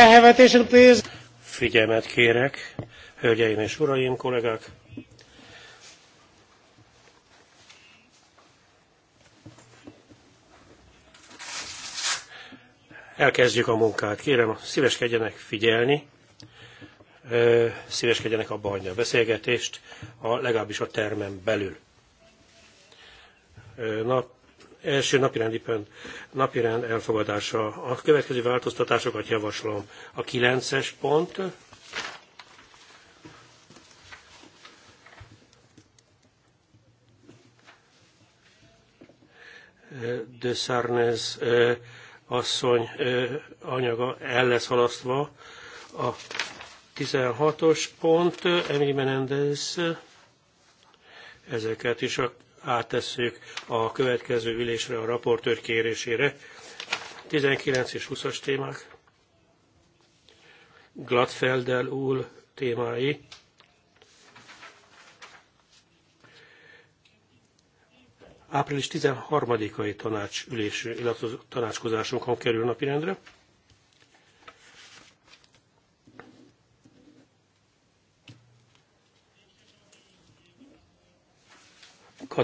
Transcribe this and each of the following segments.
May I have attention, please? Figyelmet kérek, hölgyeim és uraim, kollégák. Elkezdjük a munkát. Kérem, szíveskedjenek figyelni, szíveskedjenek abba hagyni a beszélgetést, a, legalábbis a termen belül. Nap, első napirendi pont, napirend elfogadása. A következő változtatásokat javaslom. A kilences pont. De Sarnez asszony anyaga el lesz halasztva. A 16-os pont, Emily Menendez, ezeket is a áttesszük a következő ülésre a raportőr kérésére. 19 és 20-as témák. Gladfeldel úr témái. Április 13-ai tanácsülésünk, illetve tanácskozásunkon kerül napirendre.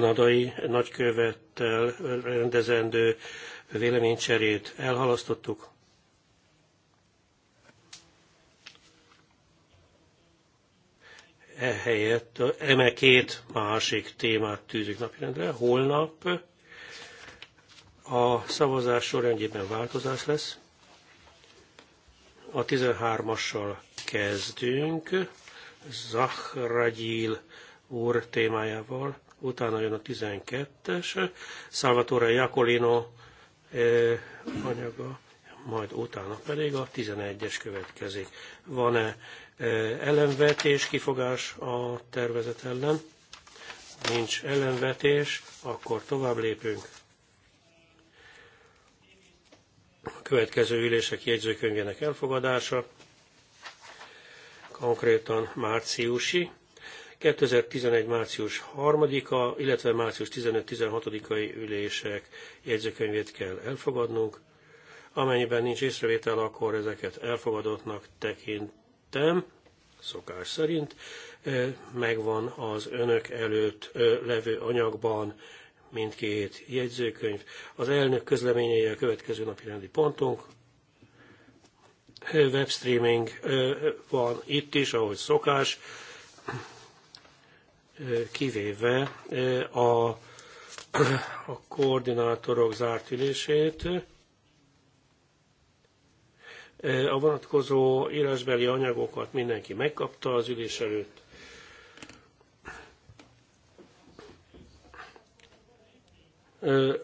kanadai nagykövettel rendezendő véleménycserét elhalasztottuk. Ehelyett eme két másik témát tűzik napirendre. Holnap a szavazás sorrendjében változás lesz. A 13-assal kezdünk. Zahragyil úr témájával utána jön a 12-es, Salvatore Jacolino eh, anyaga, majd utána pedig a 11-es következik. Van-e eh, ellenvetés, kifogás a tervezet ellen? Nincs ellenvetés, akkor tovább lépünk. A következő ülések jegyzőkönyvének elfogadása, konkrétan márciusi, 2011. március 3-a, illetve március 15-16-ai ülések jegyzőkönyvét kell elfogadnunk. Amennyiben nincs észrevétel, akkor ezeket elfogadottnak tekintem, szokás szerint. Megvan az önök előtt levő anyagban mindkét jegyzőkönyv. Az elnök közleményei a következő napi rendi pontunk. Webstreaming van itt is, ahogy szokás kivéve a, a koordinátorok zárt ülését. A vonatkozó írásbeli anyagokat mindenki megkapta az ülés előtt.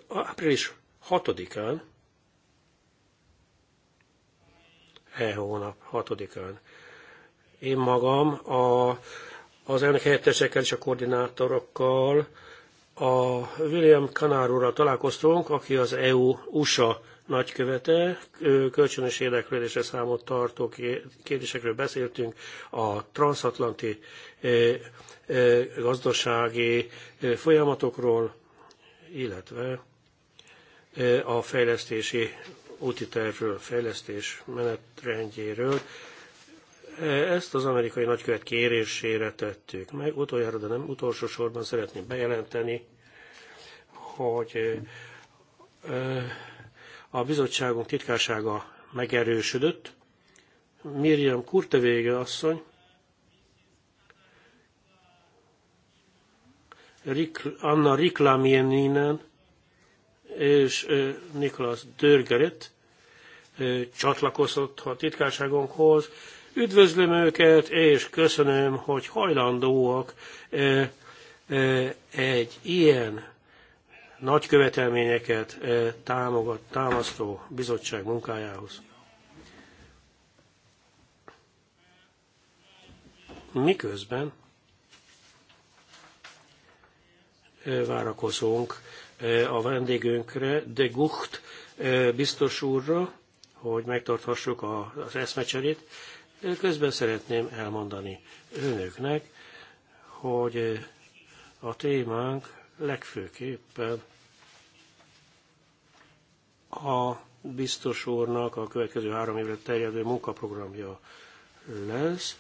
Április 6-án, e hónap 6-án, én magam a az elnök helyettesekkel és a koordinátorokkal. A William Kanár úrral találkoztunk, aki az EU-USA nagykövete, kölcsönös érdeklődésre számot tartó kérdésekről beszéltünk, a transatlanti gazdasági folyamatokról, illetve a fejlesztési útitervről, fejlesztés menetrendjéről, ezt az amerikai nagykövet kérésére tettük meg. Utoljára, de nem utolsó sorban szeretném bejelenteni, hogy a bizottságunk titkársága megerősödött. Miriam Kurtevége asszony, Anna Riklamieninen és Niklas Dörgeret csatlakozott a titkárságunkhoz, Üdvözlöm őket, és köszönöm, hogy hajlandóak egy ilyen nagy követelményeket támogat, támasztó bizottság munkájához. Miközben várakozunk a vendégünkre, de Gucht biztos úrra, hogy megtarthassuk az eszmecserét. Közben szeretném elmondani önöknek, hogy a témánk legfőképpen a biztos úrnak a következő három évre terjedő munkaprogramja lesz.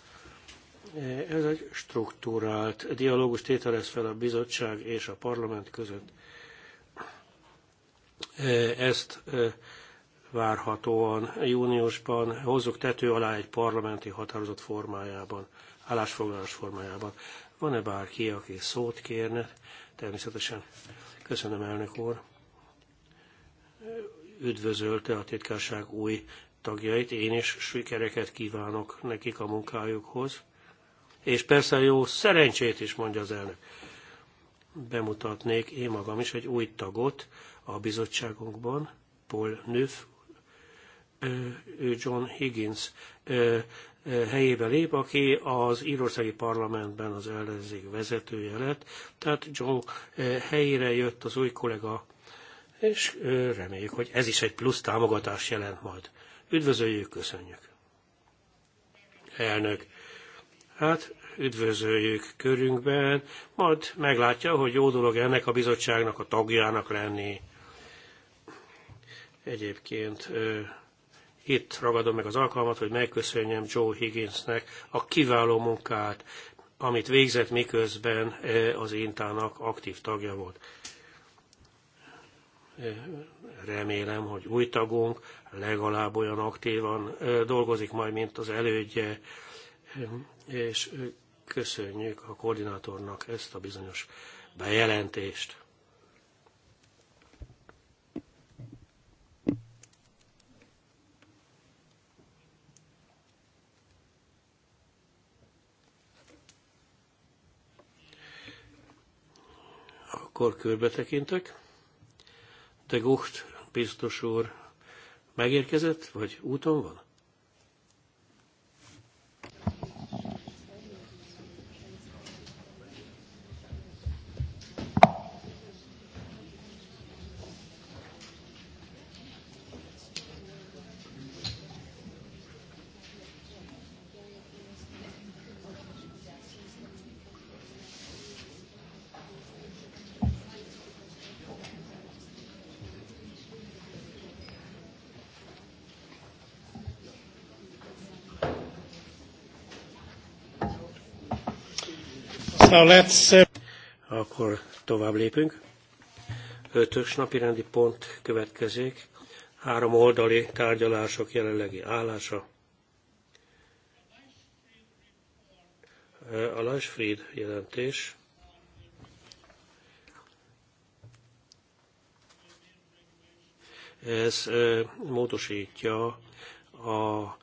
Ez egy struktúrált dialógus tételez fel a bizottság és a parlament között. Ezt várhatóan júniusban hozzuk tető alá egy parlamenti határozat formájában, állásfoglalás formájában. Van-e bárki, aki szót kérne? Természetesen. Köszönöm, elnök úr. Üdvözölte a titkárság új tagjait, én is sikereket kívánok nekik a munkájukhoz. És persze jó szerencsét is mondja az elnök. Bemutatnék én magam is egy új tagot a bizottságunkban, Paul Nüff John Higgins helyébe lép, aki az írországi parlamentben az ellenzék vezetője lett, tehát John helyére jött az új kollega, és reméljük, hogy ez is egy plusz támogatás jelent majd. Üdvözöljük, köszönjük. Elnök, hát üdvözöljük körünkben, majd meglátja, hogy jó dolog ennek a bizottságnak a tagjának lenni. Egyébként itt ragadom meg az alkalmat, hogy megköszönjem Joe Higginsnek a kiváló munkát, amit végzett miközben eh, az Intának aktív tagja volt. Eh, remélem, hogy új tagunk legalább olyan aktívan eh, dolgozik majd, mint az elődje, és köszönjük a koordinátornak ezt a bizonyos bejelentést. Akkor körbetekintek. De Gucht biztos úr megérkezett, vagy úton van? Now let's... Uh, Akkor tovább lépünk. Ötös napi rendi pont következik. Három oldali tárgyalások jelenlegi állása. Uh, a Lajsfried jelentés. Ez uh, módosítja a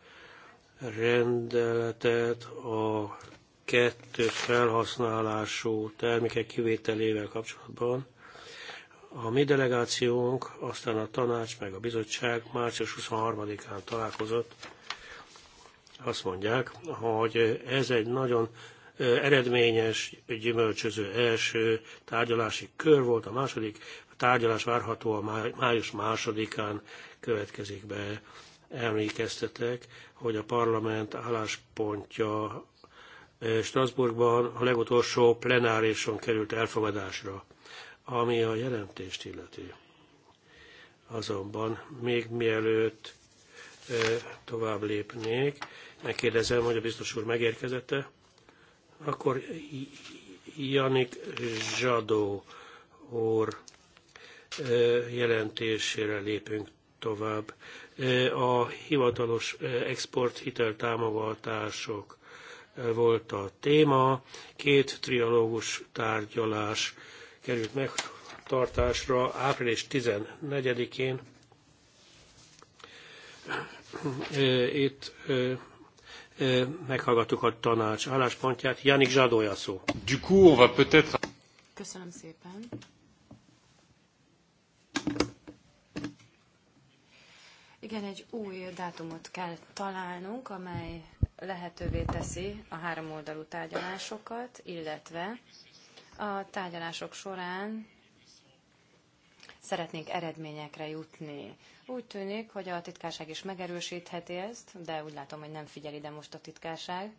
rendeletet a kettő felhasználású termékek kivételével kapcsolatban. A mi delegációnk, aztán a tanács meg a bizottság március 23-án találkozott. Azt mondják, hogy ez egy nagyon eredményes, gyümölcsöző első tárgyalási kör volt, a második a tárgyalás várható a május másodikán következik be. Emlékeztetek, hogy a parlament álláspontja Strasbourgban a legutolsó plenárison került elfogadásra, ami a jelentést illeti. Azonban még mielőtt tovább lépnék, megkérdezem, hogy a biztos úr megérkezette, akkor Janik Zsadó úr jelentésére lépünk tovább. A hivatalos exporthiteltámogatások volt a téma. Két trialógus tárgyalás került megtartásra április 14-én. Itt meghallgattuk a tanács álláspontját. Janik Zsadója szó. Köszönöm szépen. Igen, egy új dátumot kell találnunk, amely lehetővé teszi a háromoldalú tárgyalásokat, illetve a tárgyalások során szeretnénk eredményekre jutni. Úgy tűnik, hogy a titkárság is megerősítheti ezt, de úgy látom, hogy nem figyel ide most a titkárság.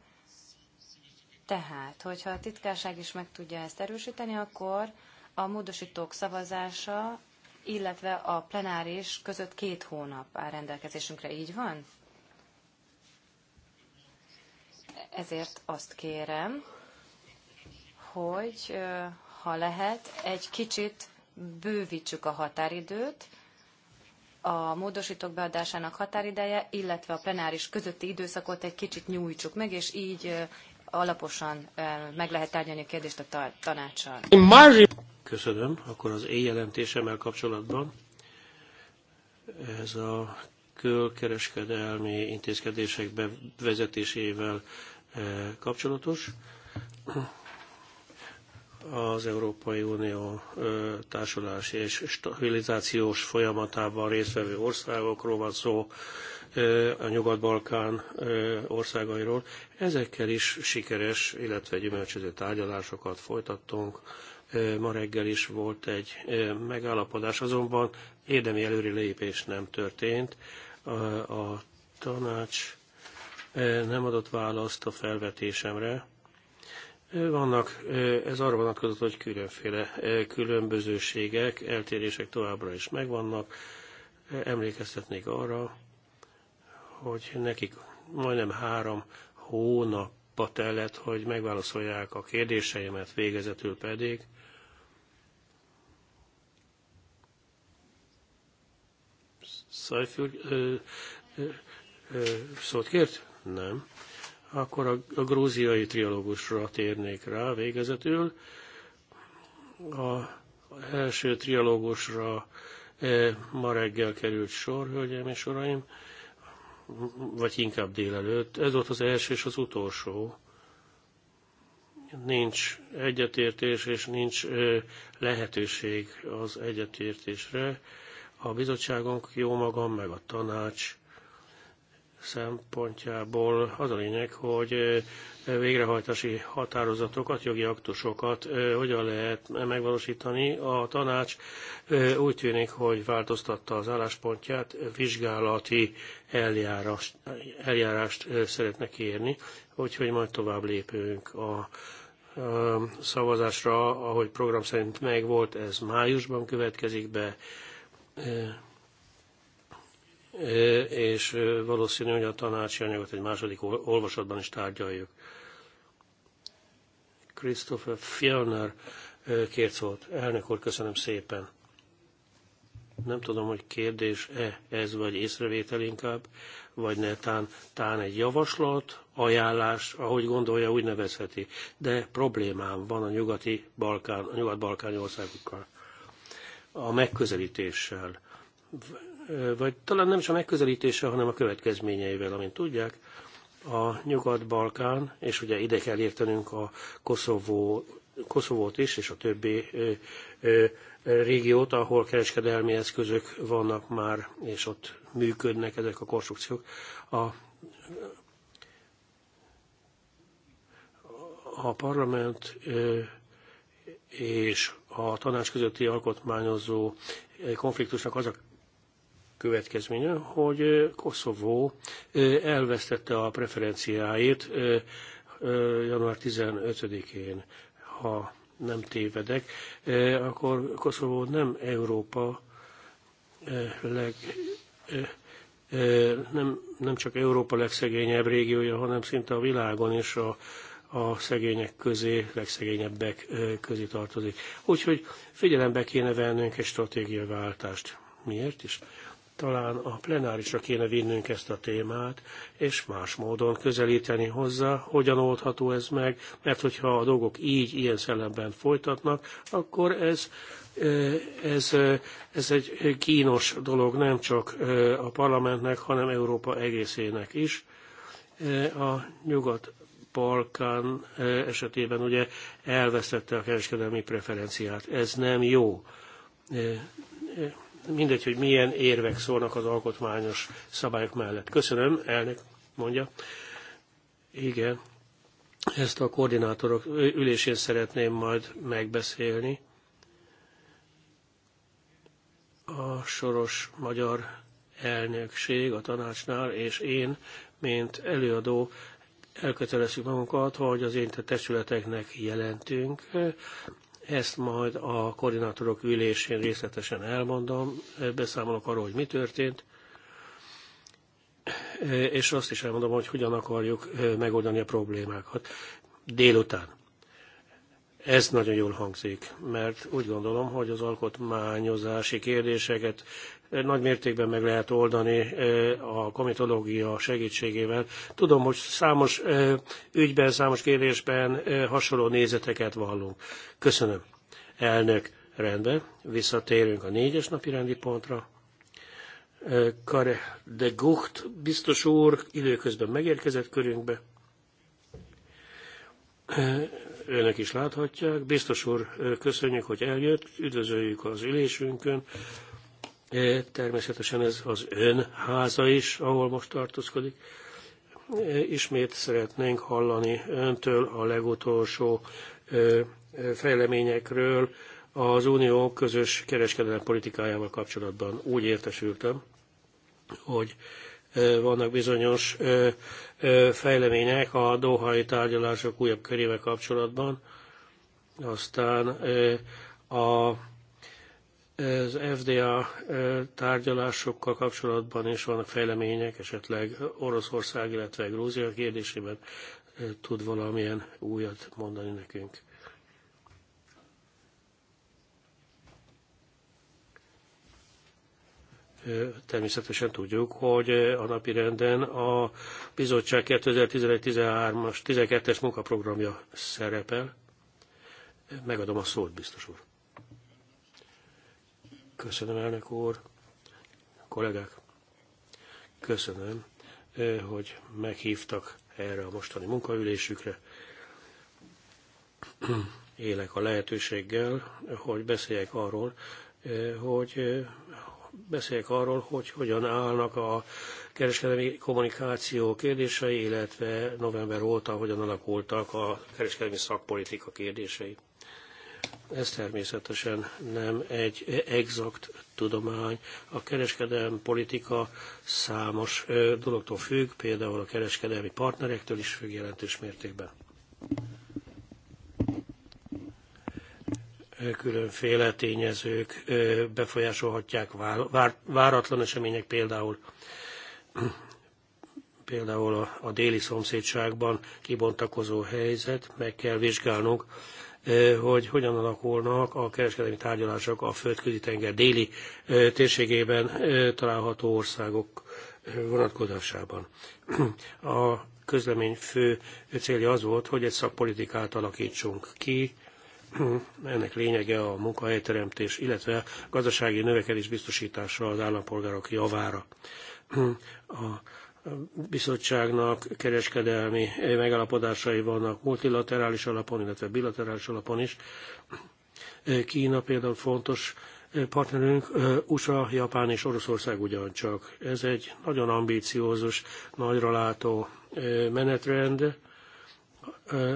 Tehát, hogyha a titkárság is meg tudja ezt erősíteni, akkor a módosítók szavazása illetve a plenáris között két hónap áll rendelkezésünkre, így van? Ezért azt kérem, hogy ha lehet, egy kicsit bővítsük a határidőt, a módosítók beadásának határideje, illetve a plenáris közötti időszakot egy kicsit nyújtsuk meg, és így alaposan meg lehet tárgyalni a kérdést a tanácssal. Köszönöm. Akkor az jelentésemmel kapcsolatban ez a külkereskedelmi intézkedések bevezetésével eh, kapcsolatos. Az Európai Unió eh, társulási és stabilizációs folyamatában résztvevő országokról van szó, eh, a Nyugat-Balkán országairól. Ezekkel is sikeres, illetve gyümölcsöző tárgyalásokat folytattunk Ma reggel is volt egy megállapodás, azonban érdemi előri lépés nem történt. A, a tanács nem adott választ a felvetésemre. Vannak, ez arra vonatkozott, hogy különféle különbözőségek, eltérések továbbra is megvannak. Emlékeztetnék arra, hogy nekik majdnem három hónap tellett, hogy megválaszolják a kérdéseimet, végezetül pedig Szájfül szót kért? Nem. Akkor a, a grúziai trialógusra térnék rá végezetül. A első trialógusra ma reggel került sor, hölgyeim és uraim, vagy inkább délelőtt. Ez volt az első és az utolsó. Nincs egyetértés, és nincs lehetőség az egyetértésre a bizottságunk, jó magam, meg a tanács szempontjából az a lényeg, hogy végrehajtási határozatokat, jogi aktusokat hogyan lehet megvalósítani. A tanács úgy tűnik, hogy változtatta az álláspontját, vizsgálati eljárást, eljárást szeretne kérni, úgyhogy majd tovább lépünk a szavazásra, ahogy program szerint megvolt, ez májusban következik be, és valószínű, hogy a tanácsi anyagot egy második olvasatban is tárgyaljuk. Christopher Fjellner kért szót. Elnök úr, köszönöm szépen. Nem tudom, hogy kérdés-e ez, vagy észrevétel inkább, vagy netán tán egy javaslat, ajánlás, ahogy gondolja, úgy nevezheti. De problémám van a nyugati Balkán, a nyugat-balkáni országokkal a megközelítéssel, vagy talán nem is a megközelítéssel, hanem a következményeivel, amint tudják, a Nyugat-Balkán, és ugye ide kell értenünk a Koszovó, Koszovót is, és a többi ö, ö, régiót, ahol kereskedelmi eszközök vannak már, és ott működnek ezek a konstrukciók. A, a parlament ö, és a tanács közötti alkotmányozó eh, konfliktusnak az a következménye, hogy eh, Koszovó eh, elvesztette a preferenciáit január 15-én, ha nem tévedek, akkor Koszovó nem Európa leg, nem, nem csak Európa legszegényebb régiója, hanem szinte a világon is a a szegények közé, legszegényebbek közé tartozik. Úgyhogy figyelembe kéne vennünk egy stratégiaváltást. Miért is? Talán a plenárisra kéne vinnünk ezt a témát, és más módon közelíteni hozzá, hogyan oldható ez meg, mert hogyha a dolgok így, ilyen szellemben folytatnak, akkor ez ez, ez egy kínos dolog nem csak a parlamentnek, hanem Európa egészének is. A nyugat Balkán esetében ugye elvesztette a kereskedelmi preferenciát. Ez nem jó. Mindegy, hogy milyen érvek szólnak az alkotmányos szabályok mellett. Köszönöm, elnök mondja. Igen, ezt a koordinátorok ülésén szeretném majd megbeszélni. A soros magyar elnökség a tanácsnál, és én, mint előadó elkötelezzük magunkat, hogy az érintett testületeknek jelentünk. Ezt majd a koordinátorok ülésén részletesen elmondom, beszámolok arról, hogy mi történt, és azt is elmondom, hogy hogyan akarjuk megoldani a problémákat délután. Ez nagyon jól hangzik, mert úgy gondolom, hogy az alkotmányozási kérdéseket eh, nagy mértékben meg lehet oldani eh, a komitológia segítségével. Tudom, hogy számos eh, ügyben, számos kérdésben hasonló nézeteket vallunk. Köszönöm. Elnök, rendben, visszatérünk a négyes napi rendi pontra. Kare de Gucht biztos úr időközben megérkezett körünkbe önök is láthatják. Biztos úr, köszönjük, hogy eljött, üdvözöljük az ülésünkön. Természetesen ez az ön háza is, ahol most tartózkodik. Ismét szeretnénk hallani öntől a legutolsó fejleményekről az unió közös kereskedelmi politikájával kapcsolatban. Úgy értesültem, hogy vannak bizonyos fejlemények a dohai tárgyalások újabb körével kapcsolatban, aztán a, az FDA tárgyalásokkal kapcsolatban is vannak fejlemények, esetleg Oroszország, illetve Grúzia kérdésében tud valamilyen újat mondani nekünk. természetesen tudjuk, hogy a napi renden a bizottság 2011-13-as, 12-es munkaprogramja szerepel. Megadom a szót, biztos úr. Köszönöm, elnök úr. Kollégák, köszönöm, hogy meghívtak erre a mostani munkaülésükre. Élek a lehetőséggel, hogy beszéljek arról, hogy beszéljek arról, hogy hogyan állnak a kereskedelmi kommunikáció kérdései, illetve november óta hogyan alakultak a kereskedelmi szakpolitika kérdései. Ez természetesen nem egy exakt tudomány. A kereskedelmi politika számos dologtól függ, például a kereskedelmi partnerektől is függ jelentős mértékben. különféle tényezők befolyásolhatják váratlan események, például például a, déli szomszédságban kibontakozó helyzet, meg kell vizsgálnunk, hogy hogyan alakulnak a kereskedelmi tárgyalások a földközi tenger déli térségében található országok vonatkozásában. A közlemény fő célja az volt, hogy egy szakpolitikát alakítsunk ki, ennek lényege a munkahelyteremtés, illetve gazdasági növekedés biztosítása az állampolgárok javára. A bizottságnak kereskedelmi megállapodásai vannak multilaterális alapon, illetve bilaterális alapon is. Kína például fontos partnerünk, USA, Japán és Oroszország ugyancsak. Ez egy nagyon ambíciózus, nagyralátó menetrend,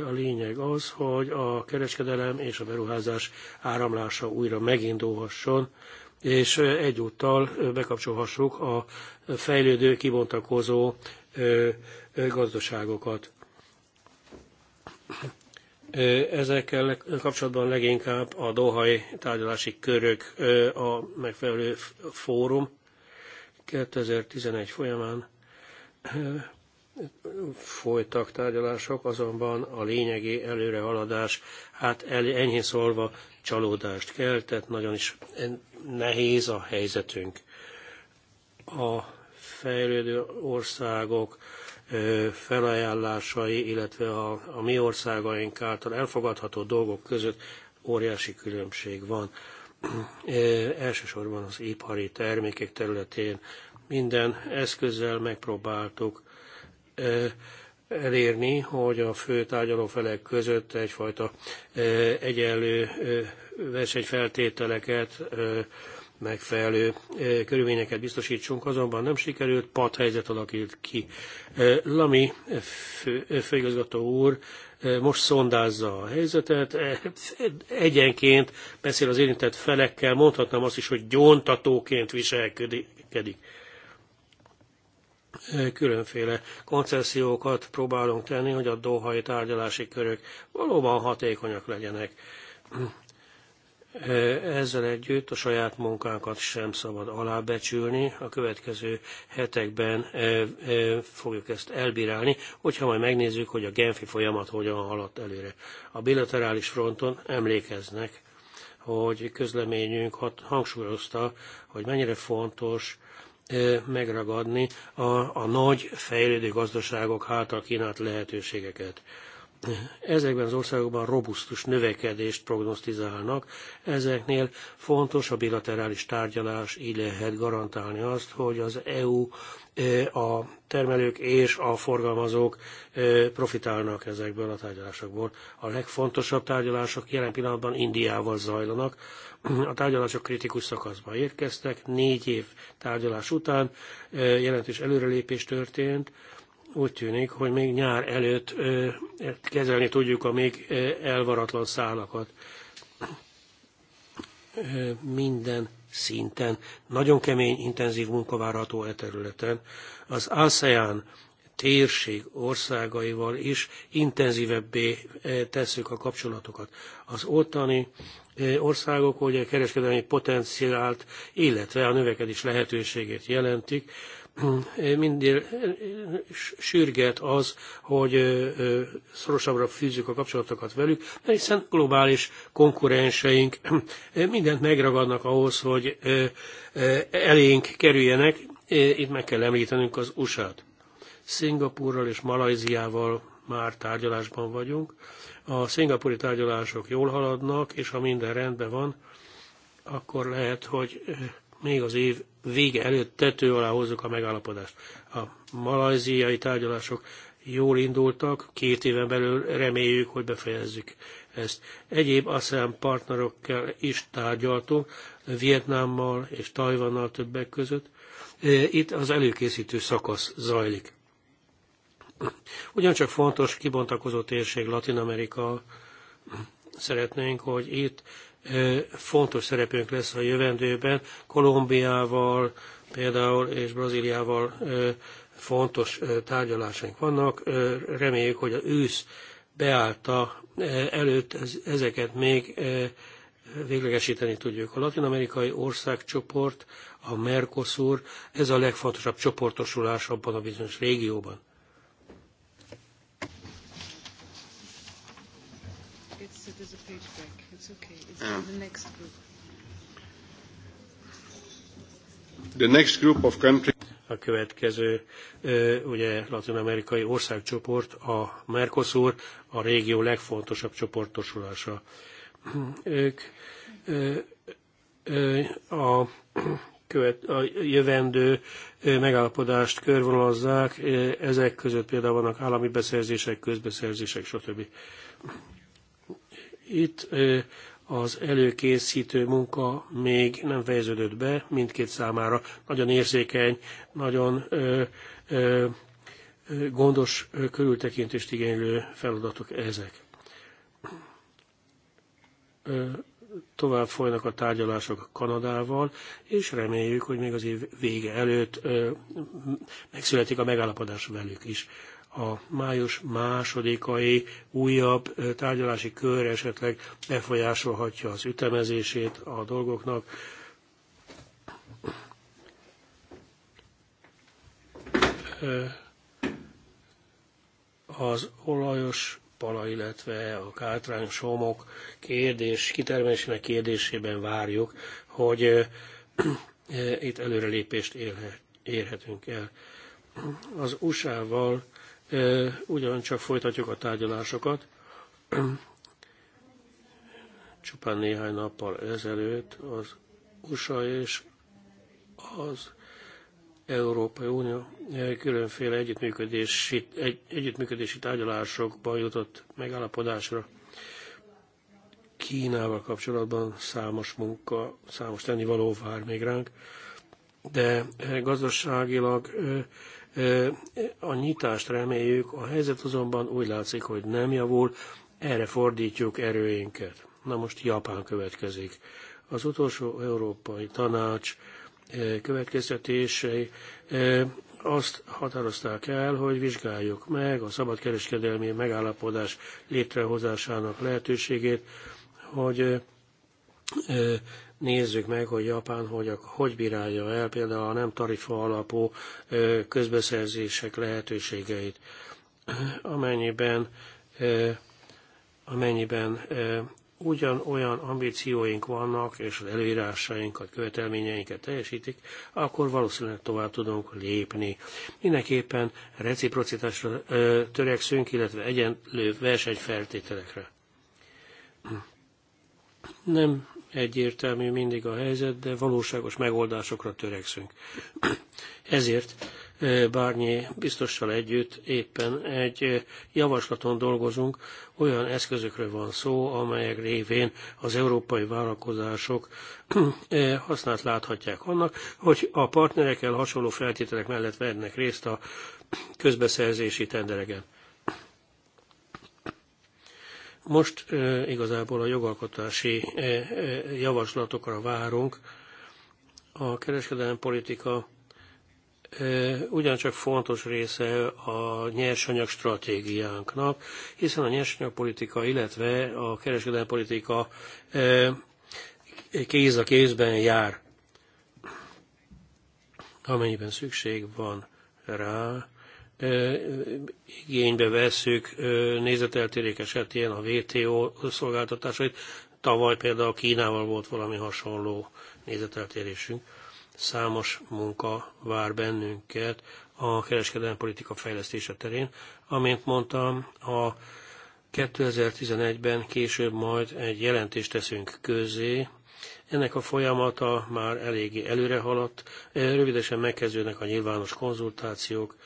a lényeg az, hogy a kereskedelem és a beruházás áramlása újra megindulhasson, és egyúttal bekapcsolhassuk a fejlődő, kibontakozó gazdaságokat. Ezekkel kapcsolatban leginkább a Dohai tárgyalási körök a megfelelő fórum 2011 folyamán folytak tárgyalások, azonban a lényegi előrehaladás, hát el, enyhén szólva csalódást keltett, nagyon is nehéz a helyzetünk. A fejlődő országok felajánlásai, illetve a, a mi országaink által elfogadható dolgok között óriási különbség van. Elsősorban az ipari termékek területén minden eszközzel megpróbáltuk elérni, hogy a fő tárgyalófelek között egyfajta egyenlő versenyfeltételeket, megfelelő körülményeket biztosítsunk, azonban nem sikerült, pat helyzet alakult ki. Lami fő, főigazgató úr most szondázza a helyzetet, egyenként beszél az érintett felekkel, mondhatnám azt is, hogy gyóntatóként viselkedik különféle koncesziókat próbálunk tenni, hogy a dohai tárgyalási körök valóban hatékonyak legyenek. Ezzel együtt a saját munkánkat sem szabad alábecsülni. A következő hetekben e, e, fogjuk ezt elbírálni, hogyha majd megnézzük, hogy a Genfi folyamat hogyan haladt előre. A bilaterális fronton emlékeznek, hogy közleményünk hangsúlyozta, hogy mennyire fontos megragadni a, a nagy fejlődő gazdaságok által kínált lehetőségeket. Ezekben az országokban robusztus növekedést prognosztizálnak, ezeknél fontos a bilaterális tárgyalás, így lehet garantálni azt, hogy az EU e, a termelők és a forgalmazók e, profitálnak ezekből a tárgyalásokból. A legfontosabb tárgyalások jelen pillanatban Indiával zajlanak. A tárgyalások kritikus szakaszba érkeztek, négy év tárgyalás után e, jelentős előrelépés történt, úgy tűnik, hogy még nyár előtt kezelni tudjuk a még elvaratlan szálakat. Minden szinten. Nagyon kemény, intenzív munka várható e területen. Az ASEAN térség országaival is intenzívebbé tesszük a kapcsolatokat. Az ottani országok ugye kereskedelmi potenciált, illetve a növekedés lehetőségét jelentik, mindig sürget az, hogy szorosabbra fűzzük a kapcsolatokat velük, mert hiszen globális konkurenseink mindent megragadnak ahhoz, hogy elénk kerüljenek. Itt meg kell említenünk az USA-t. Szingapurral és Malajziával már tárgyalásban vagyunk. A szingapúri tárgyalások jól haladnak, és ha minden rendben van, akkor lehet, hogy még az év vége előtt tető alá hozzuk a megállapodást. A malajziai tárgyalások jól indultak, két éven belül reméljük, hogy befejezzük ezt. Egyéb ASEAN partnerokkel is tárgyaltunk, Vietnámmal és Tajvannal többek között. Itt az előkészítő szakasz zajlik. Ugyancsak fontos kibontakozó térség Latin Amerika. Szeretnénk, hogy itt fontos szerepünk lesz a jövendőben. Kolumbiával például és Brazíliával fontos tárgyalásaink vannak. Reméljük, hogy a ősz beállta előtt ezeket még véglegesíteni tudjuk. A latin-amerikai országcsoport, a Mercosur, ez a legfontosabb csoportosulás abban a bizonyos régióban. Ah. The next group. The next group of countries a következő ugye latin-amerikai országcsoport, a Mercosur, a régió legfontosabb csoportosulása. Ők a, követ, a jövendő megállapodást körvonalazzák, ezek között például vannak állami beszerzések, közbeszerzések, stb. Itt az előkészítő munka még nem fejeződött be mindkét számára. Nagyon érzékeny, nagyon ö, ö, gondos körültekintést igénylő feladatok ezek. Ö, tovább folynak a tárgyalások Kanadával, és reméljük, hogy még az év vége előtt ö, megszületik a megállapodás velük is a május másodikai újabb tárgyalási kör esetleg befolyásolhatja az ütemezését a dolgoknak. Az olajos pala, illetve a kátrány somok kérdés, kitermésének kérdésében várjuk, hogy itt előrelépést érhetünk el. Az USA-val ugyancsak folytatjuk a tárgyalásokat. Csupán néhány nappal ezelőtt az USA és az Európai Unió különféle együttműködési, egy, együttműködési tárgyalásokban jutott megállapodásra. Kínával kapcsolatban számos munka, számos tennivaló vár még ránk, de eh, gazdaságilag eh, a nyitást reméljük, a helyzet azonban úgy látszik, hogy nem javul, erre fordítjuk erőinket. Na most Japán következik. Az utolsó Európai Tanács következtetései azt határozták el, hogy vizsgáljuk meg a szabadkereskedelmi megállapodás létrehozásának lehetőségét, hogy nézzük meg, hogy Japán hogy, hogy bírálja el például a nem tarifa alapú közbeszerzések lehetőségeit, amennyiben, amennyiben ugyan olyan ambícióink vannak, és az előírásainkat, követelményeinket teljesítik, akkor valószínűleg tovább tudunk lépni. Mindenképpen reciprocitásra törekszünk, illetve egyenlő versenyfeltételekre. Nem egyértelmű mindig a helyzet, de valóságos megoldásokra törekszünk. Ezért Bárnyi biztossal együtt éppen egy javaslaton dolgozunk, olyan eszközökről van szó, amelyek révén az európai vállalkozások hasznát láthatják annak, hogy a partnerekkel hasonló feltételek mellett vernek részt a közbeszerzési tendereken. Most igazából a jogalkotási javaslatokra várunk. A kereskedelmi politika ugyancsak fontos része a nyersanyag stratégiánknak, hiszen a nyersanyagpolitika, illetve a kereskedelmi politika kéz a kézben jár. Amennyiben szükség van rá, igénybe vesszük nézeteltérék esetén a WTO szolgáltatásait. Tavaly például Kínával volt valami hasonló nézeteltérésünk. Számos munka vár bennünket a kereskedelmi politika fejlesztése terén. Amint mondtam, a 2011-ben később majd egy jelentést teszünk közé. Ennek a folyamata már eléggé előre haladt. Rövidesen megkezdődnek a nyilvános konzultációk,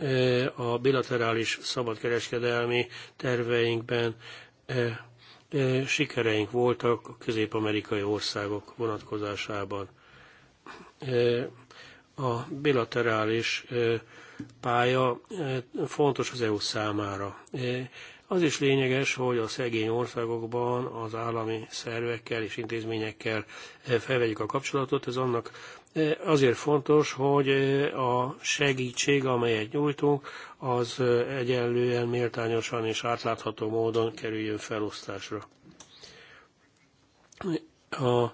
E, a bilaterális szabadkereskedelmi terveinkben e, e, sikereink voltak a közép-amerikai országok vonatkozásában. A bilaterális pálya fontos az EU számára. Az is lényeges, hogy a szegény országokban az állami szervekkel és intézményekkel felvegyük a kapcsolatot, ez annak Azért fontos, hogy a segítség, amelyet nyújtunk, az egyenlően, méltányosan és átlátható módon kerüljön felosztásra. A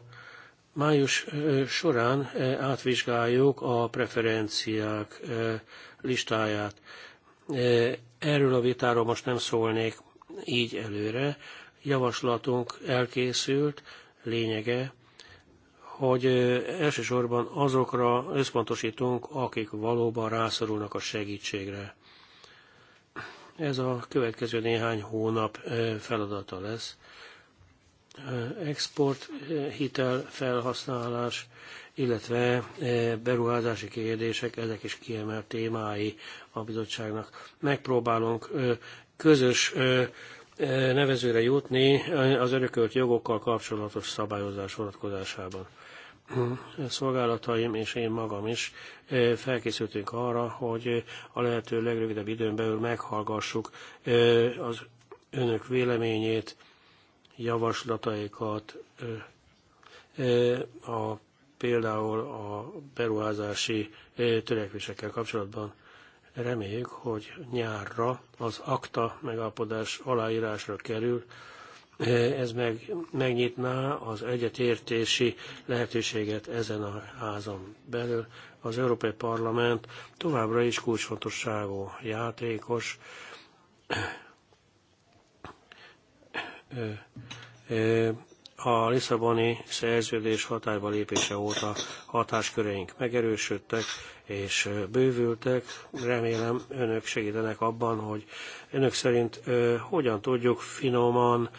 május során átvizsgáljuk a preferenciák listáját. Erről a vitáról most nem szólnék így előre. Javaslatunk elkészült, lényege, hogy elsősorban azokra összpontosítunk, akik valóban rászorulnak a segítségre. Ez a következő néhány hónap feladata lesz. Export, hitel, felhasználás, illetve beruházási kérdések, ezek is kiemelt témái a bizottságnak. Megpróbálunk közös nevezőre jutni az örökölt jogokkal kapcsolatos szabályozás vonatkozásában szolgálataim és én magam is felkészültünk arra, hogy a lehető legrövidebb időn belül meghallgassuk az önök véleményét, javaslataikat, a, például a beruházási törekvésekkel kapcsolatban. Reméljük, hogy nyárra az akta megállapodás aláírásra kerül, ez meg, megnyitná az egyetértési lehetőséget ezen a házon belül. Az Európai Parlament továbbra is kulcsfontosságú játékos. A Lisszaboni szerződés hatályba lépése óta hatásköreink megerősödtek és bővültek. Remélem önök segítenek abban, hogy önök szerint hogyan tudjuk finoman,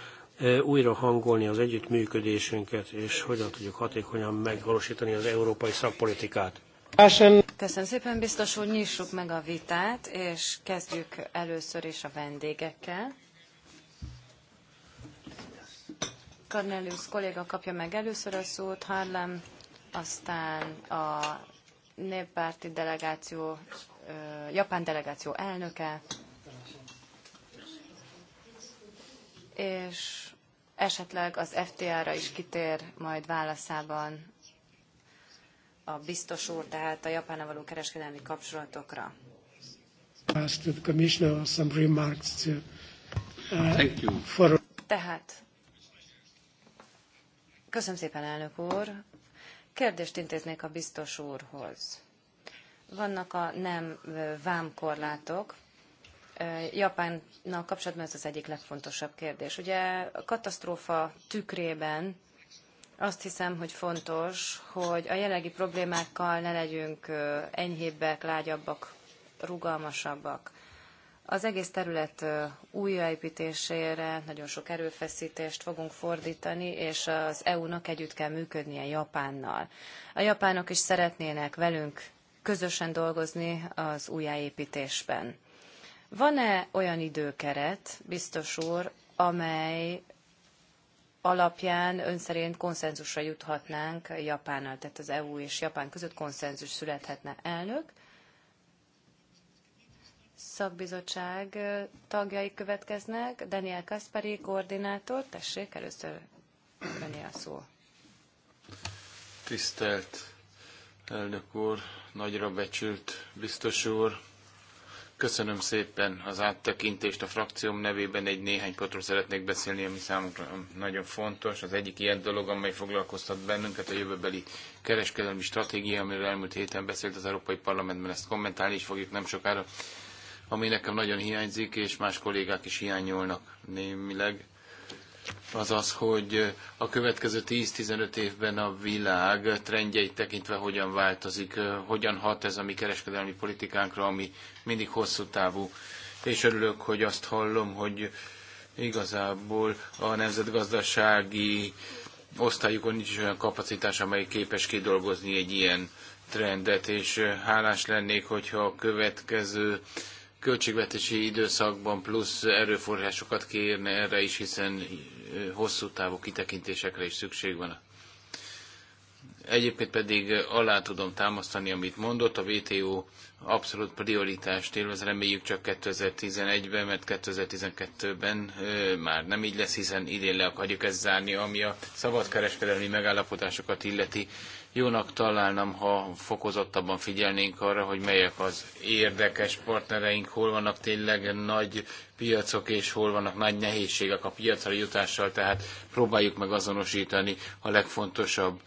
újra hangolni az együttműködésünket, és hogyan tudjuk hatékonyan megvalósítani az európai szakpolitikát. Köszönöm szépen, biztos hogy nyissuk meg a vitát, és kezdjük először is a vendégekkel. Karnelius kolléga kapja meg először a szót, Harlem, aztán a néppárti delegáció, japán delegáció elnöke, és esetleg az FTA-ra is kitér majd válaszában a biztos úr, tehát a Japánnal való kereskedelmi kapcsolatokra. Uh, tehát, köszönöm szépen, elnök úr. Kérdést intéznék a biztos úrhoz. Vannak a nem vámkorlátok, Japánnal kapcsolatban ez az egyik legfontosabb kérdés. Ugye a katasztrófa tükrében azt hiszem, hogy fontos, hogy a jelenlegi problémákkal ne legyünk enyhébbek, lágyabbak, rugalmasabbak. Az egész terület újraépítésére nagyon sok erőfeszítést fogunk fordítani, és az EU-nak együtt kell működnie Japánnal. A japánok is szeretnének velünk közösen dolgozni az újjáépítésben. Van-e olyan időkeret, biztos úr, amely alapján ön szerint konszenzusra juthatnánk Japánnal, tehát az EU és Japán között konszenzus születhetne elnök. Szakbizottság tagjai következnek. Daniel Kaspari, koordinátor. Tessék, először öné a szó. Tisztelt elnök úr, nagyra becsült biztos úr, Köszönöm szépen az áttekintést a frakcióm nevében. Egy néhány pontról szeretnék beszélni, ami számunkra nagyon fontos. Az egyik ilyen dolog, amely foglalkoztat bennünket, a jövőbeli kereskedelmi stratégia, amiről elmúlt héten beszélt az Európai Parlamentben, ezt kommentálni is fogjuk nem sokára, ami nekem nagyon hiányzik, és más kollégák is hiányolnak némileg az az, hogy a következő 10-15 évben a világ trendjeit tekintve hogyan változik, hogyan hat ez a mi kereskedelmi politikánkra, ami mindig hosszú távú. És örülök, hogy azt hallom, hogy igazából a nemzetgazdasági osztályukon nincs olyan kapacitás, amely képes kidolgozni egy ilyen trendet, és hálás lennék, hogyha a következő költségvetési időszakban plusz erőforrásokat kérne erre is, hiszen hosszú távú kitekintésekre is szükség van. Egyébként pedig alá tudom támasztani, amit mondott, a VTO abszolút prioritást élvez, reméljük csak 2011-ben, mert 2012-ben már nem így lesz, hiszen idén le akarjuk ezt zárni, ami a szabadkereskedelmi megállapodásokat illeti jónak találnám, ha fokozottabban figyelnénk arra, hogy melyek az érdekes partnereink, hol vannak tényleg nagy piacok, és hol vannak nagy nehézségek a piacra jutással, tehát próbáljuk meg azonosítani a legfontosabb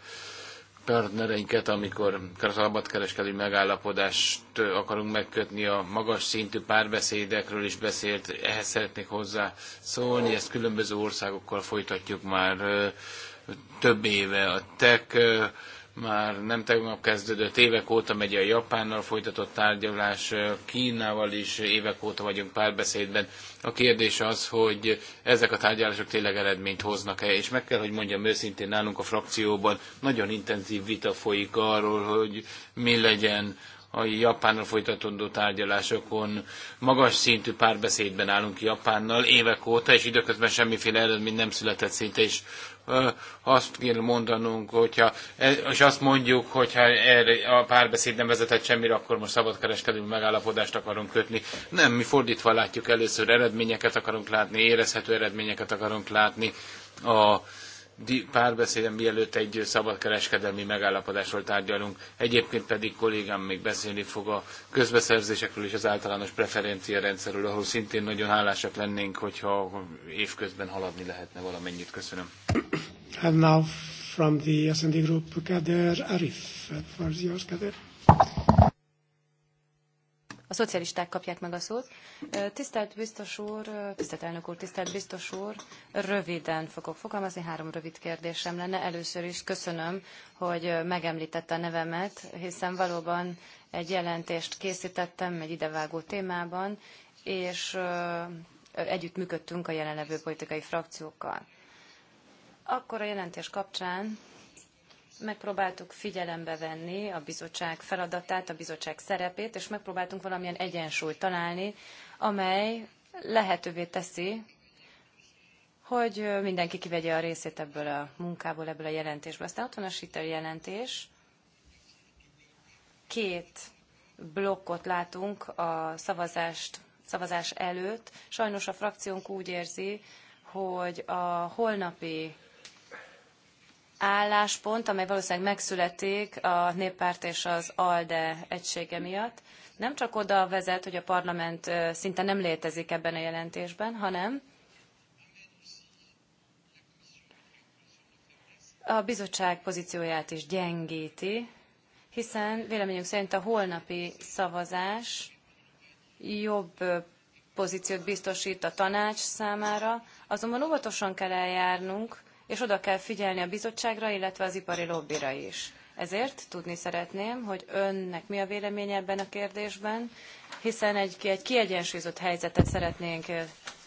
partnereinket, amikor szabadkereskedelmi megállapodást akarunk megkötni, a magas szintű párbeszédekről is beszélt, ehhez szeretnék hozzá szólni, ezt különböző országokkal folytatjuk már több éve. A TEC már nem tegnap kezdődött, évek óta megy a Japánnal folytatott tárgyalás, Kínával is évek óta vagyunk párbeszédben. A kérdés az, hogy ezek a tárgyalások tényleg eredményt hoznak-e, és meg kell, hogy mondjam őszintén nálunk a frakcióban nagyon intenzív vita folyik arról, hogy mi legyen a Japánnal folytatódó tárgyalásokon. Magas szintű párbeszédben állunk Japánnal évek óta, és időközben semmiféle eredmény nem született szinte, és azt kell mondanunk, hogyha, e, és azt mondjuk, hogyha erre a párbeszéd nem vezetett semmire, akkor most szabadkereskedő megállapodást akarunk kötni. Nem, mi fordítva látjuk először eredményeket akarunk látni, érezhető eredményeket akarunk látni a párbeszédem, mielőtt egy szabadkereskedelmi megállapodásról tárgyalunk. Egyébként pedig kollégám még beszélni fog a közbeszerzésekről és az általános preferencia rendszerről, ahol szintén nagyon hálásak lennénk, hogyha évközben haladni lehetne valamennyit. Köszönöm. And now from the S&D Group, Kader Arif. For yours, Kader. A szocialisták kapják meg a szót. Tisztelt biztos úr, tisztelt elnök úr, tisztelt biztos úr, röviden fogok fogalmazni, három rövid kérdésem lenne. Először is köszönöm, hogy megemlítette a nevemet, hiszen valóban egy jelentést készítettem egy idevágó témában, és együtt működtünk a jelenlevő politikai frakciókkal. Akkor a jelentés kapcsán megpróbáltuk figyelembe venni a bizottság feladatát, a bizottság szerepét, és megpróbáltunk valamilyen egyensúlyt találni, amely lehetővé teszi, hogy mindenki kivegye a részét ebből a munkából, ebből a jelentésből. Aztán ott van a Sitter jelentés. Két blokkot látunk a szavazást, szavazás előtt. Sajnos a frakciónk úgy érzi, hogy a holnapi álláspont, amely valószínűleg megszületik a néppárt és az ALDE egysége miatt, nem csak oda vezet, hogy a parlament szinte nem létezik ebben a jelentésben, hanem a bizottság pozícióját is gyengíti, hiszen véleményünk szerint a holnapi szavazás jobb pozíciót biztosít a tanács számára, azonban óvatosan kell eljárnunk, és oda kell figyelni a bizottságra, illetve az ipari lobbira is. Ezért tudni szeretném, hogy önnek mi a véleménye ebben a kérdésben, hiszen egy, egy kiegyensúlyozott helyzetet szeretnénk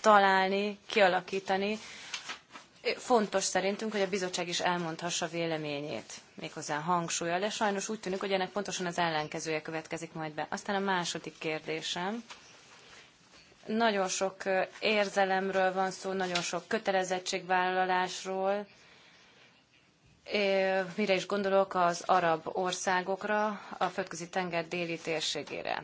találni, kialakítani. Fontos szerintünk, hogy a bizottság is elmondhassa véleményét, méghozzá hangsúlyal, de sajnos úgy tűnik, hogy ennek pontosan az ellenkezője következik majd be. Aztán a második kérdésem nagyon sok érzelemről van szó, nagyon sok kötelezettségvállalásról. Mire is gondolok az arab országokra, a földközi tenger déli térségére.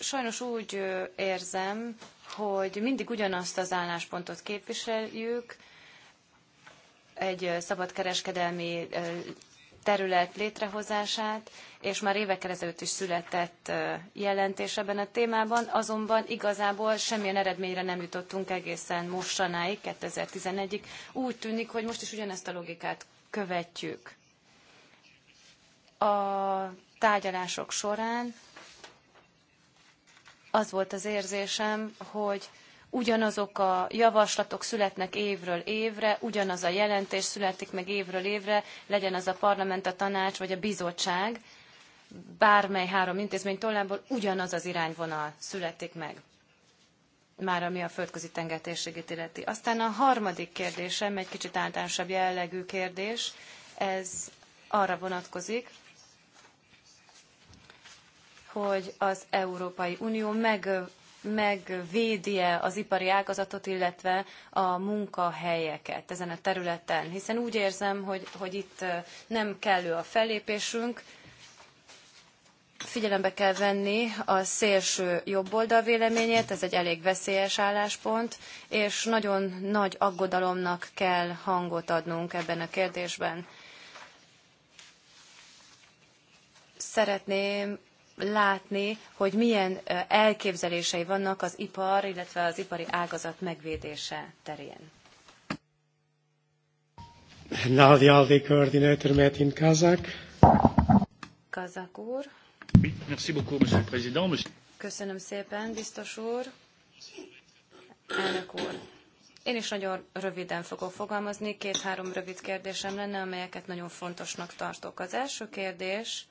Sajnos úgy érzem, hogy mindig ugyanazt az álláspontot képviseljük, egy szabadkereskedelmi terület létrehozását, és már évekkel ezelőtt is született jelentés ebben a témában, azonban igazából semmilyen eredményre nem jutottunk egészen mostanáig, 2011-ig. Úgy tűnik, hogy most is ugyanezt a logikát követjük. A tárgyalások során az volt az érzésem, hogy ugyanazok a javaslatok születnek évről évre, ugyanaz a jelentés születik meg évről évre, legyen az a parlament, a tanács vagy a bizottság, bármely három intézmény tollából ugyanaz az irányvonal születik meg már ami a földközi tengertérségét illeti. Aztán a harmadik kérdésem, egy kicsit általánosabb jellegű kérdés, ez arra vonatkozik, hogy az Európai Unió meg megvédje az ipari ágazatot, illetve a munkahelyeket ezen a területen. Hiszen úgy érzem, hogy, hogy itt nem kellő a fellépésünk, figyelembe kell venni a szélső jobboldal véleményét, ez egy elég veszélyes álláspont, és nagyon nagy aggodalomnak kell hangot adnunk ebben a kérdésben. Szeretném látni, hogy milyen elképzelései vannak az ipar, illetve az ipari ágazat megvédése terén. Now the koordinátor, coordinator Kazak. Kazak úr. Merci beaucoup, monsieur le président. Köszönöm szépen, biztos úr. Elnök úr. Én is nagyon röviden fogok fogalmazni. Két-három rövid kérdésem lenne, amelyeket nagyon fontosnak tartok. Az első kérdés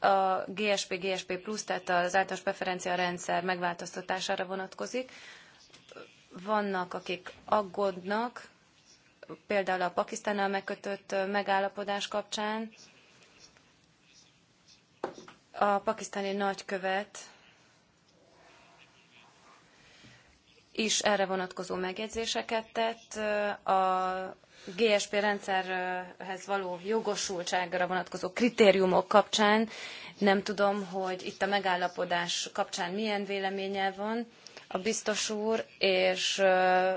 a GSP, GSP plusz, tehát az általános preferencia rendszer megváltoztatására vonatkozik. Vannak, akik aggódnak, például a Pakisztánnal megkötött megállapodás kapcsán. A pakisztáni nagykövet is erre vonatkozó megjegyzéseket tett. A, GSP rendszerhez való jogosultságra vonatkozó kritériumok kapcsán. Nem tudom, hogy itt a megállapodás kapcsán milyen véleménye van a biztos úr, és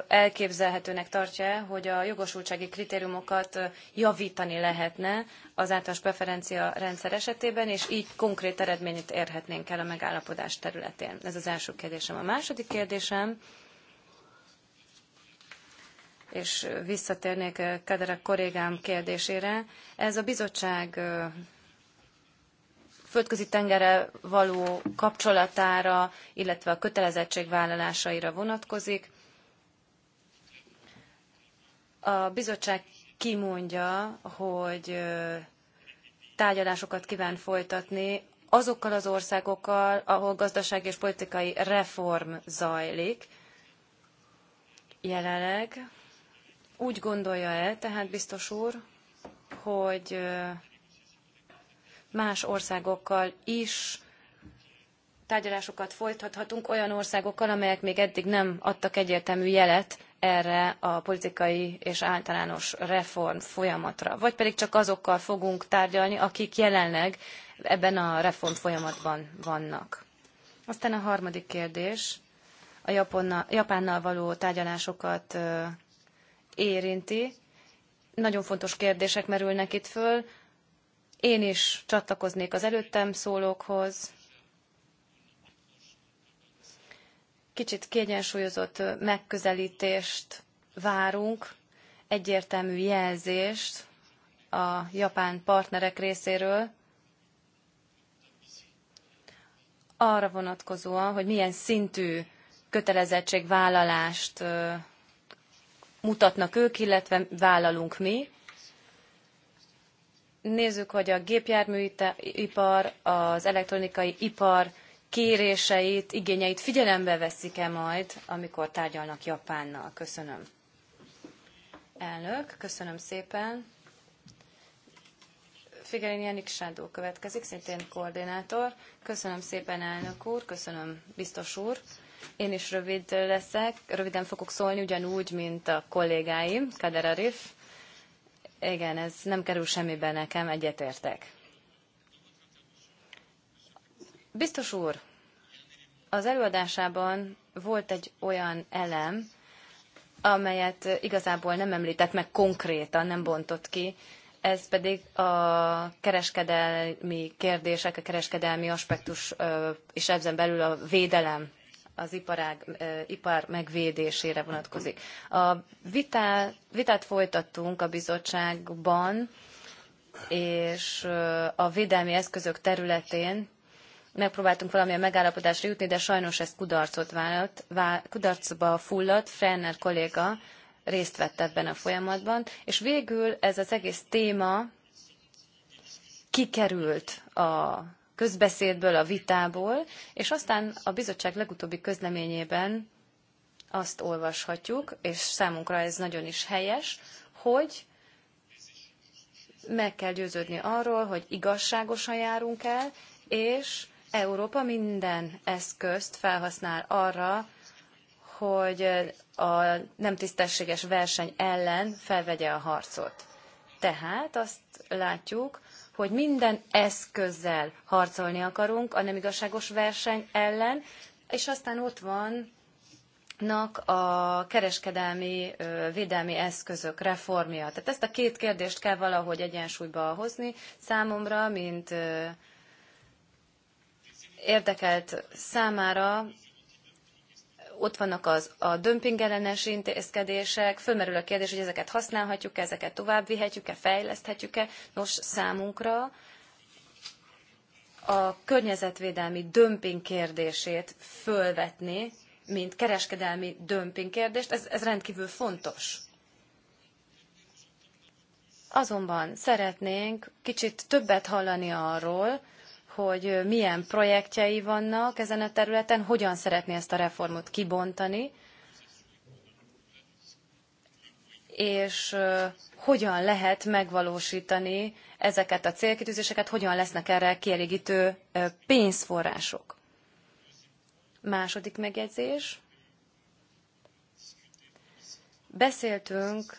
elképzelhetőnek tartja, hogy a jogosultsági kritériumokat javítani lehetne az általános preferencia rendszer esetében, és így konkrét eredményt érhetnénk el a megállapodás területén. Ez az első kérdésem. A második kérdésem, és visszatérnék Kederek kollégám kérdésére. Ez a bizottság földközi tengerrel való kapcsolatára, illetve a kötelezettségvállalásaira vonatkozik. A bizottság kimondja, hogy tárgyalásokat kíván folytatni azokkal az országokkal, ahol gazdasági és politikai reform zajlik jelenleg úgy gondolja-e, tehát biztos úr, hogy más országokkal is tárgyalásokat folytathatunk olyan országokkal, amelyek még eddig nem adtak egyértelmű jelet erre a politikai és általános reform folyamatra. Vagy pedig csak azokkal fogunk tárgyalni, akik jelenleg ebben a reform folyamatban vannak. Aztán a harmadik kérdés. A Japonna, Japánnal való tárgyalásokat érinti. Nagyon fontos kérdések merülnek itt föl. Én is csatlakoznék az előttem szólókhoz. Kicsit kiegyensúlyozott megközelítést várunk, egyértelmű jelzést a japán partnerek részéről, arra vonatkozóan, hogy milyen szintű kötelezettségvállalást mutatnak ők, illetve vállalunk mi. Nézzük, hogy a gépjárműipar, az elektronikai ipar kéréseit, igényeit figyelembe veszik-e majd, amikor tárgyalnak Japánnal. Köszönöm. Elnök, köszönöm szépen. Figelin Janik Sándó következik, szintén koordinátor. Köszönöm szépen, elnök úr, köszönöm, biztos úr. Én is rövid leszek, röviden fogok szólni, ugyanúgy, mint a kollégáim, Kader Arif. Igen, ez nem kerül semmibe nekem, egyetértek. Biztos úr, az előadásában volt egy olyan elem, amelyet igazából nem említett meg konkrétan, nem bontott ki, ez pedig a kereskedelmi kérdések, a kereskedelmi aspektus, és ezen belül a védelem az iparág, ipar megvédésére vonatkozik. A vitát, vitát folytattunk a bizottságban, és a védelmi eszközök területén megpróbáltunk valamilyen megállapodásra jutni, de sajnos ez kudarcot vállalt, kudarcba fulladt. Frenner kolléga részt vett ebben a folyamatban, és végül ez az egész téma kikerült a közbeszédből, a vitából, és aztán a bizottság legutóbbi közleményében azt olvashatjuk, és számunkra ez nagyon is helyes, hogy meg kell győződni arról, hogy igazságosan járunk el, és Európa minden eszközt felhasznál arra, hogy a nem tisztességes verseny ellen felvegye a harcot. Tehát azt látjuk, hogy minden eszközzel harcolni akarunk a nem igazságos verseny ellen, és aztán ott vannak a kereskedelmi védelmi eszközök reformja. Tehát ezt a két kérdést kell valahogy egyensúlyba hozni számomra, mint érdekelt számára ott vannak az, a dömpingellenes intézkedések, fölmerül a kérdés, hogy ezeket használhatjuk -e, ezeket tovább vihetjük-e, fejleszthetjük-e. Nos, számunkra a környezetvédelmi dömping kérdését fölvetni, mint kereskedelmi dömping kérdést, ez, ez rendkívül fontos. Azonban szeretnénk kicsit többet hallani arról, hogy milyen projektjei vannak ezen a területen, hogyan szeretné ezt a reformot kibontani, és hogyan lehet megvalósítani ezeket a célkitűzéseket, hogyan lesznek erre kielégítő pénzforrások. Második megjegyzés. Beszéltünk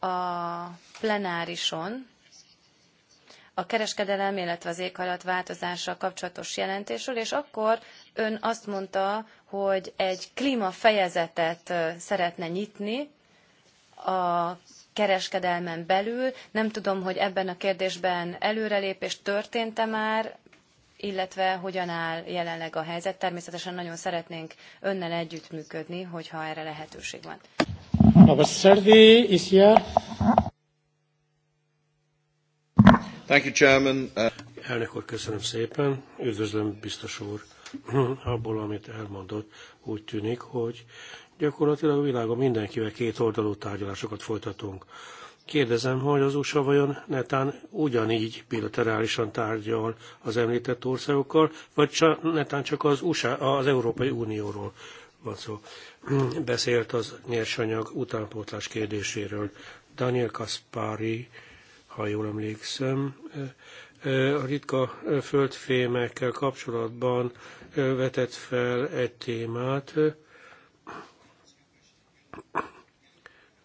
a plenárison a kereskedelem, illetve az változása kapcsolatos jelentésről, és akkor ön azt mondta, hogy egy klímafejezetet szeretne nyitni a kereskedelmen belül. Nem tudom, hogy ebben a kérdésben előrelépés történt-e már, illetve hogyan áll jelenleg a helyzet. Természetesen nagyon szeretnénk önnel együttműködni, hogyha erre lehetőség van. Robert Serdi is here. Thank you, Chairman. Uh, Elnök úr, köszönöm szépen. Üdvözlöm, biztos úr. Abból, amit elmondott, úgy tűnik, hogy gyakorlatilag a világon mindenkivel két oldalú tárgyalásokat folytatunk. Kérdezem, hogy az USA vajon netán ugyanígy bilaterálisan tárgyal az említett országokkal, vagy csak, netán csak az, USA, az Európai Unióról van szó. Beszélt az nyersanyag utánpótlás kérdéséről. Daniel Kaspari ha jól emlékszem, a ritka földfémekkel kapcsolatban vetett fel egy témát,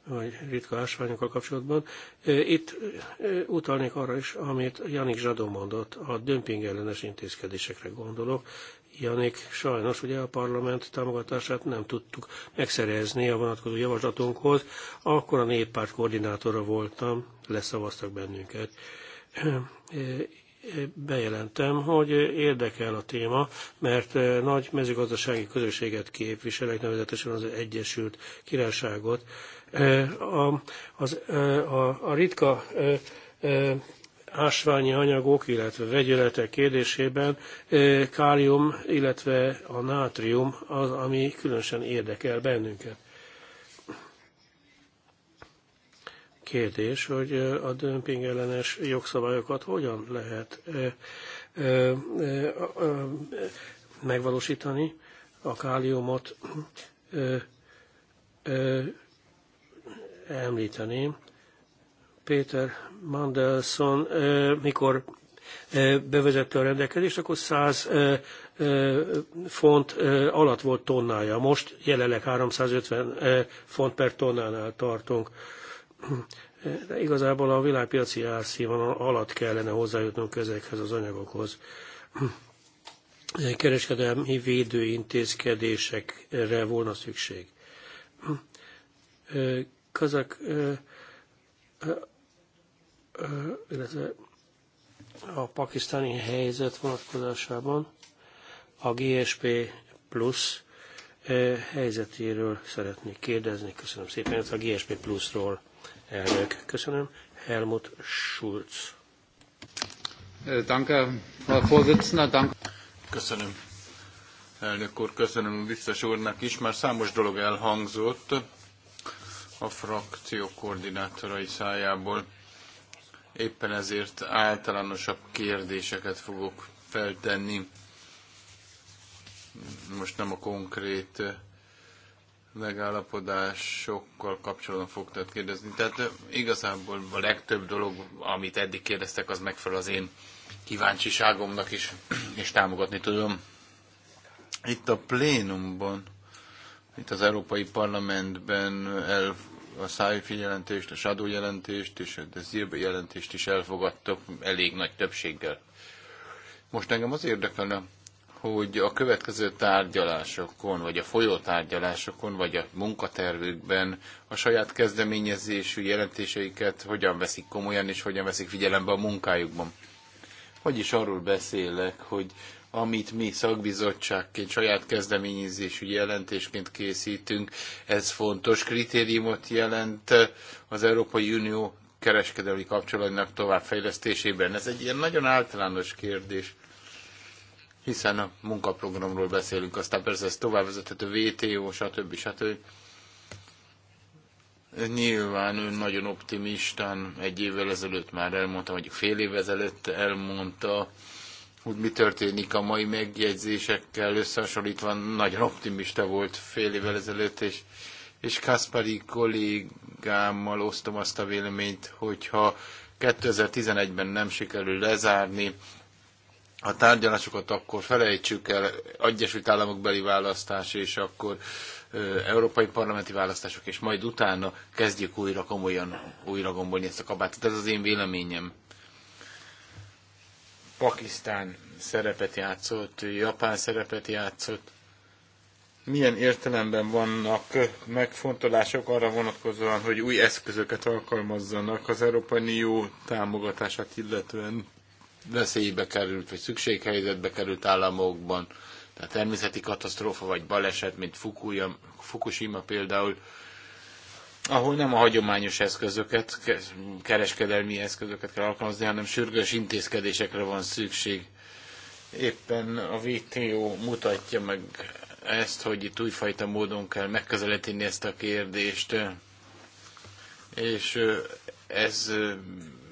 vagy ritka ásványokkal kapcsolatban. Itt utalnék arra is, amit Janik Zsadó mondott, a dömping ellenes intézkedésekre gondolok. Janik, sajnos ugye a parlament támogatását nem tudtuk megszerezni a vonatkozó javaslatunkhoz, akkor a néppárt koordinátora voltam, leszavaztak bennünket. Bejelentem, hogy érdekel a téma, mert nagy mezőgazdasági közösséget képviselek, nevezetesen az Egyesült Királyságot. A, az, a, a ritka ásványi anyagok, illetve vegyületek kérdésében eh, kálium, illetve a nátrium az, ami különösen érdekel bennünket. Kérdés, hogy eh, a dömping ellenes jogszabályokat hogyan lehet eh, megvalósítani, a káliumot említeném Péter Mandelson, mikor bevezette a rendelkezést, akkor 100 font alatt volt tonnája. Most jelenleg 350 font per tonnánál tartunk. De igazából a világpiaci árszínvonal alatt kellene hozzájutnunk ezekhez az anyagokhoz. Kereskedelmi védőintézkedésekre volna szükség. Kazak illetve a pakisztáni helyzet vonatkozásában a GSP plusz helyzetéről szeretnék kérdezni. Köszönöm szépen, ez a GSP pluszról elnök. Köszönöm. Helmut Schulz. Danke, Frau Vorsitzender, danke. Köszönöm. Elnök úr, köszönöm a biztos úrnak is. Már számos dolog elhangzott a frakció koordinátorai szájából éppen ezért általánosabb kérdéseket fogok feltenni. Most nem a konkrét eh, megállapodásokkal kapcsolatban fogtad kérdezni. Tehát eh, igazából a legtöbb dolog, amit eddig kérdeztek, az megfelel az én kíváncsiságomnak is, és támogatni tudom. Itt a plénumban, itt az Európai Parlamentben el a szájfi jelentést, a sadó jelentést és a zirbe jelentést is elfogadtak elég nagy többséggel. Most engem az érdekelne, hogy a következő tárgyalásokon, vagy a folyó tárgyalásokon, vagy a munkatervükben a saját kezdeményezésű jelentéseiket hogyan veszik komolyan, és hogyan veszik figyelembe a munkájukban. Vagyis arról beszélek, hogy amit mi szakbizottságként, saját kezdeményezésű jelentésként készítünk. Ez fontos kritériumot jelent az Európai Unió kereskedelmi kapcsolatnak továbbfejlesztésében. Ez egy ilyen nagyon általános kérdés hiszen a munkaprogramról beszélünk, aztán persze ez továbbvezethető VTO, stb. stb. Nyilván ön nagyon optimistán, egy évvel ezelőtt már elmondta, vagy fél évvel ezelőtt elmondta, hogy mi történik a mai megjegyzésekkel összehasonlítva. Nagyon optimista volt fél évvel ezelőtt, és, és Kaspari kollégámmal osztom azt a véleményt, hogyha 2011-ben nem sikerül lezárni a tárgyalásokat, akkor felejtsük el Egyesült Államok beli választás, és akkor európai parlamenti választások, és majd utána kezdjük újra komolyan újra gombolni ezt a kabátot. Ez az én véleményem. Pakisztán szerepet játszott, Japán szerepet játszott. Milyen értelemben vannak megfontolások arra vonatkozóan, hogy új eszközöket alkalmazzanak az Európai Unió támogatását illetően veszélybe került, vagy szükséghelyzetbe került államokban, tehát természeti katasztrófa vagy baleset, mint Fukuya, Fukushima például, ahol nem a hagyományos eszközöket, kereskedelmi eszközöket kell alkalmazni, hanem sürgős intézkedésekre van szükség. Éppen a VTO mutatja meg ezt, hogy itt újfajta módon kell megközelíteni ezt a kérdést, és ez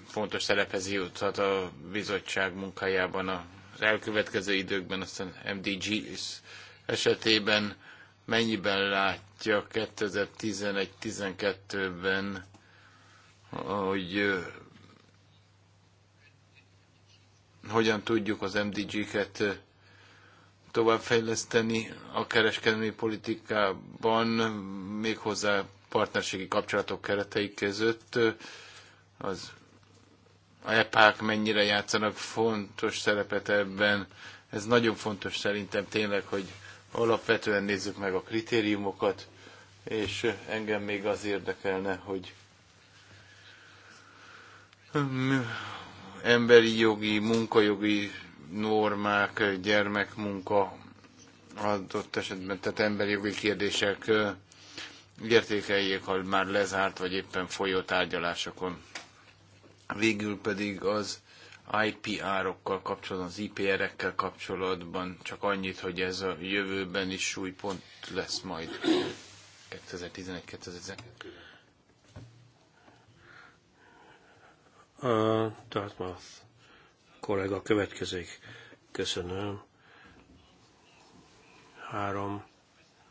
fontos szerephez juthat a bizottság munkájában az elkövetkező időkben, aztán MDG esetében mennyiben látja 2011-12-ben, hogy hogyan tudjuk az MDG-ket továbbfejleszteni a kereskedelmi politikában, méghozzá partnerségi kapcsolatok keretei között. Az epák mennyire játszanak fontos szerepet ebben. Ez nagyon fontos szerintem tényleg, hogy Alapvetően nézzük meg a kritériumokat, és engem még az érdekelne, hogy emberi jogi, munkajogi normák, gyermekmunka adott esetben, tehát emberi jogi kérdések értékeljék, ha már lezárt vagy éppen folyó tárgyalásokon. Végül pedig az IPR-okkal kapcsolatban, az IPR-ekkel kapcsolatban csak annyit, hogy ez a jövőben is súlypont lesz majd 2011-2012. A Dartmouth kollega következik. Köszönöm. Három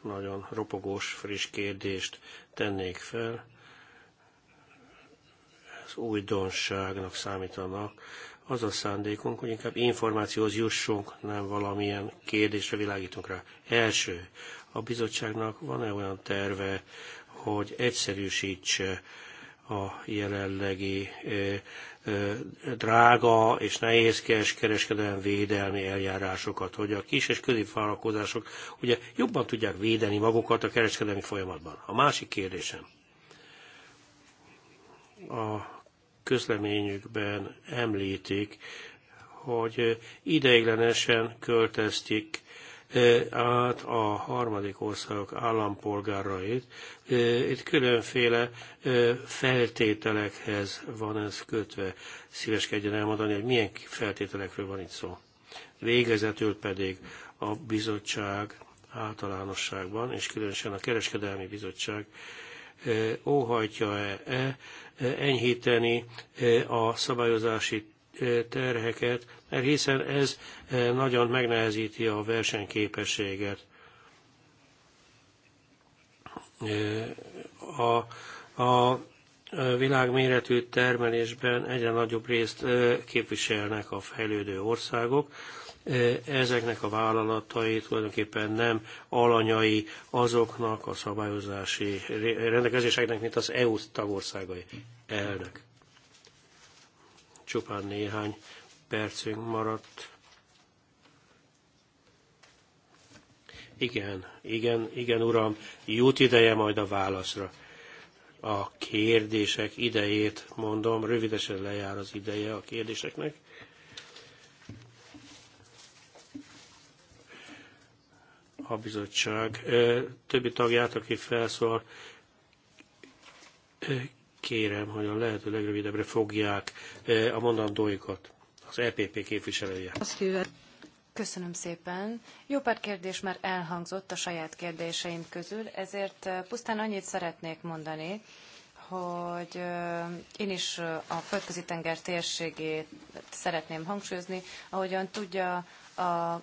nagyon ropogós, friss kérdést tennék fel. Ez újdonságnak számítanak az a szándékunk, hogy inkább információhoz jussunk, nem valamilyen kérdésre világítunk rá. Első, a bizottságnak van-e olyan terve, hogy egyszerűsítse a jelenlegi ö, ö, drága és nehézkes kereskedelmi védelmi eljárásokat, hogy a kis és középvállalkozások ugye jobban tudják védeni magukat a kereskedelmi folyamatban. A másik kérdésem a közleményükben említik, hogy ideiglenesen költeztik át a harmadik országok állampolgárait. Itt különféle feltételekhez van ez kötve. Szíveskedjen elmondani, hogy milyen feltételekről van itt szó. Végezetül pedig a bizottság általánosságban, és különösen a kereskedelmi bizottság óhajtja-e enyhíteni a szabályozási terheket, mert hiszen ez nagyon megnehezíti a versenyképességet. A, a világméretű termelésben egyre nagyobb részt képviselnek a fejlődő országok, E, ezeknek a vállalatai tulajdonképpen nem alanyai azoknak a szabályozási rendelkezéseknek, mint az EU tagországai elnök. Csupán néhány percünk maradt. Igen, igen, igen, uram, jut ideje majd a válaszra. A kérdések idejét mondom, rövidesen lejár az ideje a kérdéseknek. a bizottság többi tagját, aki felszól, kérem, hogy a lehető legrövidebbre fogják a mondandóikat. Az EPP képviselője. Köszönöm szépen. Jó pár kérdés már elhangzott a saját kérdéseim közül, ezért pusztán annyit szeretnék mondani, hogy én is a földközi tenger térségét szeretném hangsúlyozni. Ahogyan tudja, a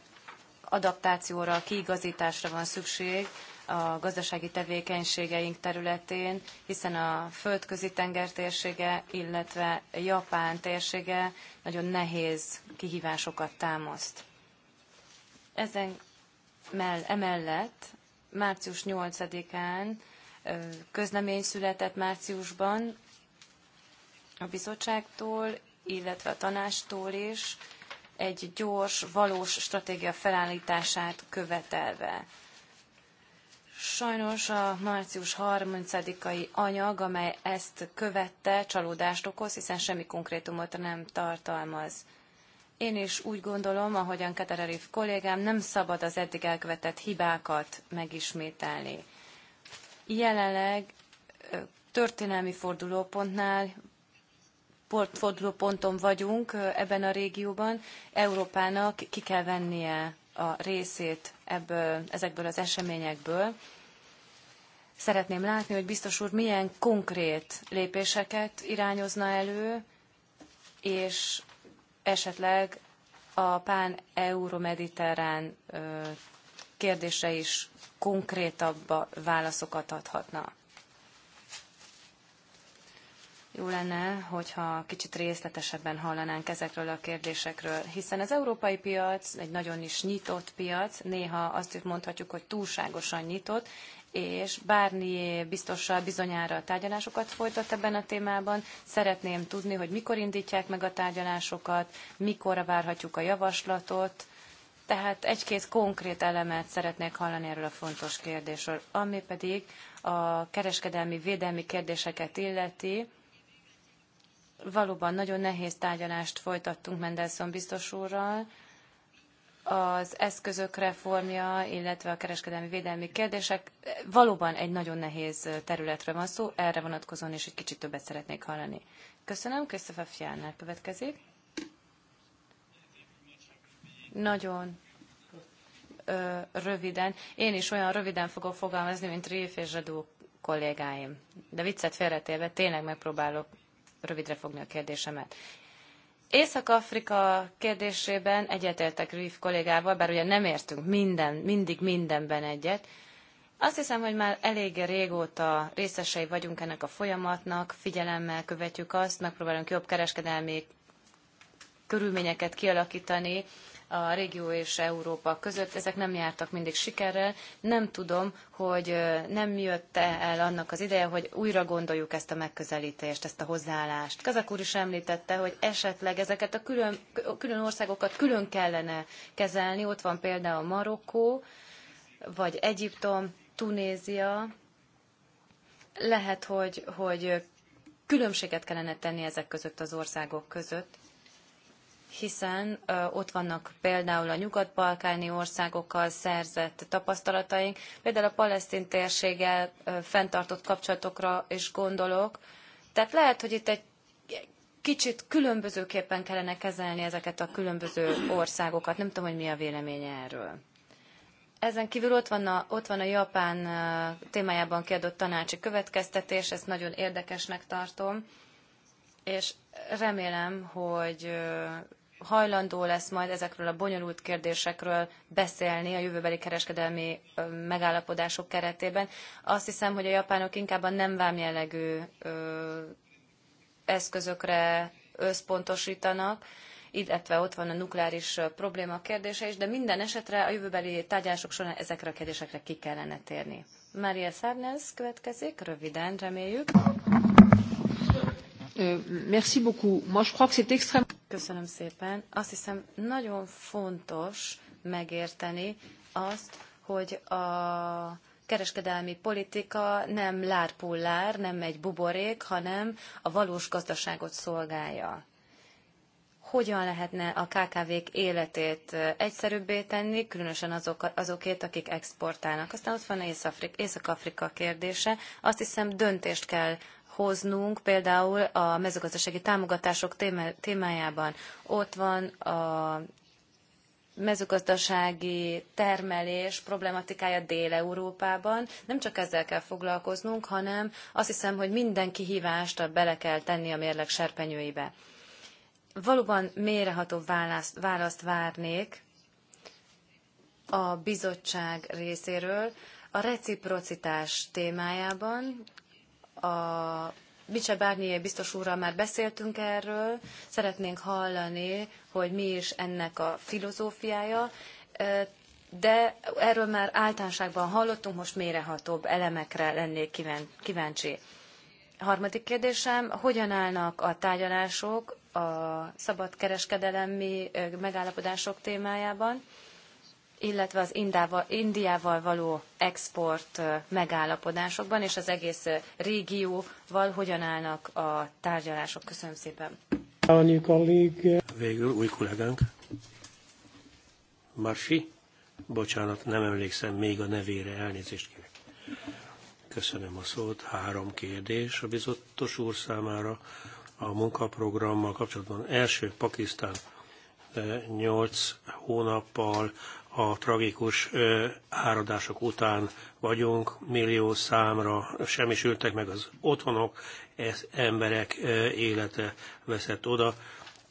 adaptációra, kiigazításra van szükség a gazdasági tevékenységeink területén, hiszen a földközi tenger térsége, illetve Japán térsége nagyon nehéz kihívásokat támaszt. Ezen mell, emellett március 8-án közlemény született márciusban a bizottságtól, illetve a tanástól is, egy gyors, valós stratégia felállítását követelve. Sajnos a március 30-ai anyag, amely ezt követte, csalódást okoz, hiszen semmi konkrétumot nem tartalmaz. Én is úgy gondolom, ahogyan Katararif kollégám, nem szabad az eddig elkövetett hibákat megismételni. Jelenleg történelmi fordulópontnál portfólióponton vagyunk ebben a régióban, Európának ki kell vennie a részét ebből, ezekből az eseményekből. Szeretném látni, hogy biztos úr milyen konkrét lépéseket irányozna elő, és esetleg a pán-euromediterrán kérdése is konkrétabb válaszokat adhatna. Jó lenne, hogyha kicsit részletesebben hallanánk ezekről a kérdésekről, hiszen az európai piac egy nagyon is nyitott piac, néha azt is mondhatjuk, hogy túlságosan nyitott, és bárni biztossal bizonyára a tárgyalásokat folytat ebben a témában. Szeretném tudni, hogy mikor indítják meg a tárgyalásokat, mikor várhatjuk a javaslatot, tehát egy-két konkrét elemet szeretnék hallani erről a fontos kérdésről, ami pedig a kereskedelmi védelmi kérdéseket illeti valóban nagyon nehéz tárgyalást folytattunk Mendelszon biztos úrral. Az eszközök reformja, illetve a kereskedelmi védelmi kérdések valóban egy nagyon nehéz területről van szó, erre vonatkozóan is egy kicsit többet szeretnék hallani. Köszönöm, Christopher Fjellner következik. Nagyon ö, röviden. Én is olyan röviden fogok fogalmazni, mint Riff és Zsadó kollégáim. De viccet félretélve, tényleg megpróbálok rövidre fogni a kérdésemet. Észak-Afrika kérdésében egyetértek Rüff kollégával, bár ugye nem értünk minden, mindig mindenben egyet. Azt hiszem, hogy már elég régóta részesei vagyunk ennek a folyamatnak, figyelemmel követjük azt, megpróbálunk jobb kereskedelmi körülményeket kialakítani, a régió és Európa között, ezek nem jártak mindig sikerrel. Nem tudom, hogy nem jött -e el annak az ideje, hogy újra gondoljuk ezt a megközelítést, ezt a hozzáállást. Kazak úr is említette, hogy esetleg ezeket a külön, külön országokat külön kellene kezelni. Ott van például Marokkó, vagy Egyiptom, Tunézia. Lehet, hogy, hogy különbséget kellene tenni ezek között az országok között hiszen ott vannak például a nyugat-balkáni országokkal szerzett tapasztalataink, például a palesztin térséggel fenntartott kapcsolatokra is gondolok. Tehát lehet, hogy itt egy kicsit különbözőképpen kellene kezelni ezeket a különböző országokat. Nem tudom, hogy mi a véleménye erről. Ezen kívül ott van, a, ott van a Japán témájában kiadott tanácsi következtetés, ezt nagyon érdekesnek tartom, és remélem, hogy hajlandó lesz majd ezekről a bonyolult kérdésekről beszélni a jövőbeli kereskedelmi megállapodások keretében. Azt hiszem, hogy a japánok inkább a nem vámjellegű eszközökre összpontosítanak, illetve ott van a nukleáris probléma kérdése is, de minden esetre a jövőbeli tárgyalások során ezekre a kérdésekre ki kellene térni. Maria Sarnes következik, röviden reméljük. Euh, merci beaucoup. Moi, je crois que c'est extrêmement Köszönöm szépen. Azt hiszem nagyon fontos megérteni azt, hogy a kereskedelmi politika nem lárpullár, nem egy buborék, hanem a valós gazdaságot szolgálja. Hogyan lehetne a KKV-k életét eh, egyszerűbbé tenni, különösen azok, azokét, akik exportálnak. Aztán ott van Észak-Afrika kérdése. Azt hiszem döntést kell hoznunk, például a mezőgazdasági támogatások témájában. Ott van a mezőgazdasági termelés problematikája Dél-Európában. Nem csak ezzel kell foglalkoznunk, hanem azt hiszem, hogy minden kihívást bele kell tenni a mérleg serpenyőibe. Valóban mélyreható választ, választ várnék a bizottság részéről a reciprocitás témájában, a Bicse Bárnyé biztos úrral már beszéltünk erről, szeretnénk hallani, hogy mi is ennek a filozófiája, de erről már általánoságban hallottunk, most mérehatóbb elemekre lennék kíváncsi. A harmadik kérdésem, hogyan állnak a tárgyalások a kereskedelemi megállapodások témájában? illetve az Indával, Indiával való export megállapodásokban, és az egész régióval hogyan állnak a tárgyalások. Köszönöm szépen. Végül új kollégánk. Marsi, bocsánat, nem emlékszem még a nevére, elnézést kérek. Köszönöm a szót. Három kérdés a bizottos úr számára a munkaprogrammal kapcsolatban. Első, Pakisztán 8 hónappal a tragikus áradások után vagyunk, millió számra semmisültek meg az otthonok, ez emberek élete veszett oda.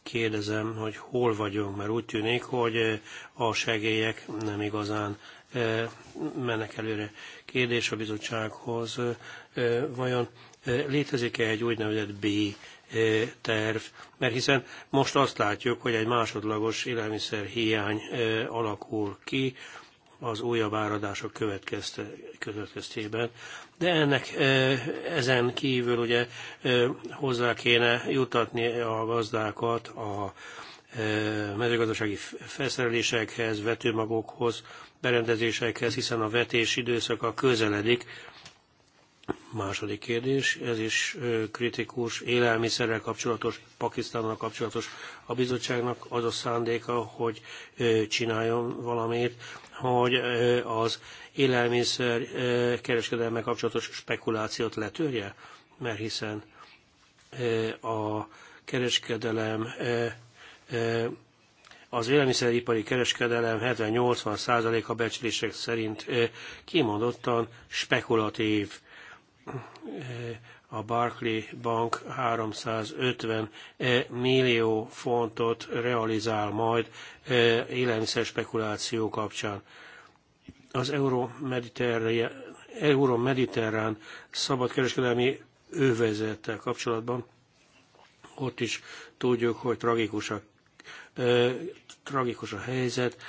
Kérdezem, hogy hol vagyunk, mert úgy tűnik, hogy a segélyek nem igazán mennek előre. Kérdés a bizottsághoz, vajon létezik-e egy úgynevezett B terv, mert hiszen most azt látjuk, hogy egy másodlagos élelmiszer hiány alakul ki az újabb áradások következtében. De ennek ezen kívül ugye hozzá kéne jutatni a gazdákat a mezőgazdasági felszerelésekhez, vetőmagokhoz, berendezésekhez, hiszen a vetés időszaka közeledik, Második kérdés, ez is kritikus, élelmiszerrel kapcsolatos, Pakisztánnal kapcsolatos. A bizottságnak az a szándéka, hogy csináljon valamit, hogy az élelmiszer kereskedelme kapcsolatos spekulációt letörje, mert hiszen a kereskedelem az élelmiszeripari kereskedelem 70-80 százaléka becslések szerint kimondottan spekulatív a Barclay Bank 350 millió fontot realizál majd e, élelmiszer spekuláció kapcsán. Az euró-mediterrán szabadkereskedelmi övezettel kapcsolatban ott is tudjuk, hogy tragikus a, e, tragikus a helyzet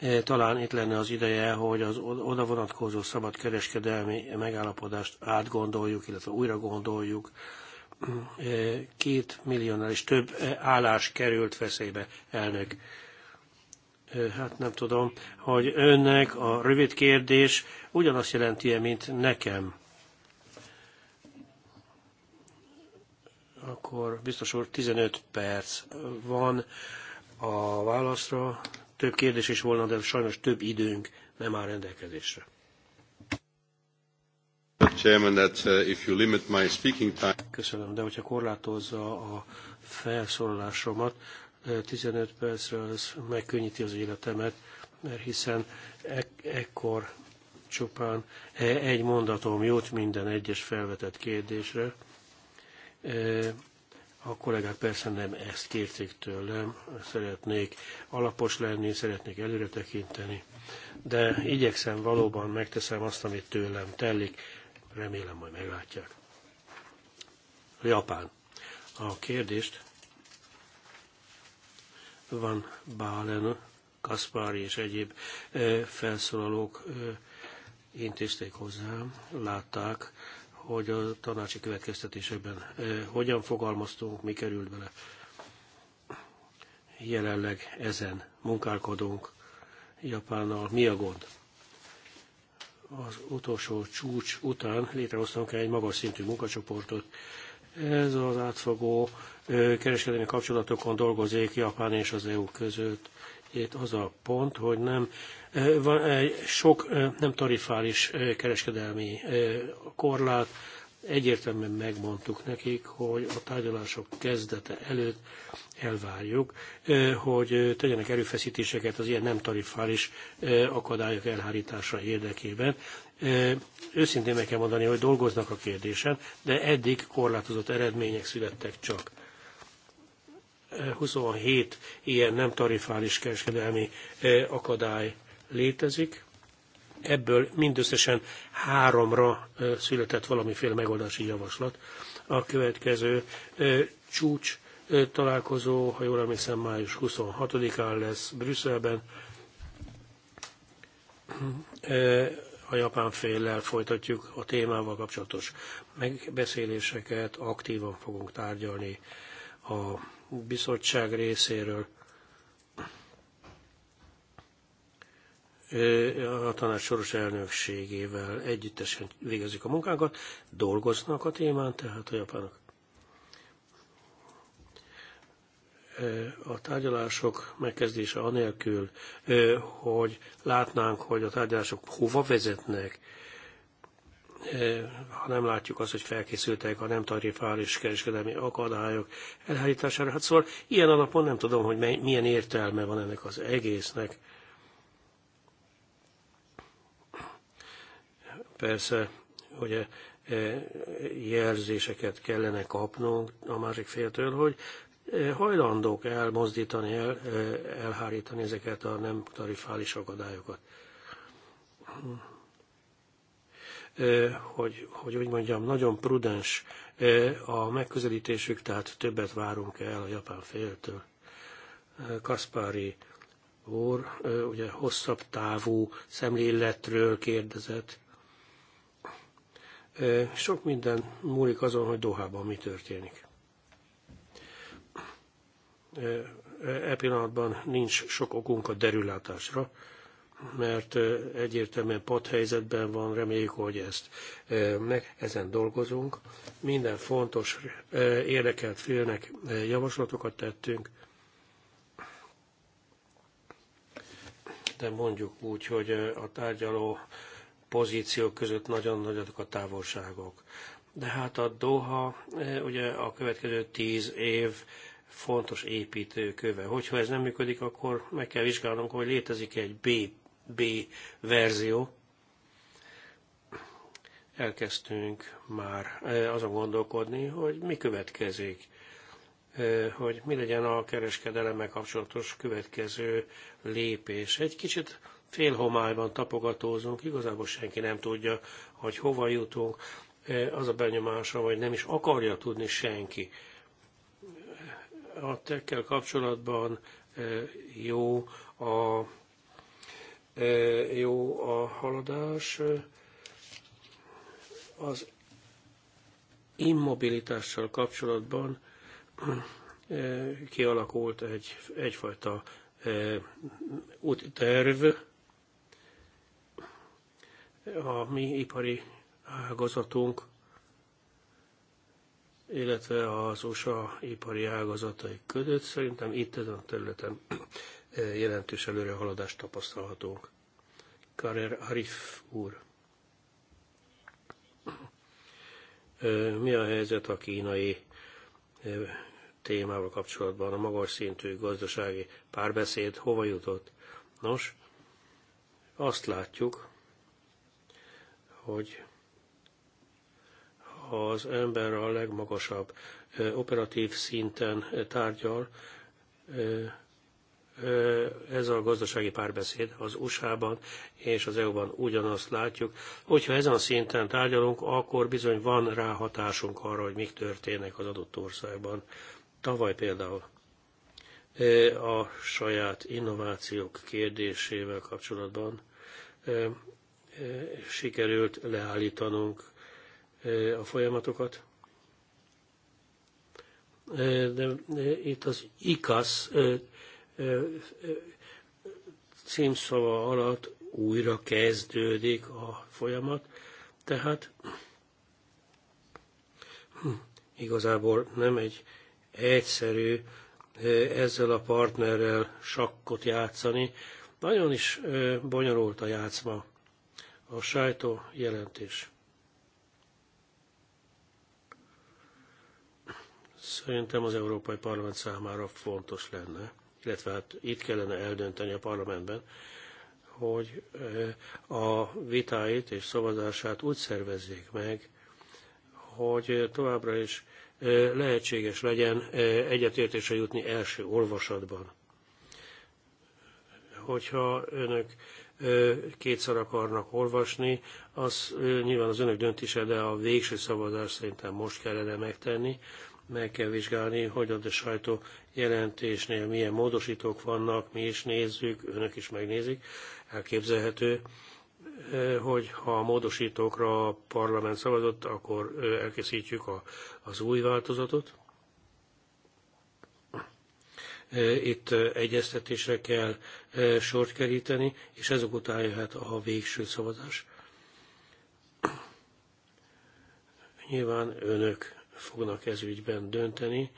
E, talán itt lenne az ideje, hogy az oda vonatkozó szabadkereskedelmi megállapodást átgondoljuk, illetve újra gondoljuk. E, két milliónál is több e, állás került veszélybe, elnök. Hát nem tudom, hogy önnek a rövid kérdés ugyanazt jelenti-e, mint nekem. Akkor biztos úr 15 perc van a válaszra, több kérdés is volna, de sajnos több időnk nem áll rendelkezésre. Uh, Köszönöm, de hogyha korlátozza a felszólalásomat, 15 percre az megkönnyíti az életemet, mert hiszen e- ekkor csupán e-, egy mondatom jut minden egyes felvetett kérdésre. A kollégák persze nem ezt kérték tőlem, szeretnék alapos lenni, szeretnék előre tekinteni, de igyekszem valóban, megteszem azt, amit tőlem telik, remélem majd meglátják. Japán. A kérdést van Bálen, Kaspari és egyéb eh, felszólalók eh, intézték hozzám, látták, hogy a tanácsi következtetésekben hogyan fogalmaztunk, mi került bele. Jelenleg ezen munkálkodunk Japánnal. Mi a gond? Az utolsó csúcs után létrehoztunk egy magas szintű munkacsoportot. Ez az átfogó kereskedelmi kapcsolatokon dolgozik Japán és az EU között itt az a pont, hogy nem van sok nem tarifális kereskedelmi korlát. Egyértelműen megmondtuk nekik, hogy a tárgyalások kezdete előtt elvárjuk, hogy tegyenek erőfeszítéseket az ilyen nem tarifális akadályok elhárítása érdekében. Őszintén meg kell mondani, hogy dolgoznak a kérdésen, de eddig korlátozott eredmények születtek csak. 27 ilyen nem tarifális kereskedelmi akadály létezik. Ebből mindösszesen háromra született valamiféle megoldási javaslat. A következő csúcs találkozó, ha jól emlékszem, május 26-án lesz Brüsszelben. A japán féllel folytatjuk a témával kapcsolatos megbeszéléseket, aktívan fogunk tárgyalni a bizottság részéről. a tanács soros elnökségével együttesen végezik a munkánkat, dolgoznak a témán, tehát a japánok. A tárgyalások megkezdése anélkül, hogy látnánk, hogy a tárgyalások hova vezetnek, Eh, ha nem látjuk azt, hogy felkészültek a nem tarifális kereskedelmi akadályok elhárítására. Hát szóval ilyen alapon nem tudom, hogy milyen értelme van ennek az egésznek. Persze, ugye eh, jelzéseket kellene kapnunk a másik féltől, hogy eh, hajlandók elmozdítani, el, elhárítani ezeket a nem tarifális akadályokat hogy, hogy úgy mondjam, nagyon prudens a megközelítésük, tehát többet várunk el a japán féltől. Kaspari úr, ugye hosszabb távú szemléletről kérdezett. Sok minden múlik azon, hogy Dohában mi történik. E pillanatban nincs sok okunk a derülátásra, mert egyértelműen padhelyzetben van, reméljük, hogy ezt meg ezen dolgozunk. Minden fontos érdekelt félnek javaslatokat tettünk, de mondjuk úgy, hogy a tárgyaló pozíciók között nagyon nagyok a távolságok. De hát a Doha ugye a következő tíz év fontos építőköve. Hogyha ez nem működik, akkor meg kell vizsgálnunk, hogy létezik egy B B verzió. Elkezdtünk már azon gondolkodni, hogy mi következik, hogy mi legyen a kereskedelemmel kapcsolatos következő lépés. Egy kicsit félhomályban tapogatózunk, igazából senki nem tudja, hogy hova jutunk. Az a benyomása, hogy nem is akarja tudni senki. A tekkel kapcsolatban jó a jó a haladás. Az immobilitással kapcsolatban kialakult egy, egyfajta útterv a mi ipari ágazatunk, illetve az USA ipari ágazatai között. Szerintem itt ezen a területen jelentős előrehaladást tapasztalhatunk. Karer Arif úr. Mi a helyzet a kínai témával kapcsolatban? A magas szintű gazdasági párbeszéd hova jutott? Nos, azt látjuk, hogy ha az ember a legmagasabb operatív szinten tárgyal, ez a gazdasági párbeszéd az USA-ban és az EU-ban ugyanazt látjuk. Hogyha ezen a szinten tárgyalunk, akkor bizony van ráhatásunk arra, hogy mik történnek az adott országban. Tavaly például a saját innovációk kérdésével kapcsolatban sikerült leállítanunk a folyamatokat. De itt az ICAS címszava alatt újra kezdődik a folyamat, tehát hm, igazából nem egy egyszerű ezzel a partnerrel sakkot játszani. Nagyon is bonyolult a játszma, a sajtó jelentés. Szerintem az Európai Parlament számára fontos lenne illetve hát itt kellene eldönteni a parlamentben, hogy eh, a vitáit és szavazását úgy szervezzék meg, hogy továbbra is eh, lehetséges legyen eh, egyetértésre jutni első olvasatban. Hogyha önök kétszer akarnak olvasni, az nyilván az önök döntése, de a végső szavazást szerintem most kellene megtenni, meg kell vizsgálni, hogy a sajtó jelentésnél milyen módosítók vannak, mi is nézzük, önök is megnézik, elképzelhető, hogy ha a módosítókra a parlament szavazott, akkor elkészítjük a, az új változatot. Itt egyeztetésre kell sort keríteni, és ezok után jöhet a végső szavazás. Nyilván önök fognak ez ügyben dönteni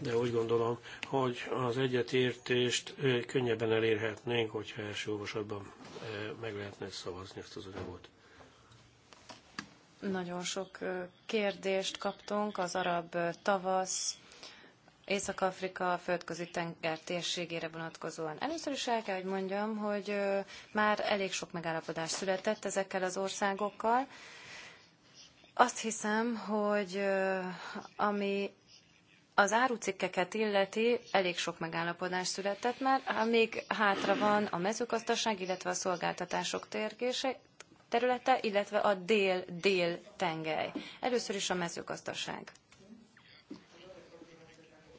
de úgy gondolom, hogy az egyetértést könnyebben elérhetnénk, hogyha első olvasatban meg lehetne szavazni ezt az anyagot. Nagyon sok kérdést kaptunk az arab tavasz, Észak-Afrika földközi tenger térségére vonatkozóan. Először is el kell, hogy mondjam, hogy már elég sok megállapodás született ezekkel az országokkal. Azt hiszem, hogy ami az árucikkeket illeti elég sok megállapodás született már, még hátra van a mezőgazdaság, illetve a szolgáltatások térkése, területe, illetve a dél-dél tengely. Először is a mezőgazdaság.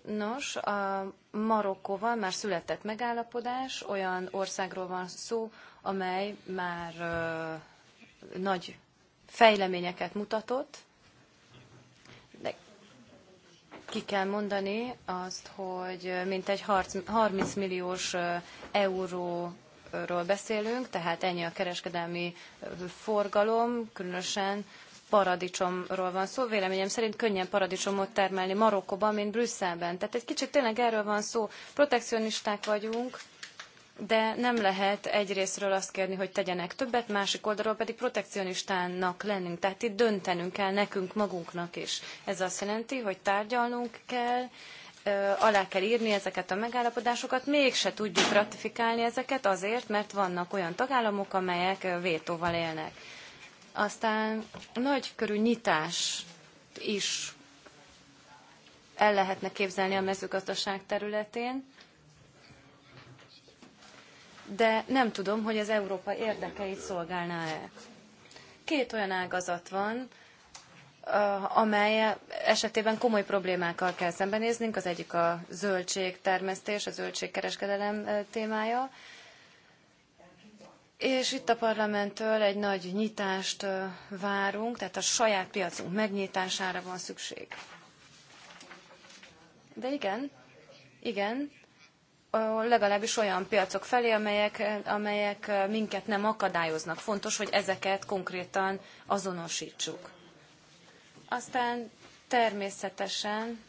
Nos, a Marokkóval már született megállapodás, olyan országról van szó, amely már ö, nagy fejleményeket mutatott, ki kell mondani azt, hogy mintegy 30 milliós euróról beszélünk, tehát ennyi a kereskedelmi forgalom, különösen paradicsomról van szó. Véleményem szerint könnyen paradicsomot termelni Marokkóban, mint Brüsszelben. Tehát egy kicsit tényleg erről van szó. Protekcionisták vagyunk, de nem lehet egyrésztről azt kérni, hogy tegyenek többet, másik oldalról pedig protekcionistának lennünk. Tehát itt döntenünk kell nekünk magunknak is. Ez azt jelenti, hogy tárgyalnunk kell, alá kell írni ezeket a megállapodásokat, mégse tudjuk ratifikálni ezeket azért, mert vannak olyan tagállamok, amelyek vétóval élnek. Aztán nagy körű nyitás is el lehetne képzelni a mezőgazdaság területén de nem tudom, hogy az Európa érdekeit szolgálná-e. Két olyan ágazat van, amely esetében komoly problémákkal kell szembenéznünk. Az egyik a zöldségtermesztés, a zöldségkereskedelem témája. És itt a parlamenttől egy nagy nyitást várunk, tehát a saját piacunk megnyitására van szükség. De igen, igen, legalábbis olyan piacok felé, amelyek, amelyek minket nem akadályoznak. Fontos, hogy ezeket konkrétan azonosítsuk. Aztán természetesen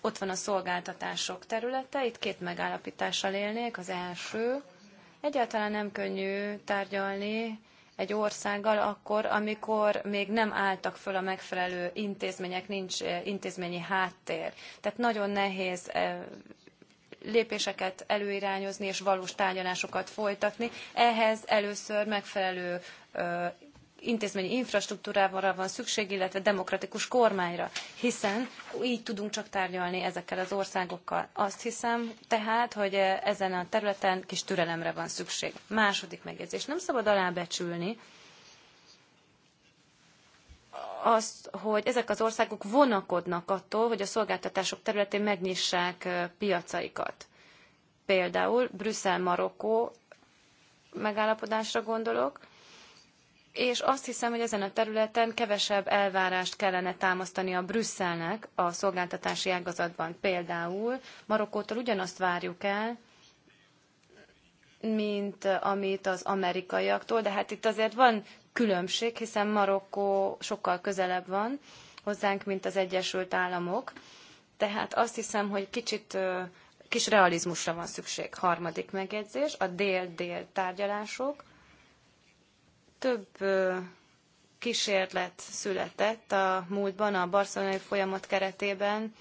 ott van a szolgáltatások területe, itt két megállapítással élnék. Az első, egyáltalán nem könnyű tárgyalni egy országgal akkor, amikor még nem álltak föl a megfelelő intézmények, nincs eh, intézményi háttér. Tehát nagyon nehéz eh, lépéseket előirányozni és valós tárgyalásokat folytatni. Ehhez először megfelelő intézményi infrastruktúrára van szükség, illetve demokratikus kormányra, hiszen így tudunk csak tárgyalni ezekkel az országokkal. Azt hiszem tehát, hogy eh, ezen a területen kis türelemre van szükség. Második megjegyzés. Nem szabad alábecsülni azt, hogy ezek az országok vonakodnak attól, hogy a szolgáltatások területén megnyissák eh, piacaikat. Például Brüsszel-Marokkó megállapodásra gondolok, és azt hiszem, hogy ezen a területen kevesebb elvárást kellene támasztani a Brüsszelnek a szolgáltatási ágazatban. Például Marokkótól ugyanazt várjuk el, mint amit az amerikaiaktól, de hát itt azért van különbség, hiszen Marokkó sokkal közelebb van hozzánk, mint az Egyesült Államok. Tehát azt hiszem, hogy kicsit kis realizmusra van szükség. Harmadik megjegyzés, a dél-dél tárgyalások. Több kísérlet született a múltban a barcelonai folyamat keretében,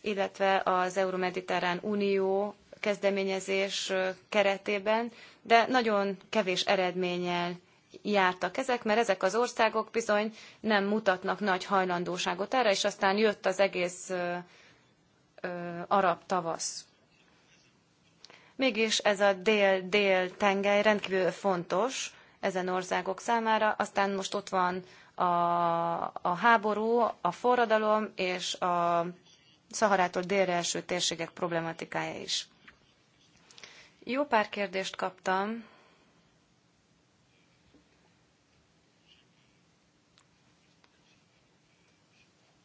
illetve az Euromediterrán Unió kezdeményezés keretében, de nagyon kevés eredménnyel jártak ezek, mert ezek az országok bizony nem mutatnak nagy hajlandóságot erre, és aztán jött az egész ö, ö, arab tavasz. Mégis ez a dél-dél tengely rendkívül fontos, ezen országok számára. Aztán most ott van a, a háború, a forradalom és a Szaharától délre eső térségek problematikája is. Jó pár kérdést kaptam.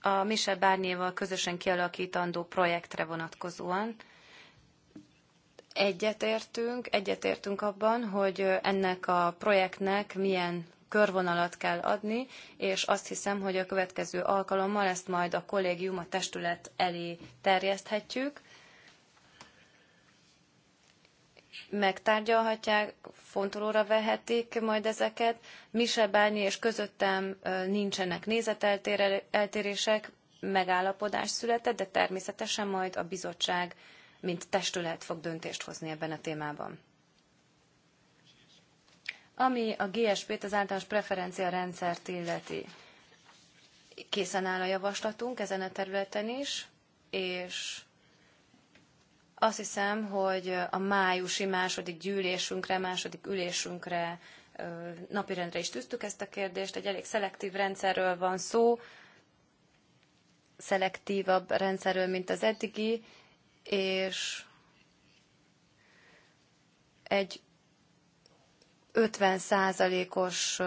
A Mise Bárnyéval közösen kialakítandó projektre vonatkozóan egyetértünk, egyetértünk abban, hogy ennek a projektnek milyen körvonalat kell adni, és azt hiszem, hogy a következő alkalommal ezt majd a kollégium, a testület elé terjeszthetjük. Megtárgyalhatják, fontolóra vehetik majd ezeket. Mise Bányi és közöttem nincsenek nézeteltérések, megállapodás született, de természetesen majd a bizottság mint testület fog döntést hozni ebben a témában. Ami a GSP-t, az általános preferencia rendszert illeti, készen áll a javaslatunk ezen a területen is, és azt hiszem, hogy a májusi második gyűlésünkre, második ülésünkre napirendre is tűztük ezt a kérdést. Egy elég szelektív rendszerről van szó, szelektívabb rendszerről, mint az eddigi, és egy 50 százalékos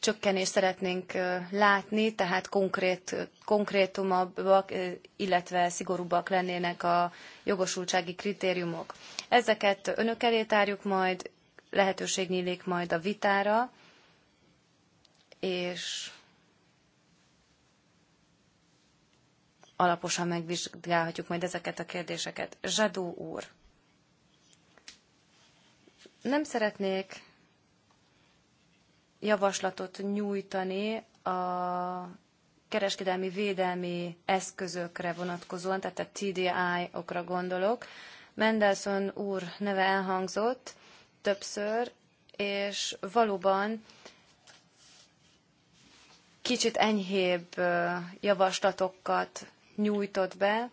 csökkenést szeretnénk látni, tehát konkrét, konkrétumabbak, illetve szigorúbbak lennének a jogosultsági kritériumok. Ezeket önök elé tárjuk majd, lehetőség nyílik majd a vitára, és alaposan megvizsgálhatjuk majd ezeket a kérdéseket. Zsadó úr, nem szeretnék javaslatot nyújtani a kereskedelmi védelmi eszközökre vonatkozóan, tehát a TDI-okra gondolok. Mendelssohn úr neve elhangzott többször, és valóban kicsit enyhébb javaslatokat nyújtott be.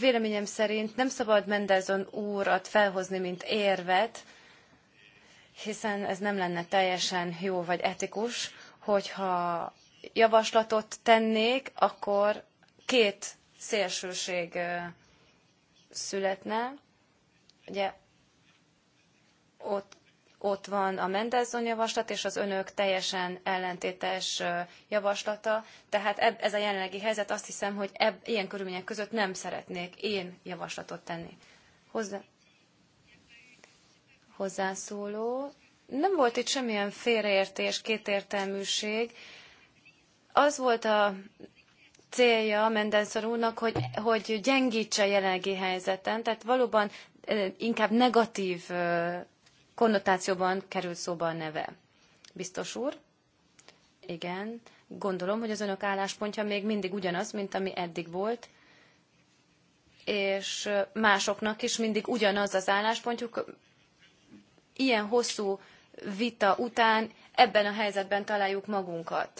Véleményem szerint nem szabad Mendelzon úrat felhozni, mint érvet, hiszen ez nem lenne teljesen jó vagy etikus, hogyha javaslatot tennék, akkor két szélsőség születne. Ugye ott ott van a Mendelssohn javaslat és az önök teljesen ellentétes javaslata, tehát ez a jelenlegi helyzet, azt hiszem, hogy eb, ilyen körülmények között nem szeretnék én javaslatot tenni. Hozzá, hozzászóló. Nem volt itt semmilyen félreértés, kétértelműség. Az volt a célja Mendelssohn úrnak, hogy, hogy gyengítse a jelenlegi helyzeten, tehát valóban inkább negatív konnotációban került szóba a neve. Biztos úr? Igen. Gondolom, hogy az önök álláspontja még mindig ugyanaz, mint ami eddig volt, és másoknak is mindig ugyanaz az álláspontjuk. Ilyen hosszú vita után ebben a helyzetben találjuk magunkat.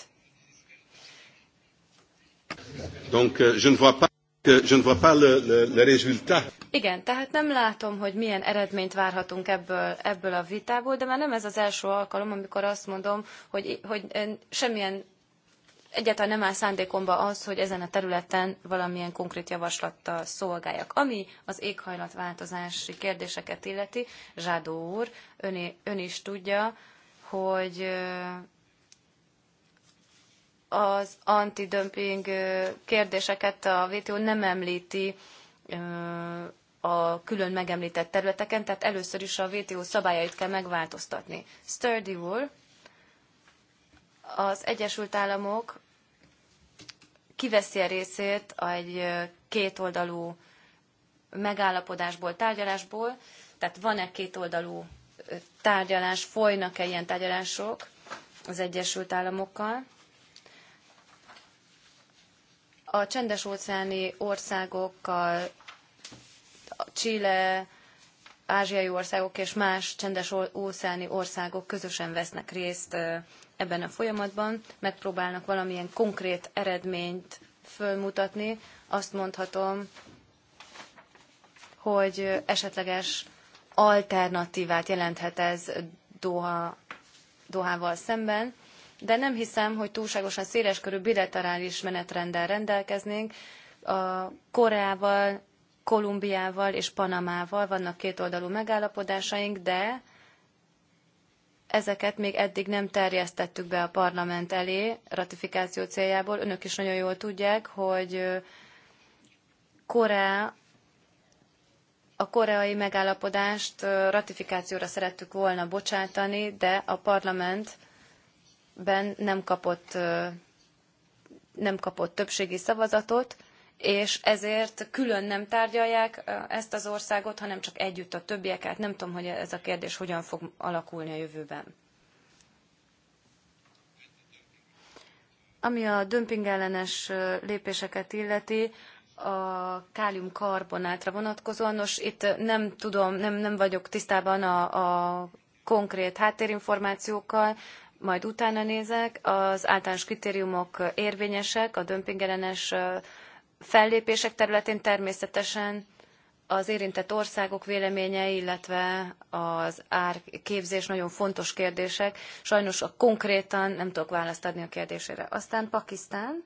Donc, euh, je ne vois pas que je ne vois pas le, le, le résultat. Igen, tehát nem látom, hogy milyen eredményt várhatunk ebből, ebből a vitából, de már nem ez az első alkalom, amikor azt mondom, hogy, hogy semmilyen egyáltalán nem áll szándékomba az, hogy ezen a területen valamilyen konkrét javaslattal szolgáljak. Ami az éghajlatváltozási kérdéseket illeti, Zsádó úr, ön, ön is tudja, hogy az antidömping kérdéseket a WTO nem említi a külön megemlített területeken, tehát először is a WTO szabályait kell megváltoztatni. Sturdy úr, az Egyesült Államok kiveszi a részét egy kétoldalú megállapodásból, tárgyalásból, tehát van-e kétoldalú tárgyalás, folynak-e ilyen tárgyalások az Egyesült Államokkal? a csendes óceáni országokkal, Chile, ázsiai országok és más csendes óceáni országok közösen vesznek részt ebben a folyamatban, megpróbálnak valamilyen konkrét eredményt fölmutatni. Azt mondhatom, hogy esetleges alternatívát jelenthet ez Doha, Dohával szemben de nem hiszem, hogy túlságosan széleskörű bilaterális menetrenddel rendelkeznénk. A Koreával, Kolumbiával és Panamával vannak kétoldalú megállapodásaink, de ezeket még eddig nem terjesztettük be a parlament elé ratifikáció céljából. Önök is nagyon jól tudják, hogy Korea a koreai megállapodást ratifikációra szerettük volna bocsátani, de a parlament ben nem kapott, nem kapott többségi szavazatot, és ezért külön nem tárgyalják ezt az országot, hanem csak együtt a többieket. Hát nem tudom, hogy ez a kérdés hogyan fog alakulni a jövőben. Ami a dömpingellenes lépéseket illeti, a káliumkarbonátra vonatkozóan. Nos, itt nem tudom, nem, nem vagyok tisztában a, a konkrét háttérinformációkkal, majd utána nézek, az általános kritériumok érvényesek, a dömpingellenes fellépések területén természetesen az érintett országok véleménye, illetve az árképzés nagyon fontos kérdések. Sajnos a konkrétan nem tudok választ adni a kérdésére. Aztán Pakisztán.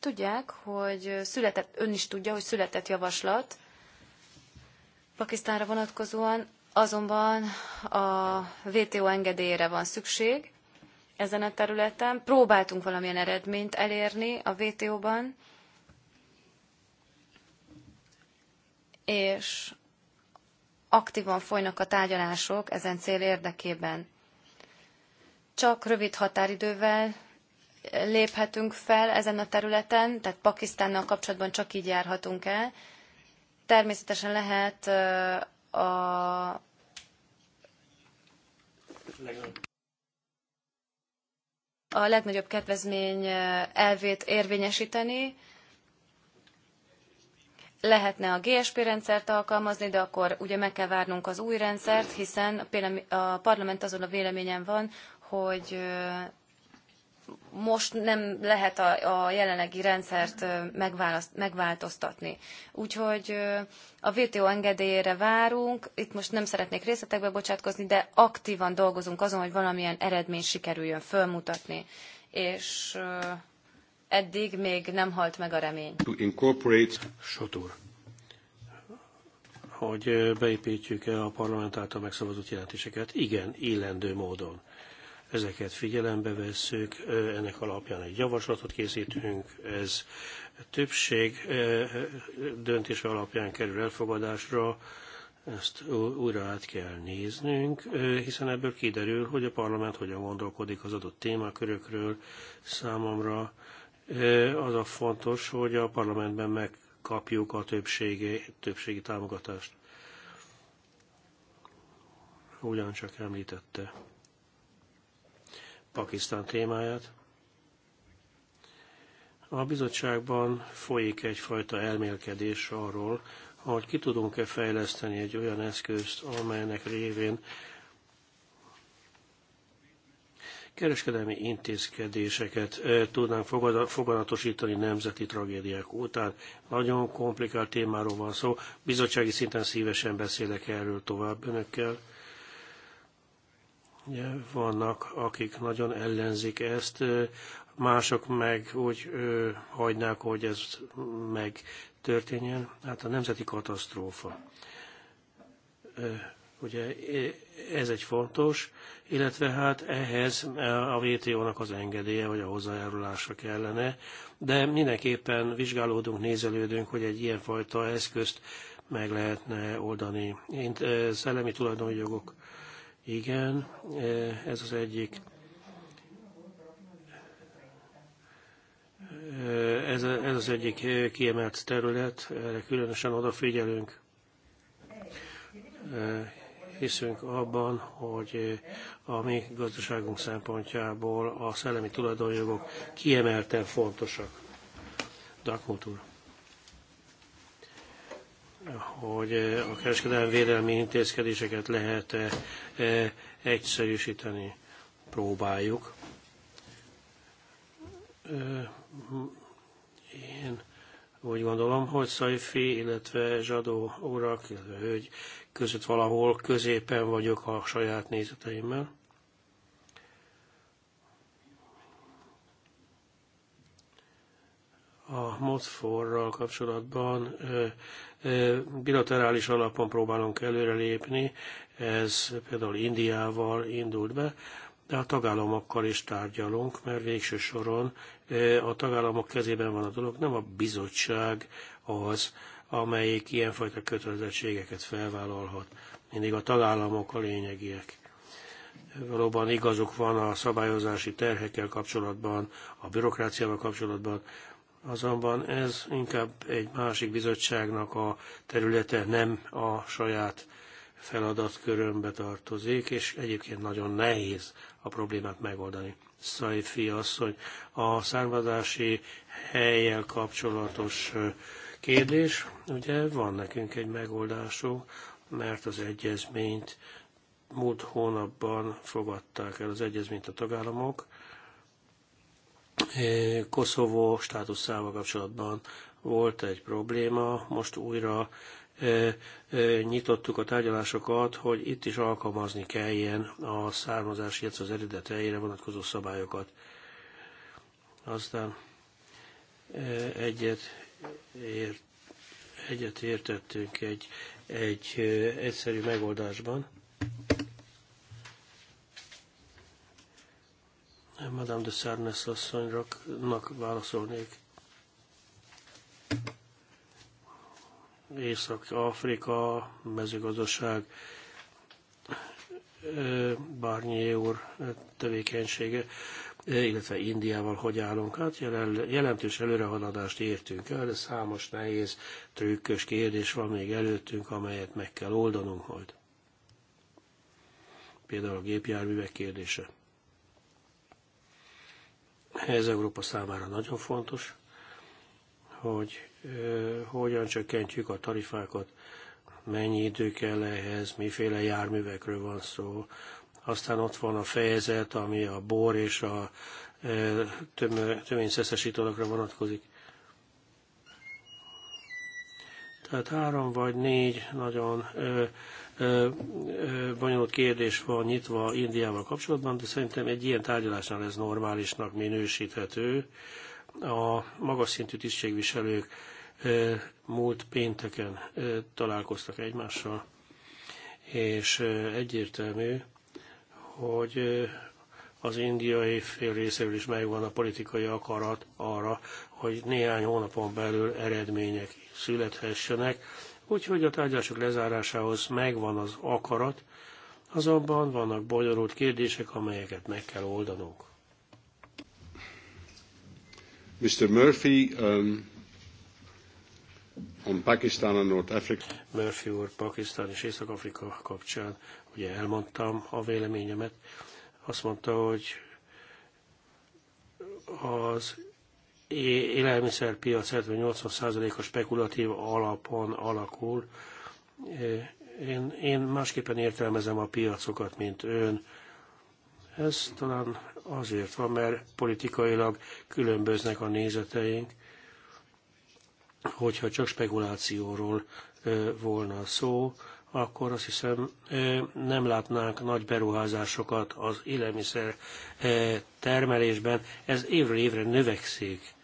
Tudják, hogy született, ön is tudja, hogy született javaslat Pakisztánra vonatkozóan. Azonban a WTO engedélyére van szükség ezen a területen. Próbáltunk valamilyen eredményt elérni a WTO-ban, és aktívan folynak a tárgyalások ezen cél érdekében. Csak rövid határidővel léphetünk fel ezen a területen, tehát Pakisztánnal kapcsolatban csak így járhatunk el. Természetesen lehet a a legnagyobb kedvezmény elvét érvényesíteni. Lehetne a GSP rendszert alkalmazni, de akkor ugye meg kell várnunk az új rendszert, hiszen a parlament azon a véleményen van, hogy most nem lehet a, a jelenlegi rendszert megváltoztatni. Úgyhogy a VTO engedélyére várunk, itt most nem szeretnék részletekbe bocsátkozni, de aktívan dolgozunk azon, hogy valamilyen eredmény sikerüljön fölmutatni. És eddig még nem halt meg a remény. To incorporate Sotur hogy beépítjük-e a parlament által megszavazott jelentéseket. Igen, illendő módon ezeket figyelembe vesszük, ennek alapján egy javaslatot készítünk, ez többség döntése alapján kerül elfogadásra, ezt újra át kell néznünk, hiszen ebből kiderül, hogy a parlament hogyan gondolkodik az adott témakörökről. Számomra az a fontos, hogy a parlamentben megkapjuk a többségi, többségi támogatást. Ugyancsak említette. Pakisztán témáját. A bizottságban folyik egyfajta elmélkedés arról, hogy ki tudunk-e fejleszteni egy olyan eszközt, amelynek révén kereskedelmi intézkedéseket tudnánk foganatosítani nemzeti tragédiák után. Nagyon komplikált témáról van szó, bizottsági szinten szívesen beszélek erről tovább önökkel vannak, akik nagyon ellenzik ezt, mások meg úgy hagynák, hogy ez megtörténjen. Hát a nemzeti katasztrófa. Ugye ez egy fontos, illetve hát ehhez a vto nak az engedélye, hogy a hozzájárulása kellene, de mindenképpen vizsgálódunk, nézelődünk, hogy egy ilyenfajta eszközt meg lehetne oldani. Én szellemi tulajdonjogok igen, e, ez az egyik. E, ez, ez az egyik e, kiemelt terület, erre különösen odafigyelünk. Hiszünk abban, hogy a mi gazdaságunk szempontjából a szellemi tulajdonjogok kiemelten fontosak. Dakmut hogy eh, a kereskedelmi védelmi intézkedéseket lehet -e egyszerűsíteni. Próbáljuk. Én úgy gondolom, hogy Szajfi, illetve Zsadó urak, illetve hölgy között valahol középen vagyok a saját nézeteimmel. a MOCFOR-ral kapcsolatban bilaterális alapon próbálunk előrelépni, ez például Indiával indult be, de a tagállamokkal is tárgyalunk, mert végső soron a tagállamok kezében van a dolog, nem a bizottság az, amelyik ilyenfajta kötelezettségeket felvállalhat. Mindig a tagállamok a lényegiek. Valóban igazuk van a szabályozási terhekkel kapcsolatban, a bürokráciával kapcsolatban, azonban ez inkább egy másik bizottságnak a területe, nem a saját feladatkörömbe tartozik, és egyébként nagyon nehéz a problémát megoldani. Szaifi asszony, a származási helyjel kapcsolatos kérdés, ugye van nekünk egy megoldásunk, mert az egyezményt múlt hónapban fogadták el az egyezményt a tagállamok, Eh, Koszovó státuszával kapcsolatban volt egy probléma, most újra eh, eh, nyitottuk a tárgyalásokat, hogy itt is alkalmazni kelljen a származási, illetve az eredet helyére vonatkozó szabályokat. Aztán egyet, ért, egyet értettünk egy, egy egyszerű megoldásban. Madame de Sarnes asszonynak válaszolnék. Észak-Afrika, mezőgazdaság, Bárnyi úr tevékenysége, illetve Indiával hogy állunk. Hát jelen, jelentős előrehaladást értünk el, de számos nehéz, trükkös kérdés van még előttünk, amelyet meg kell oldanunk majd. Például a gépjárművek kérdése. Ez Európa számára nagyon fontos, hogy hogyan csökkentjük a tarifákat, mennyi idő kell ehhez, miféle járművekről van szó. Aztán ott van a fejezet, ami a bor és a töményszeszesítőlakra vonatkozik. Tehát három vagy négy nagyon bonyolult kérdés van nyitva Indiával kapcsolatban, de szerintem egy ilyen tárgyalásnál ez normálisnak minősíthető. A magas szintű tisztségviselők múlt pénteken találkoztak egymással, és egyértelmű, hogy az indiai fél részéről is megvan a politikai akarat arra, hogy néhány hónapon belül eredmények születhessenek Úgyhogy a tárgyások lezárásához megvan az akarat, azonban vannak bonyolult kérdések, amelyeket meg kell oldanunk. Mr. Murphy, um, on Pakistan and North Africa. Murphy úr Pakisztán és Észak-Afrika kapcsán, ugye elmondtam a véleményemet, azt mondta, hogy az élelmiszerpiac 70-80%-a spekulatív alapon alakul. Én, én másképpen értelmezem a piacokat, mint ön. Ez talán azért van, mert politikailag különböznek a nézeteink. Hogyha csak spekulációról volna szó, akkor azt hiszem nem látnánk nagy beruházásokat az élelmiszer termelésben. Ez évről évre növekszik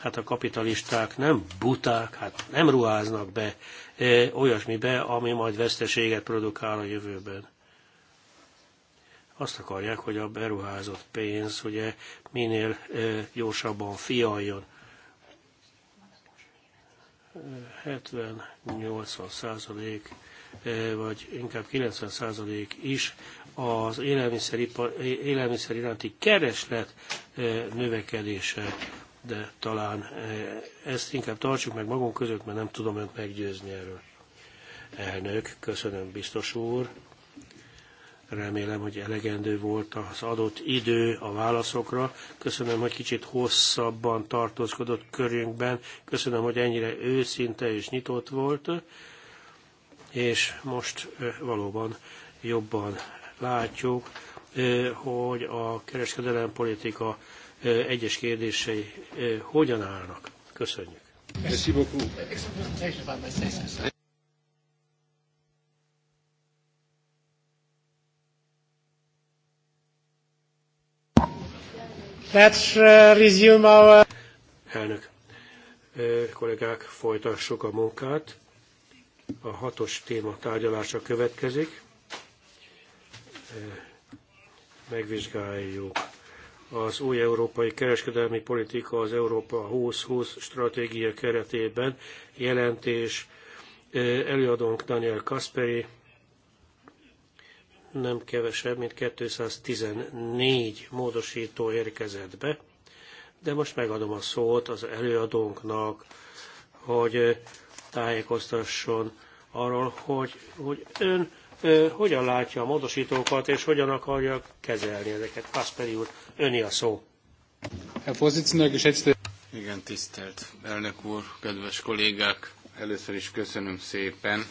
hát a kapitalisták nem buták, hát nem ruháznak be e, olyasmibe, ami majd veszteséget produkál a jövőben. Azt akarják, hogy a beruházott pénz ugye minél e, gyorsabban fialjon. 70-80 százalék, e, vagy inkább 90 százalék is az élelmiszer, élelmiszer iránti kereslet növekedése de talán e, ezt inkább tartsuk meg magunk között, mert nem tudom önt meggyőzni erről. Elnök, köszönöm, biztos úr. Remélem, hogy elegendő volt az adott idő a válaszokra. Köszönöm, hogy kicsit hosszabban tartózkodott körünkben. Köszönöm, hogy ennyire őszinte és nyitott volt. És most e, valóban jobban látjuk, e, hogy a kereskedelempolitika politika egyes kérdései hogyan állnak. Köszönjük. Merci beaucoup. Let's uh, resume our... Elnök, kollégák, folytassuk a munkát. A hatos téma tárgyalása következik. Megvizsgáljuk az új európai kereskedelmi politika az Európa 2020 stratégia keretében jelentés előadónk Daniel Kasperi nem kevesebb, mint 214 módosító érkezett be, de most megadom a szót az előadónknak, hogy tájékoztasson arról, hogy, hogy ön hogyan látja a módosítókat, és hogyan akarja kezelni ezeket. Kasperi úr, öni a szó. Igen, tisztelt elnök úr, kedves kollégák, először is köszönöm szépen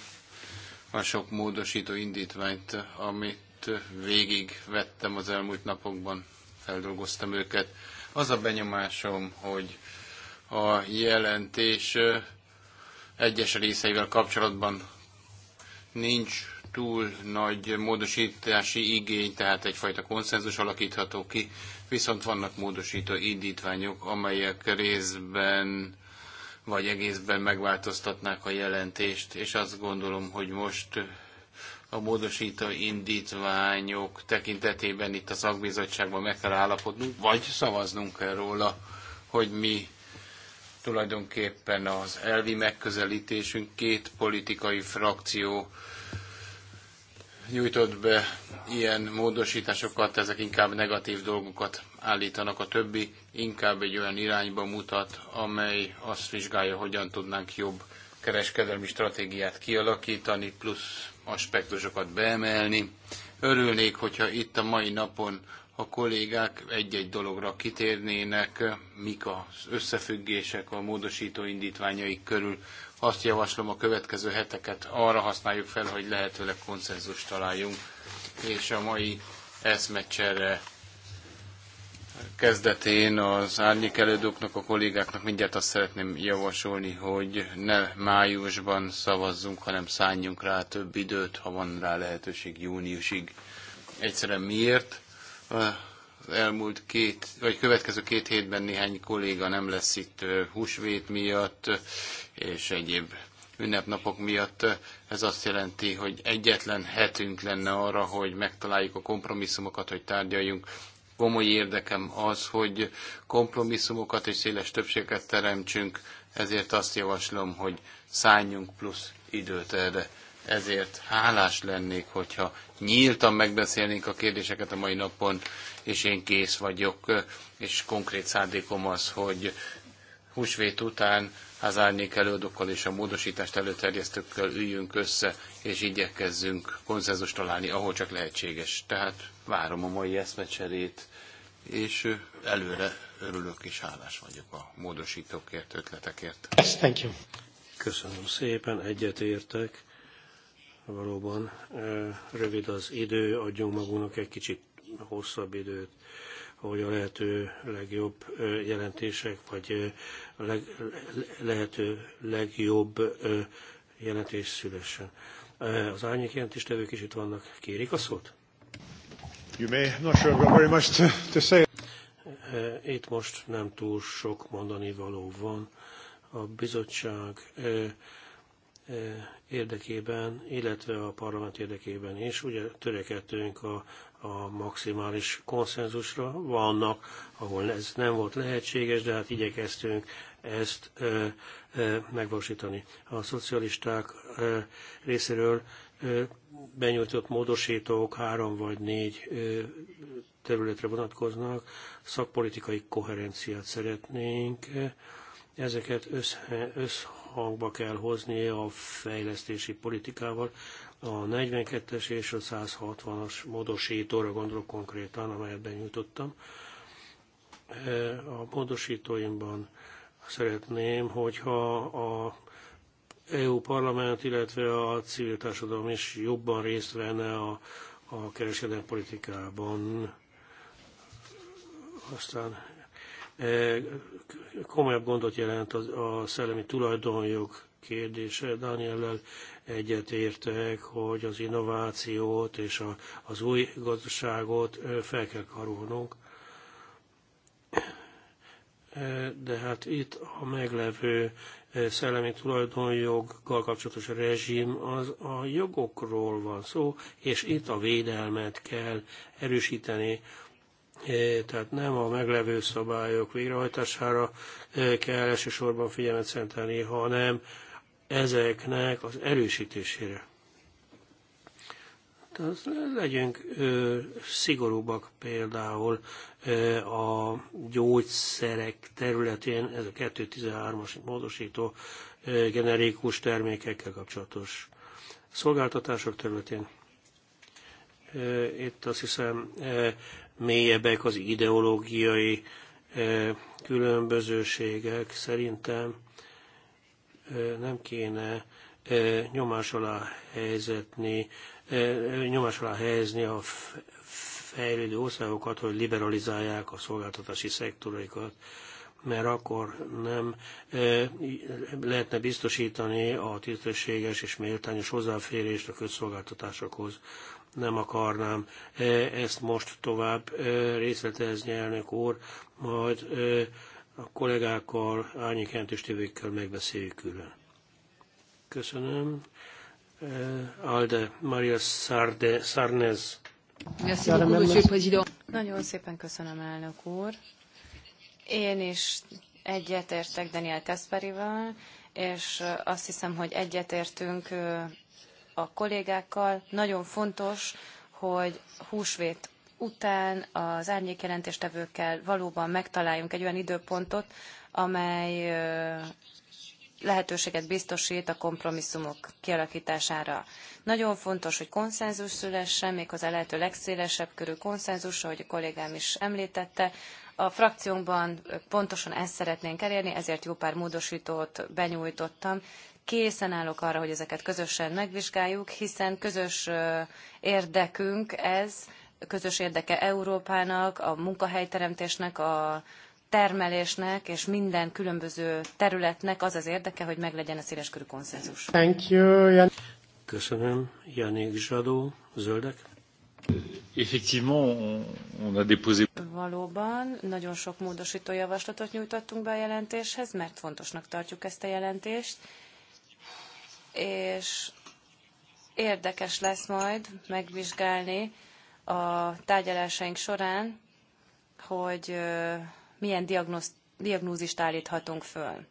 a sok módosító indítványt, amit végig vettem az elmúlt napokban, feldolgoztam őket. Az a benyomásom, hogy a jelentés egyes részeivel kapcsolatban nincs túl nagy módosítási igény, tehát egyfajta konszenzus alakítható ki, viszont vannak módosító indítványok, amelyek részben vagy egészben megváltoztatnák a jelentést, és azt gondolom, hogy most a módosító indítványok tekintetében itt a szakbizottságban meg kell állapodnunk, vagy szavaznunk kell róla, hogy mi tulajdonképpen az elvi megközelítésünk két politikai frakció nyújtott be ilyen módosításokat, ezek inkább negatív dolgokat állítanak, a többi inkább egy olyan irányba mutat, amely azt vizsgálja, hogyan tudnánk jobb kereskedelmi stratégiát kialakítani, plusz aspektusokat beemelni. Örülnék, hogyha itt a mai napon a kollégák egy-egy dologra kitérnének, mik az összefüggések a módosító indítványaik körül, azt javaslom a következő heteket arra használjuk fel, hogy lehetőleg konszenzus találjunk, és a mai eszmecsere kezdetén az elődöknek a kollégáknak mindjárt azt szeretném javasolni, hogy ne májusban szavazzunk, hanem szálljunk rá több időt, ha van rá lehetőség júniusig. Egyszerűen miért? elmúlt két, vagy következő két hétben néhány kolléga nem lesz itt húsvét miatt, és egyéb ünnepnapok miatt. Ez azt jelenti, hogy egyetlen hetünk lenne arra, hogy megtaláljuk a kompromisszumokat, hogy tárgyaljunk. Komoly érdekem az, hogy kompromisszumokat és széles többséget teremtsünk, ezért azt javaslom, hogy szálljunk plusz időt erre ezért hálás lennék, hogyha nyíltan megbeszélnénk a kérdéseket a mai napon, és én kész vagyok, és konkrét szándékom az, hogy húsvét után az árnyék előadókkal és a módosítást előterjesztőkkel üljünk össze, és igyekezzünk konszenzust találni, ahol csak lehetséges. Tehát várom a mai eszmecserét, és előre örülök és hálás vagyok a módosítókért, ötletekért. Thank you. Köszönöm szépen, egyetértek. Valóban rövid az idő, adjunk magunknak egy kicsit hosszabb időt, hogy a lehető legjobb jelentések, vagy a leg, lehető legjobb jelentés szülessen. Az árnyék jelentéstevők is itt vannak. Kérik a szót? You may, not sure very much to, to say. Itt most nem túl sok mondani való van. A bizottság érdekében, illetve a parlament érdekében is. Ugye törekedtünk a a maximális konszenzusra. Vannak, ahol ez nem volt lehetséges, de hát igyekeztünk ezt e, e, megvalósítani. A szocialisták e, részéről e, benyújtott módosítók három vagy négy e, területre vonatkoznak, szakpolitikai koherenciát szeretnénk, ezeket össze, összhangba kell hozni a fejlesztési politikával, a 42-es és a 160-as módosítóra gondolok konkrétan, amelyet benyújtottam. E, a módosítóimban szeretném, hogyha a EU parlament, illetve a civil társadalom is jobban részt venne a, a kereskedelmi politikában. Aztán e, komolyabb gondot jelent a, a szellemi tulajdonjog kérdése. egyet egyetértek, hogy az innovációt és a, az új gazdaságot fel kell karolnunk. De hát itt a meglevő szellemi tulajdonjoggal kapcsolatos rezsim, az a jogokról van szó, és itt a védelmet kell erősíteni. Tehát nem a meglevő szabályok végrehajtására kell elsősorban figyelmet szentelni, hanem ezeknek az erősítésére. Tehát legyünk ö, szigorúbbak például ö, a gyógyszerek területén, ez a 213-as módosító ö, generikus termékekkel kapcsolatos szolgáltatások területén. Ö, itt azt hiszem ö, mélyebbek az ideológiai ö, különbözőségek szerintem nem kéne nyomás alá helyzetni, nyomás alá helyezni a fejlődő országokat, hogy liberalizálják a szolgáltatási szektoraikat, mert akkor nem lehetne biztosítani a tisztességes és méltányos hozzáférést a közszolgáltatásokhoz. Nem akarnám ezt most tovább részletezni, elnök úr, majd a kollégákkal, árnyékjelentőstévékkel megbeszéljük külön. Köszönöm. Eh, Alde Maria Sarde, Sarnez. Nagyon szépen köszönöm, elnök úr. Én is egyetértek Daniel Teszperival, és eh, azt hiszem, hogy egyetértünk eh, a kollégákkal. Nagyon fontos, hogy húsvét után az árnyékjelentéstevőkkel valóban megtaláljunk egy olyan időpontot, amely lehetőséget biztosít a kompromisszumok kialakítására. Nagyon fontos, hogy konszenzus szülesse, méghozzá lehető legszélesebb körű konszenzus, ahogy a kollégám is említette. A frakciónkban pontosan ezt szeretnénk elérni, ezért jó pár módosítót benyújtottam. Készen állok arra, hogy ezeket közösen megvizsgáljuk, hiszen közös érdekünk ez, közös érdeke Európának, a munkahelyteremtésnek, a termelésnek és minden különböző területnek az az érdeke, hogy meglegyen a széleskörű konszenzus. Thank you, Jan- Köszönöm. Janik Zsadó, Zöldek. Effectivement, on a déposé... Valóban, nagyon sok módosító javaslatot nyújtottunk be a jelentéshez, mert fontosnak tartjuk ezt a jelentést, és érdekes lesz majd megvizsgálni, a tárgyalásaink során, hogy milyen diagnóz, diagnózist állíthatunk föl,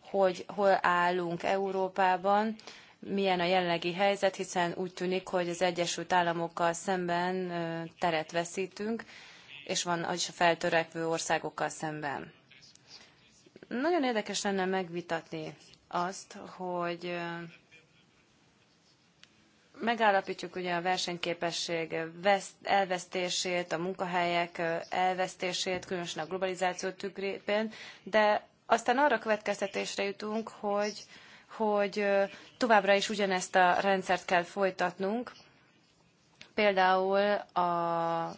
hogy hol állunk Európában, milyen a jelenlegi helyzet, hiszen úgy tűnik, hogy az Egyesült Államokkal szemben teret veszítünk, és van az is a feltörekvő országokkal szemben. Nagyon érdekes lenne megvitatni azt, hogy megállapítjuk ugye a versenyképesség elvesztését, a munkahelyek elvesztését, különösen a globalizáció tükrében, de aztán arra következtetésre jutunk, hogy, hogy továbbra is ugyanezt a rendszert kell folytatnunk, például a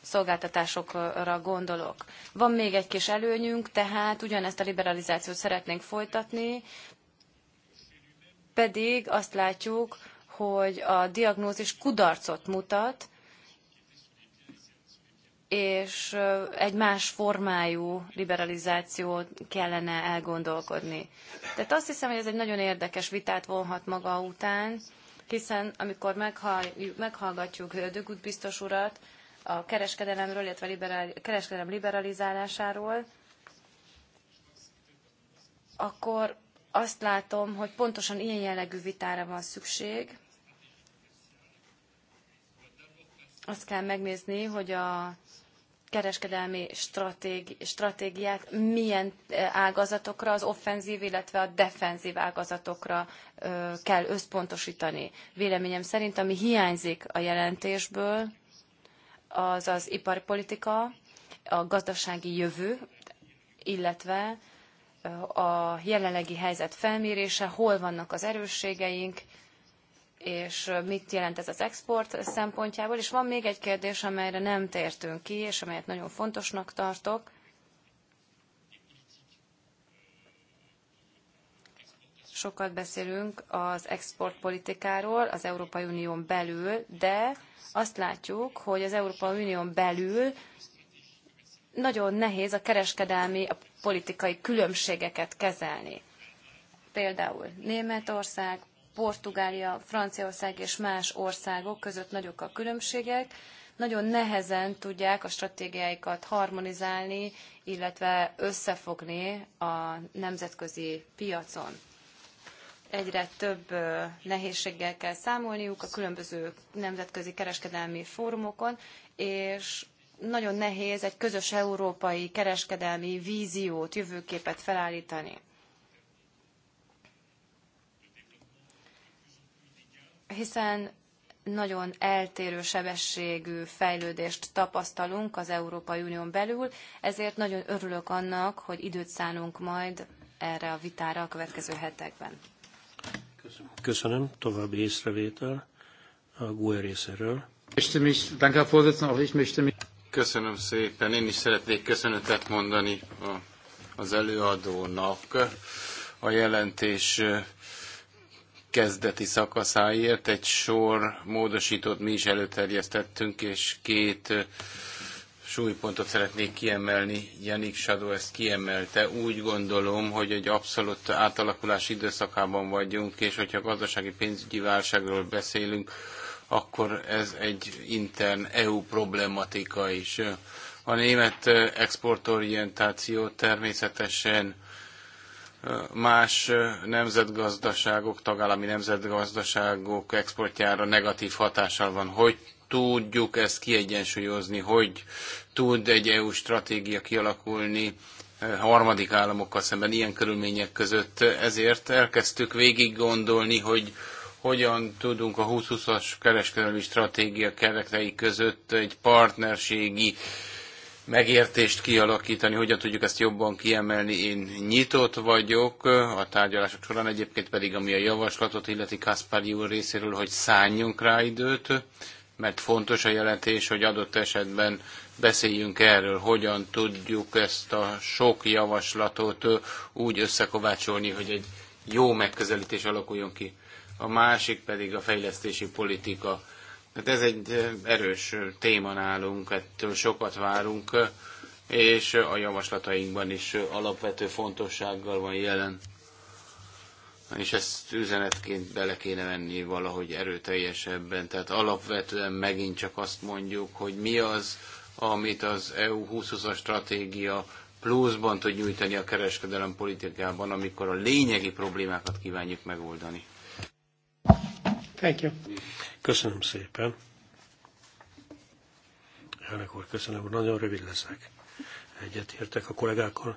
szolgáltatásokra gondolok. Van még egy kis előnyünk, tehát ugyanezt a liberalizációt szeretnénk folytatni, pedig azt látjuk, hogy a diagnózis kudarcot mutat, és egy más formájú liberalizációt kellene elgondolkodni. Tehát azt hiszem, hogy ez egy nagyon érdekes vitát vonhat maga után, hiszen amikor meghallgatjuk Dögut biztos urat a kereskedelemről, illetve liberál, kereskedelem liberalizálásáról, akkor azt látom, hogy pontosan ilyen jellegű vitára van szükség, azt kell megnézni, hogy a kereskedelmi stratégi, stratégiát milyen eh, ágazatokra, az offenzív, illetve a defenzív ágazatokra ö, kell összpontosítani. Véleményem szerint, ami hiányzik a jelentésből, az az iparpolitika, a gazdasági jövő, illetve a jelenlegi helyzet felmérése, hol vannak az erősségeink, és mit jelent ez az export szempontjából. És van még egy kérdés, amelyre nem tértünk ki, és amelyet nagyon fontosnak tartok. Sokat beszélünk az exportpolitikáról az Európai Unión belül, de azt látjuk, hogy az Európai Unión belül nagyon nehéz a kereskedelmi, a politikai különbségeket kezelni. Például Németország, Portugália, Franciaország és más országok között nagyok a különbségek. Nagyon nehezen tudják a stratégiáikat harmonizálni, illetve összefogni a nemzetközi piacon. Egyre több nehézséggel kell számolniuk a különböző nemzetközi kereskedelmi fórumokon, és nagyon nehéz egy közös európai kereskedelmi víziót, jövőképet felállítani. hiszen nagyon eltérő sebességű fejlődést tapasztalunk az Európai Unión belül, ezért nagyon örülök annak, hogy időt szánunk majd erre a vitára a következő hetekben. Köszönöm. Köszönöm. További észrevétel a GUE részéről. Köszönöm szépen. Én is szeretnék köszönetet mondani az előadónak. A jelentés kezdeti szakaszáért. Egy sor módosítót mi is előterjesztettünk, és két súlypontot szeretnék kiemelni. Janik Sadó ezt kiemelte. Úgy gondolom, hogy egy abszolút átalakulás időszakában vagyunk, és hogyha gazdasági pénzügyi válságról beszélünk, akkor ez egy intern EU problematika is. A német exportorientáció természetesen más nemzetgazdaságok, tagállami nemzetgazdaságok exportjára negatív hatással van. Hogy tudjuk ezt kiegyensúlyozni, hogy tud egy EU stratégia kialakulni harmadik államokkal szemben ilyen körülmények között. Ezért elkezdtük végig gondolni, hogy hogyan tudunk a 2020-as kereskedelmi stratégia keretei között egy partnerségi megértést kialakítani, hogyan tudjuk ezt jobban kiemelni. Én nyitott vagyok a tárgyalások során, egyébként pedig ami a javaslatot illeti Kaspari úr részéről, hogy szálljunk rá időt, mert fontos a jelentés, hogy adott esetben beszéljünk erről, hogyan tudjuk ezt a sok javaslatot úgy összekovácsolni, hogy egy jó megközelítés alakuljon ki. A másik pedig a fejlesztési politika Hát ez egy erős téma nálunk, ettől sokat várunk, és a javaslatainkban is alapvető fontossággal van jelen. És ezt üzenetként bele kéne venni valahogy erőteljesebben. Tehát alapvetően megint csak azt mondjuk, hogy mi az, amit az EU 2020-as stratégia pluszban tud nyújtani a kereskedelem politikában, amikor a lényegi problémákat kívánjuk megoldani. Thank you. Köszönöm szépen. Elnök úr, köszönöm, nagyon rövid leszek. Egyet értek a kollégákkal.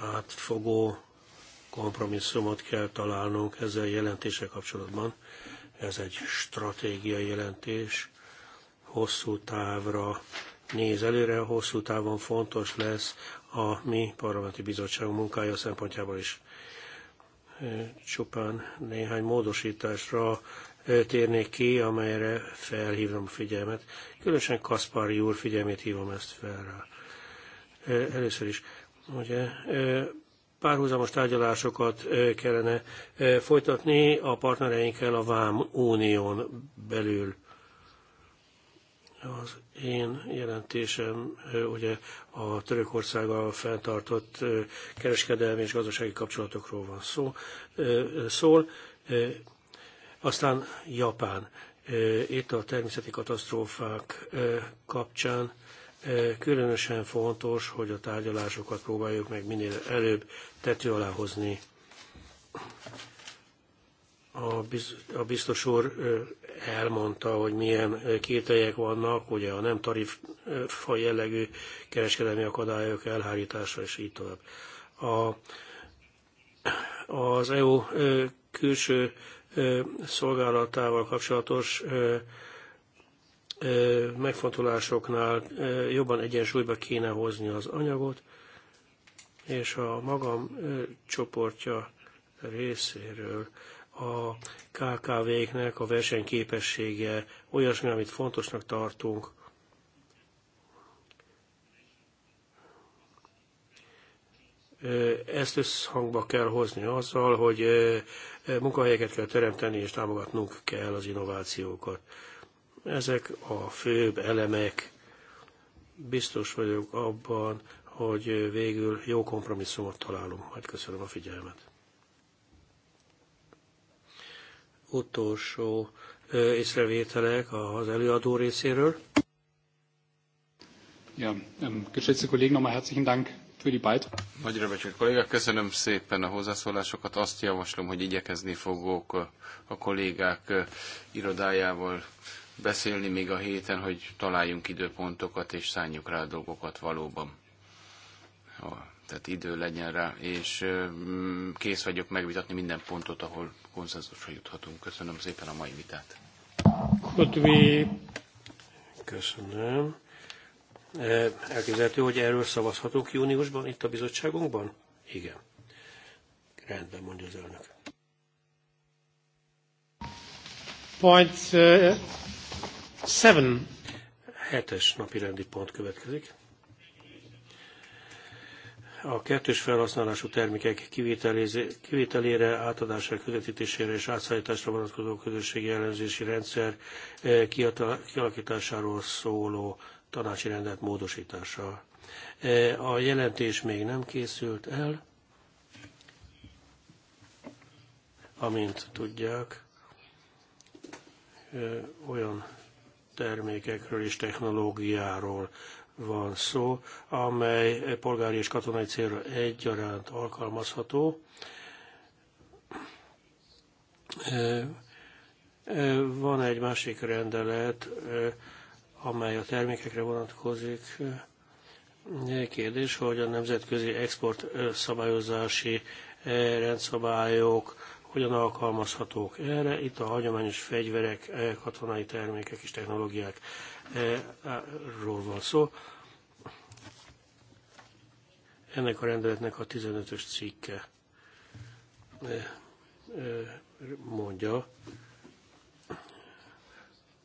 Átfogó kompromisszumot kell találnunk ezzel jelentéssel kapcsolatban. Ez egy stratégiai jelentés, hosszú távra néz előre, hosszú távon fontos lesz a mi parlamenti bizottság munkája szempontjából is csupán néhány módosításra térnék ki, amelyre felhívom a figyelmet. Különösen Kaspari úr figyelmét hívom ezt fel rá. Először is, ugye, párhuzamos tárgyalásokat kellene folytatni a partnereinkkel a Vám Unión belül az én jelentésem ugye a Törökországgal fenntartott kereskedelmi és gazdasági kapcsolatokról van szó, szól. Aztán Japán. Itt a természeti katasztrófák kapcsán különösen fontos, hogy a tárgyalásokat próbáljuk meg minél előbb tető alá hozni a biztos úr elmondta, hogy milyen kételjek vannak, ugye a nem tarifa jellegű kereskedelmi akadályok elhárítása, és így tovább. A, az EU külső szolgálatával kapcsolatos megfontolásoknál jobban egyensúlyba kéne hozni az anyagot, és a magam csoportja részéről a KKV-knek a versenyképessége, olyasmi, amit fontosnak tartunk. Ezt összhangba kell hozni azzal, hogy munkahelyeket kell teremteni, és támogatnunk kell az innovációkat. Ezek a főbb elemek. Biztos vagyok abban, hogy végül jó kompromisszumot találunk. Majd köszönöm a figyelmet. utolsó észrevételek az előadó részéről. Ja, geschätzte Kollegen, nochmal herzlichen Dank für die Beitrag. Nagy becsült kolléga, köszönöm szépen a hozzászólásokat. Azt javaslom, hogy igyekezni fogok a kollégák irodájával beszélni még a héten, hogy találjunk időpontokat és szánjuk rá a dolgokat valóban tehát idő legyen rá, és mm, kész vagyok megvitatni minden pontot, ahol konszenzusra juthatunk. Köszönöm szépen a mai vitát. Köszönöm. E, elképzelhető, hogy erről szavazhatunk júniusban itt a bizottságunkban? Igen. Rendben mondja az elnök. Point uh, seven. Hetes napi rendi pont következik a kettős felhasználású termékek kivételére, átadásra, közvetítésére és átszállításra vonatkozó közösségi ellenzési rendszer eh, kialakításáról szóló tanácsi rendet módosítása. Eh, a jelentés még nem készült el, amint tudják, eh, olyan termékekről és technológiáról van szó, amely polgári és katonai célra egyaránt alkalmazható. Van egy másik rendelet, amely a termékekre vonatkozik. Kérdés, hogy a nemzetközi export szabályozási rendszabályok hogyan alkalmazhatók erre. Itt a hagyományos fegyverek, eh, katonai termékek és technológiákról eh, van szó. Ennek a rendeletnek a 15-ös cikke eh, mondja,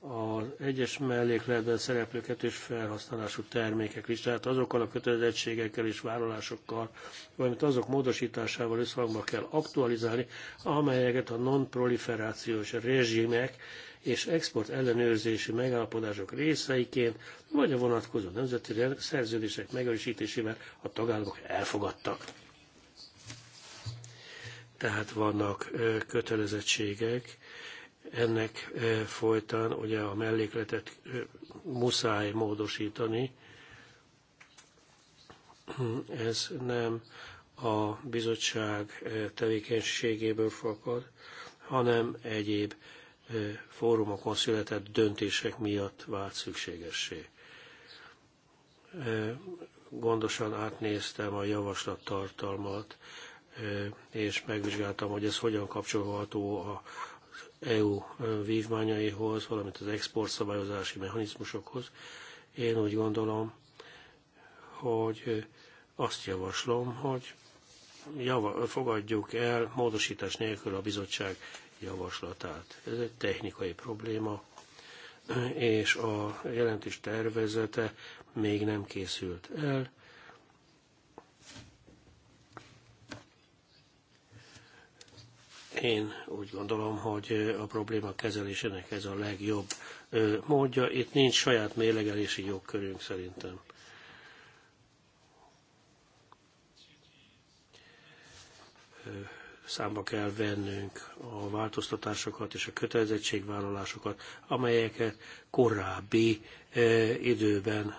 az egyes mellékletben szereplő kettős felhasználású termékek tehát azokkal a kötelezettségekkel és vállalásokkal, valamint azok módosításával összhangba kell aktualizálni, amelyeket a non-proliferációs rezsimek és export ellenőrzési megállapodások részeiként, vagy a vonatkozó nemzeti szerződések megerősítésével a tagállamok elfogadtak. Tehát vannak kötelezettségek, ennek eh, folytán ugye a mellékletet eh, muszáj módosítani. Ez nem a bizottság eh, tevékenységéből fakad, hanem egyéb fórumokon született döntések miatt vált szükségessé. Gondosan átnéztem a javaslat tartalmat, és megvizsgáltam, hogy ez hogyan kapcsolható a EU e, vívmányaihoz, valamint az exportszabályozási mechanizmusokhoz. Én úgy gondolom, hogy e, azt javaslom, hogy java, fogadjuk el módosítás nélkül a bizottság javaslatát. Ez egy technikai probléma, és a jelentés tervezete még nem készült el Én úgy gondolom, hogy a probléma kezelésének ez a legjobb módja. Itt nincs saját mélegelési jogkörünk szerintem. Számba kell vennünk a változtatásokat és a kötelezettségvállalásokat, amelyeket korábbi időben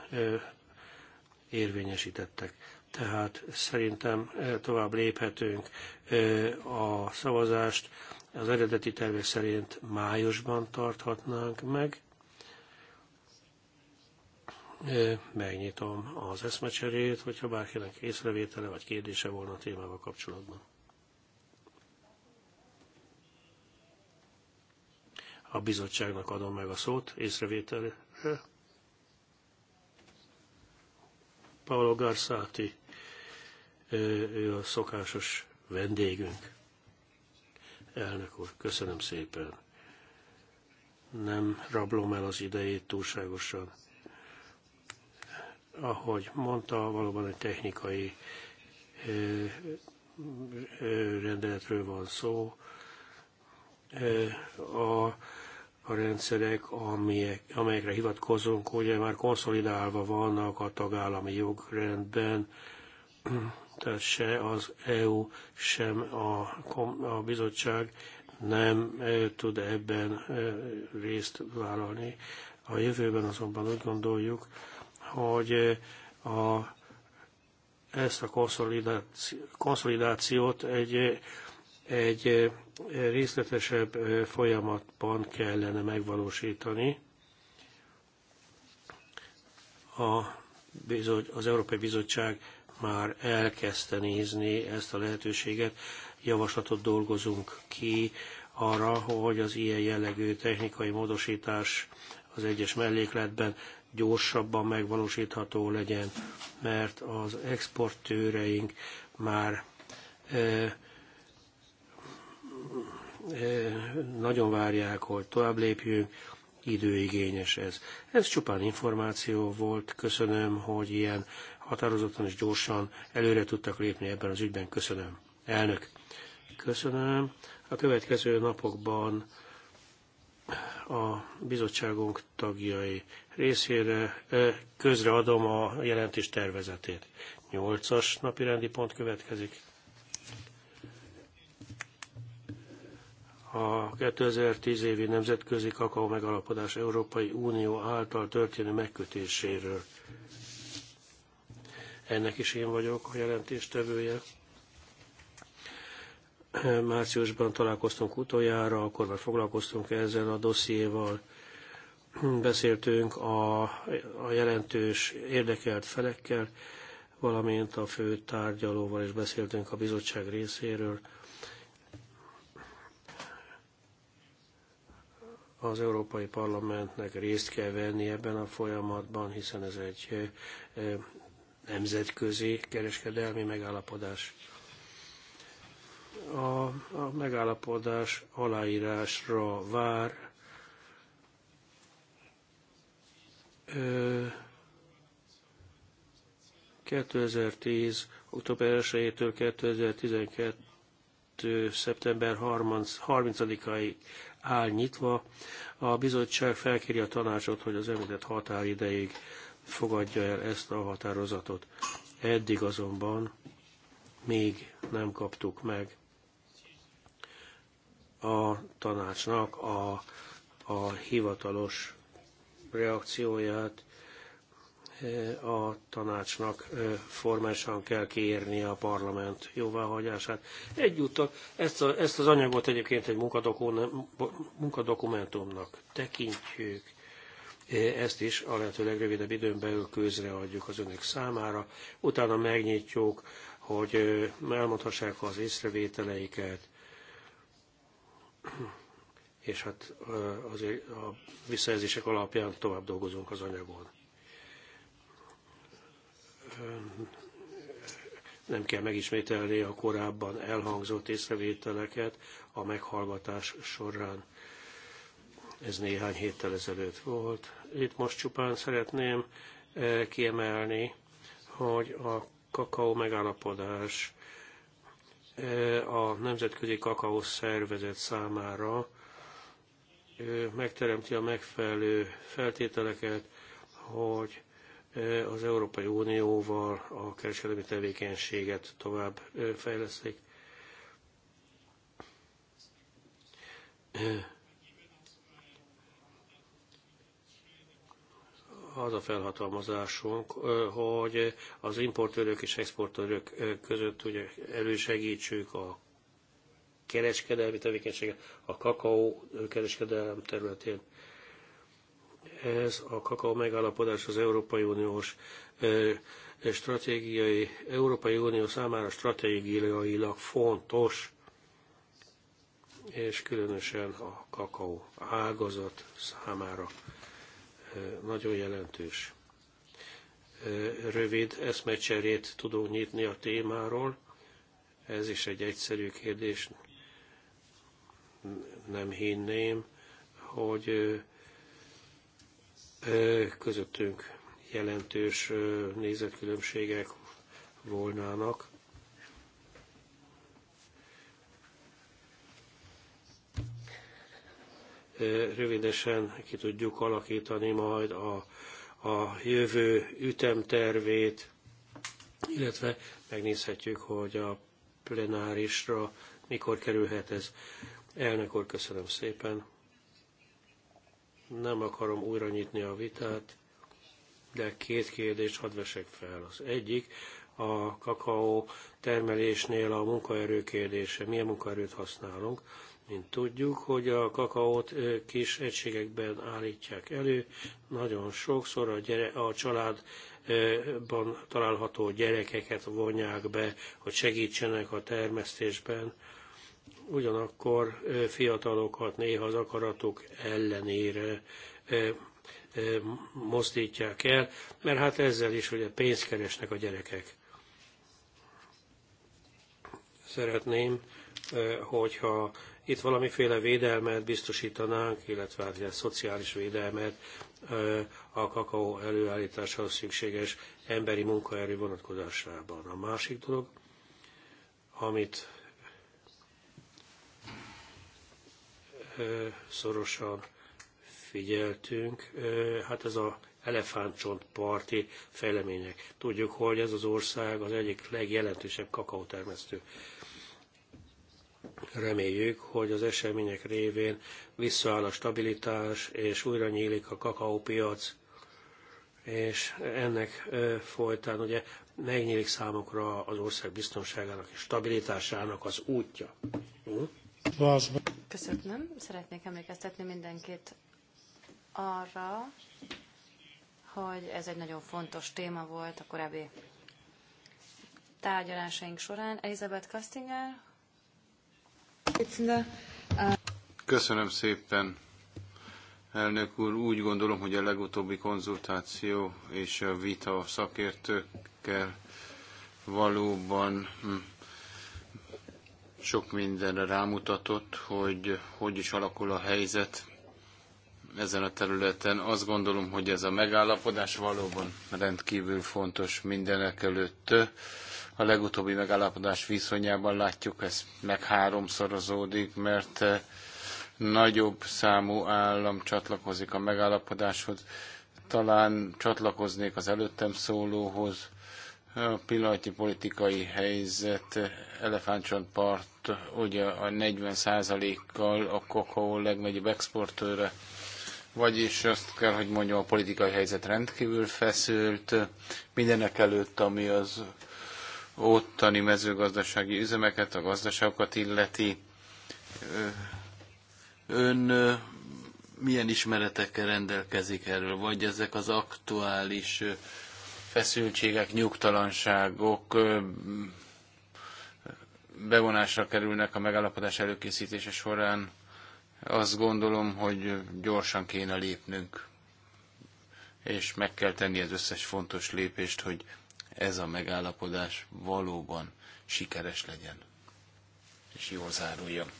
érvényesítettek tehát szerintem eh, tovább léphetünk eh, a szavazást. Az eredeti tervek szerint májusban tarthatnánk meg. Eh, megnyitom az eszmecserét, hogyha bárkinek észrevétele vagy kérdése volna a témával kapcsolatban. A bizottságnak adom meg a szót észrevételre. Paolo Garzati ő a szokásos vendégünk. Elnök úr, köszönöm szépen. Nem rablom el az idejét túlságosan. Ahogy mondta, valóban egy technikai rendeletről van szó. A, a rendszerek, amelyek, amelyekre hivatkozunk, ugye már konszolidálva vannak a tagállami jogrendben, tehát se az EU, sem a, a bizottság nem e, tud ebben e, részt vállalni. A jövőben azonban úgy gondoljuk, hogy e, a, ezt a konszolidáció, konszolidációt egy, egy részletesebb folyamatban kellene megvalósítani. A bizony, az Európai Bizottság már elkezdte nézni ezt a lehetőséget. Javaslatot dolgozunk ki arra, hogy az ilyen jellegű technikai módosítás az egyes mellékletben gyorsabban megvalósítható legyen, mert az exportőreink már e, e, nagyon várják, hogy tovább lépjünk, időigényes ez. Ez csupán információ volt, köszönöm, hogy ilyen határozottan és gyorsan előre tudtak lépni ebben az ügyben. Köszönöm. Elnök, köszönöm. A következő napokban a bizottságunk tagjai részére közreadom a jelentés tervezetét. Nyolcas napi rendi pont következik. A 2010 évi nemzetközi kakaó megalapodás Európai Unió által történő megkötéséről ennek is én vagyok a jelentéstevője. Márciusban találkoztunk utoljára, akkor már foglalkoztunk ezzel a dossziéval, beszéltünk a, a jelentős érdekelt felekkel, valamint a fő tárgyalóval is beszéltünk a bizottság részéről. az Európai Parlamentnek részt kell venni ebben a folyamatban, hiszen ez egy nemzetközi kereskedelmi megállapodás. A, a megállapodás aláírásra vár. Ö, 2010. október 1-től 2012. szeptember 30 ig áll nyitva. A bizottság felkéri a tanácsot, hogy az említett határideig fogadja el ezt a határozatot. Eddig azonban még nem kaptuk meg a tanácsnak a, a hivatalos reakcióját. E, a tanácsnak e, formálisan kell kérni a parlament jóváhagyását. Egyúttal ezt, a, ezt az anyagot egyébként egy munkadokumentumnak tekintjük. E, ezt is a lehető legrövidebb időn belül közreadjuk az önök számára. Utána megnyitjuk, hogy e, elmondhassák az észrevételeiket, és hát e, azért a visszajelzések alapján tovább dolgozunk az anyagon. Nem kell megismételni a korábban elhangzott észrevételeket a meghallgatás során ez néhány héttel ezelőtt volt. Itt most csupán szeretném eh, kiemelni, hogy a kakaó megállapodás eh, a Nemzetközi Kakaó Szervezet számára eh, megteremti a megfelelő feltételeket, hogy az Európai Unióval a kereskedelmi tevékenységet tovább fejleszik. az a felhatalmazásunk, hogy az importőrök és exportőrök között ugye elősegítsük a kereskedelmi tevékenységet a kakaó kereskedelem területén. Ez a kakaó megállapodás az Európai Uniós stratégiai, Európai Unió számára stratégiailag fontos, és különösen a kakaó ágazat számára nagyon jelentős. Rövid eszmecserét tudunk nyitni a témáról, ez is egy egyszerű kérdés. Nem hinném, hogy közöttünk jelentős nézetkülönbségek volnának. rövidesen ki tudjuk alakítani majd a, a jövő ütemtervét, illetve megnézhetjük, hogy a plenárisra mikor kerülhet ez. Elnök úr, köszönöm szépen. Nem akarom újra nyitni a vitát, de két kérdést hadd vesek fel. Az egyik, a kakaó termelésnél a munkaerő kérdése. Milyen munkaerőt használunk? Mint tudjuk, hogy a kakaót kis egységekben állítják elő, nagyon sokszor a, gyere, a családban található gyerekeket vonják be, hogy segítsenek a termesztésben. Ugyanakkor fiatalokat néha az akaratuk ellenére mozdítják el, mert hát ezzel is ugye pénzt keresnek a gyerekek. Szeretném hogyha itt valamiféle védelmet biztosítanánk, illetve hát, szociális védelmet a kakaó előállításához szükséges emberi munkaerő vonatkozásában. A másik dolog, amit szorosan figyeltünk, hát ez a elefántcsont parti fejlemények. Tudjuk, hogy ez az ország az egyik legjelentősebb kakaótermesztő Reméljük, hogy az események révén visszaáll a stabilitás, és újra nyílik a kakaópiac, és ennek folytán ugye megnyílik számukra az ország biztonságának és stabilitásának az útja. Köszönöm. Szeretnék emlékeztetni mindenkit arra, hogy ez egy nagyon fontos téma volt a korábbi tárgyalásaink során. Elizabeth Kastinger Köszönöm szépen, elnök úr. Úgy gondolom, hogy a legutóbbi konzultáció és a vita a szakértőkkel valóban hm, sok mindenre rámutatott, hogy hogy is alakul a helyzet ezen a területen. Azt gondolom, hogy ez a megállapodás valóban rendkívül fontos mindenek előtt a legutóbbi megállapodás viszonyában látjuk, ez meg háromszorozódik, mert eh, nagyobb számú állam csatlakozik a megállapodáshoz. Talán csatlakoznék az előttem szólóhoz. A pillanatnyi politikai helyzet Elefántcsontpart ugye a 40%-kal a kokó legnagyobb exportőre, vagyis azt kell, hogy mondjam, a politikai helyzet rendkívül feszült. Mindenek előtt, ami az ottani mezőgazdasági üzemeket, a gazdaságokat illeti. Ön milyen ismeretekkel rendelkezik erről, vagy ezek az aktuális feszültségek, nyugtalanságok bevonásra kerülnek a megállapodás előkészítése során? Azt gondolom, hogy gyorsan kéne lépnünk, és meg kell tenni az összes fontos lépést, hogy ez a megállapodás valóban sikeres legyen, és jól záruljon.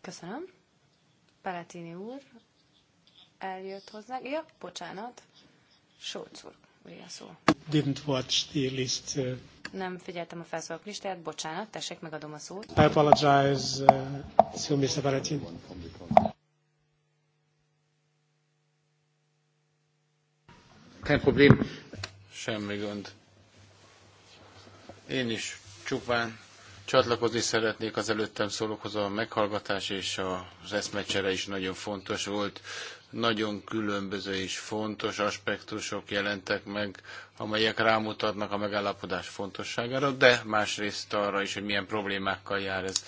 Köszönöm. Palatini úr eljött hozzá. Ja, bocsánat. Solc úr, ugye szó. Didn't watch the list. Uh, Nem figyeltem a felszólalók listáját, bocsánat, tessék, megadom a szót. I apologize uh, to Mr. Palatini. Kein Problem. Semmi gond. Én is csupán csatlakozni szeretnék az előttem szólókhoz. A meghallgatás és az eszmecsere is nagyon fontos volt. Nagyon különböző és fontos aspektusok jelentek meg, amelyek rámutatnak a megállapodás fontosságára, de másrészt arra is, hogy milyen problémákkal jár ez.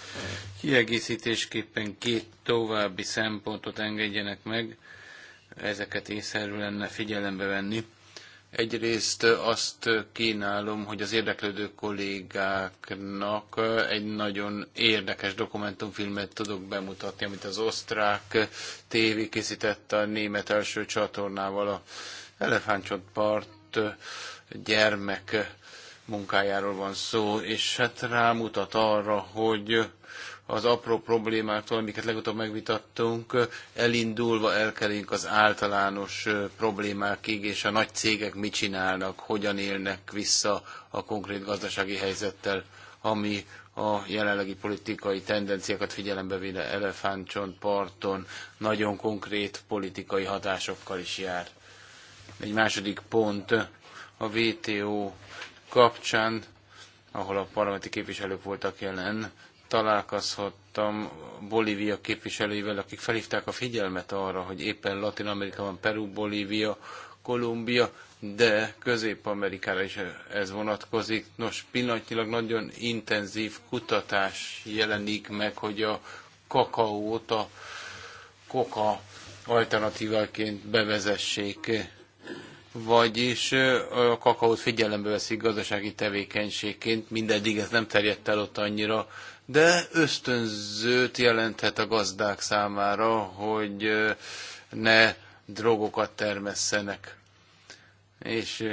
Kiegészítésképpen két további szempontot engedjenek meg ezeket észszerű lenne figyelembe venni. Egyrészt azt kínálom, hogy az érdeklődő kollégáknak egy nagyon érdekes dokumentumfilmet tudok bemutatni, amit az osztrák tévé készített a német első csatornával a Elefántcsontpart gyermek munkájáról van szó, és hát rámutat arra, hogy az apró problémáktól, amiket legutóbb megvitattunk, elindulva elkerüljünk az általános problémákig, és a nagy cégek mit csinálnak, hogyan élnek vissza a konkrét gazdasági helyzettel, ami a jelenlegi politikai tendenciákat figyelembe véve parton nagyon konkrét politikai hatásokkal is jár. Egy második pont a WTO kapcsán, ahol a parlamenti képviselők voltak jelen, találkozhattam Bolívia képviselőivel, akik felhívták a figyelmet arra, hogy éppen Latin Amerikában Peru, Bolívia, Kolumbia, de Közép-Amerikára is ez vonatkozik. Nos, pillanatnyilag nagyon intenzív kutatás jelenik meg, hogy a kakaót a koka alternatívaként bevezessék vagyis a kakaót figyelembe veszik gazdasági tevékenységként, mindeddig ez nem terjedt el ott annyira, de ösztönzőt jelenthet a gazdák számára, hogy ne drogokat termesszenek. És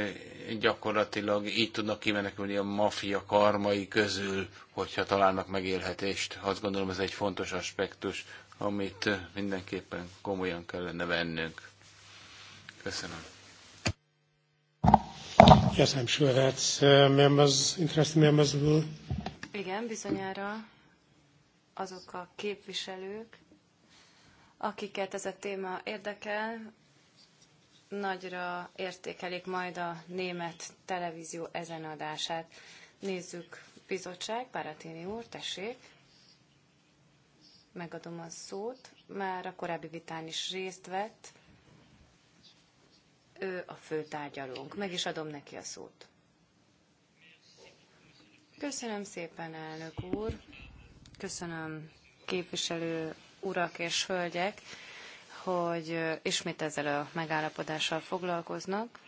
gyakorlatilag így tudnak kimenekülni a maffia karmai közül, hogyha találnak megélhetést. Azt gondolom ez egy fontos aspektus, amit mindenképpen komolyan kellene vennünk. Köszönöm. Yes, I'm sure that uh, members, interested members will igen, bizonyára azok a képviselők, akiket ez a téma érdekel, nagyra értékelik majd a német televízió ezen adását. Nézzük, bizottság, Páratini úr, tessék, megadom a szót. Már a korábbi vitán is részt vett, ő a főtárgyalónk. Meg is adom neki a szót. Köszönöm szépen, elnök úr. Köszönöm képviselő urak és hölgyek, hogy ismét ezzel a megállapodással foglalkoznak.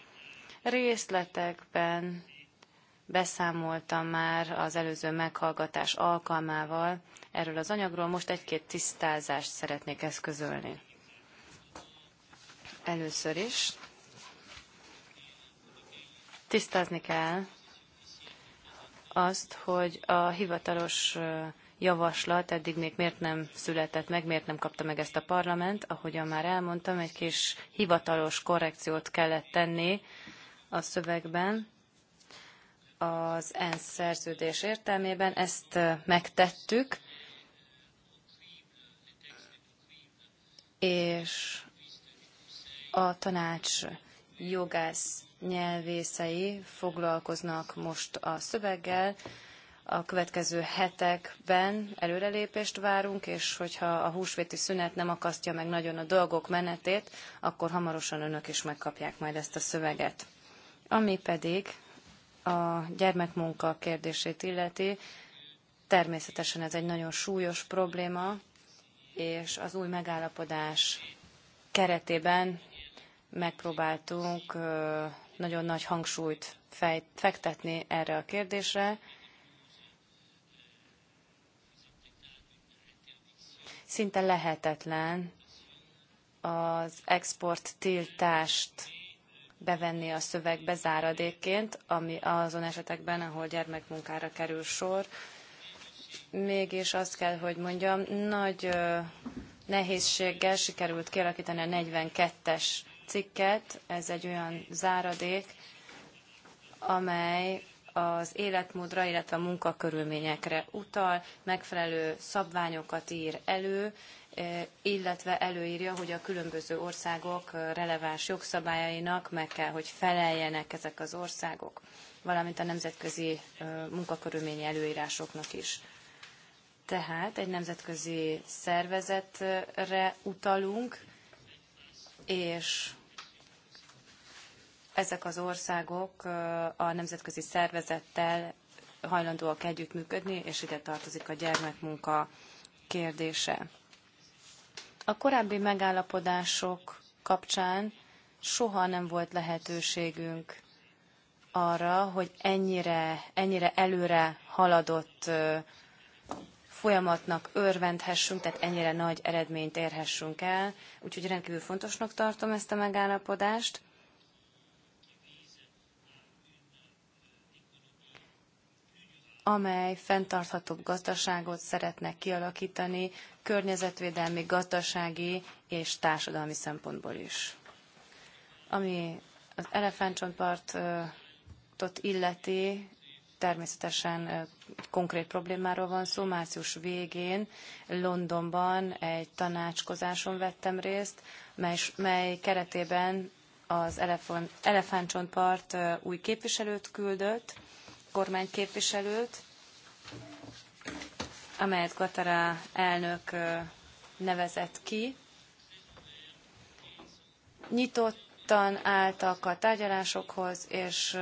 Részletekben beszámoltam már az előző meghallgatás alkalmával erről az anyagról, most egy-két tisztázást szeretnék eszközölni. Először is tisztázni kell, azt, hogy a hivatalos javaslat eddig még miért nem született meg, miért nem kapta meg ezt a parlament. Ahogyan már elmondtam, egy kis hivatalos korrekciót kellett tenni a szövegben az ENSZ szerződés értelmében. Ezt megtettük, és a tanács jogász nyelvészei foglalkoznak most a szöveggel. A következő hetekben előrelépést várunk, és hogyha a húsvéti szünet nem akasztja meg nagyon a dolgok menetét, akkor hamarosan önök is megkapják majd ezt a szöveget. Ami pedig a gyermekmunka kérdését illeti, természetesen ez egy nagyon súlyos probléma, és az új megállapodás keretében megpróbáltunk nagyon nagy hangsúlyt fektetni erre a kérdésre. Szinte lehetetlen az export tiltást bevenni a szövegbe záradékként, ami azon esetekben, ahol gyermekmunkára kerül sor. Mégis azt kell, hogy mondjam, nagy nehézséggel sikerült kialakítani a 42-es cikket, ez egy olyan záradék, amely az életmódra, illetve a munkakörülményekre utal, megfelelő szabványokat ír elő, eh, illetve előírja, hogy a különböző országok releváns jogszabályainak meg kell, hogy feleljenek ezek az országok, valamint a nemzetközi eh, munkakörülményi előírásoknak is. Tehát egy nemzetközi szervezetre utalunk, és ezek az országok a nemzetközi szervezettel hajlandóak együttműködni, és ide tartozik a gyermekmunka kérdése. A korábbi megállapodások kapcsán soha nem volt lehetőségünk arra, hogy ennyire, ennyire előre haladott folyamatnak örvendhessünk, tehát ennyire nagy eredményt érhessünk el. Úgyhogy rendkívül fontosnak tartom ezt a megállapodást. amely fenntarthatóbb gazdaságot szeretne kialakítani környezetvédelmi, gazdasági és társadalmi szempontból is. Ami az elefántcsontpartot illeti, természetesen konkrét problémáról van szó. Március végén Londonban egy tanácskozáson vettem részt, mely, mely keretében az elefántcsontpart új képviselőt küldött, képviselőt, amelyet Katara elnök nevezett ki. Nyitottan álltak a tárgyalásokhoz, és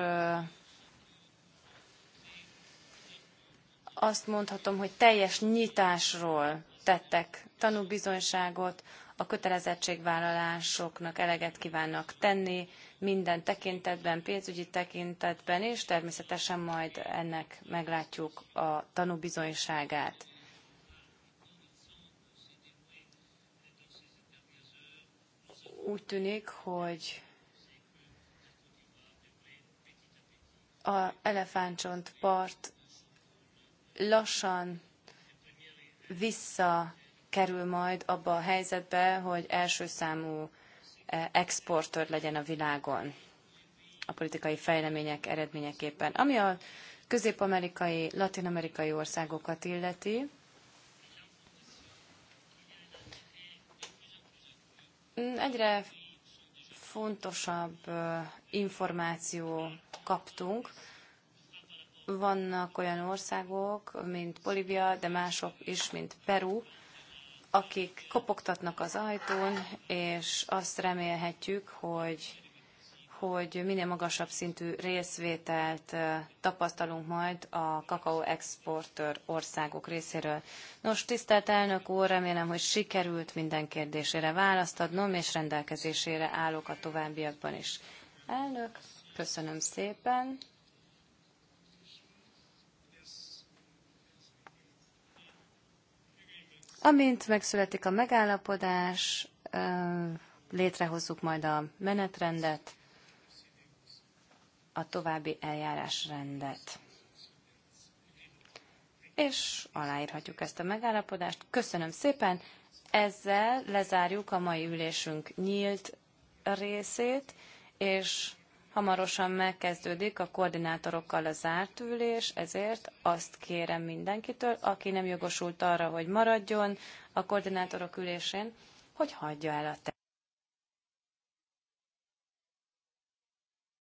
azt mondhatom, hogy teljes nyitásról tettek tanúbizonyságot, a kötelezettségvállalásoknak eleget kívánnak tenni, minden tekintetben, pénzügyi tekintetben, és természetesen majd ennek meglátjuk a tanúbizonyságát. Úgy tűnik, hogy a elefántcsontpart lassan visszakerül majd abba a helyzetbe, hogy első számú exportőr legyen a világon a politikai fejlemények eredményeképpen. Ami a közép-amerikai, latin-amerikai országokat illeti, egyre fontosabb információ kaptunk. Vannak olyan országok, mint Bolívia, de mások is, mint Peru, akik kopogtatnak az ajtón, és azt remélhetjük, hogy hogy minél magasabb szintű részvételt tapasztalunk majd a kakaó exportőr országok részéről. Nos, tisztelt elnök úr, remélem, hogy sikerült minden kérdésére választ adnom, és rendelkezésére állok a továbbiakban is. Elnök, köszönöm szépen. Amint megszületik a megállapodás, létrehozzuk majd a menetrendet, a további eljárásrendet. És aláírhatjuk ezt a megállapodást. Köszönöm szépen! Ezzel lezárjuk a mai ülésünk nyílt részét, és Hamarosan megkezdődik a koordinátorokkal a zárt ülés, ezért azt kérem mindenkitől, aki nem jogosult arra, hogy maradjon a koordinátorok ülésén, hogy hagyja el a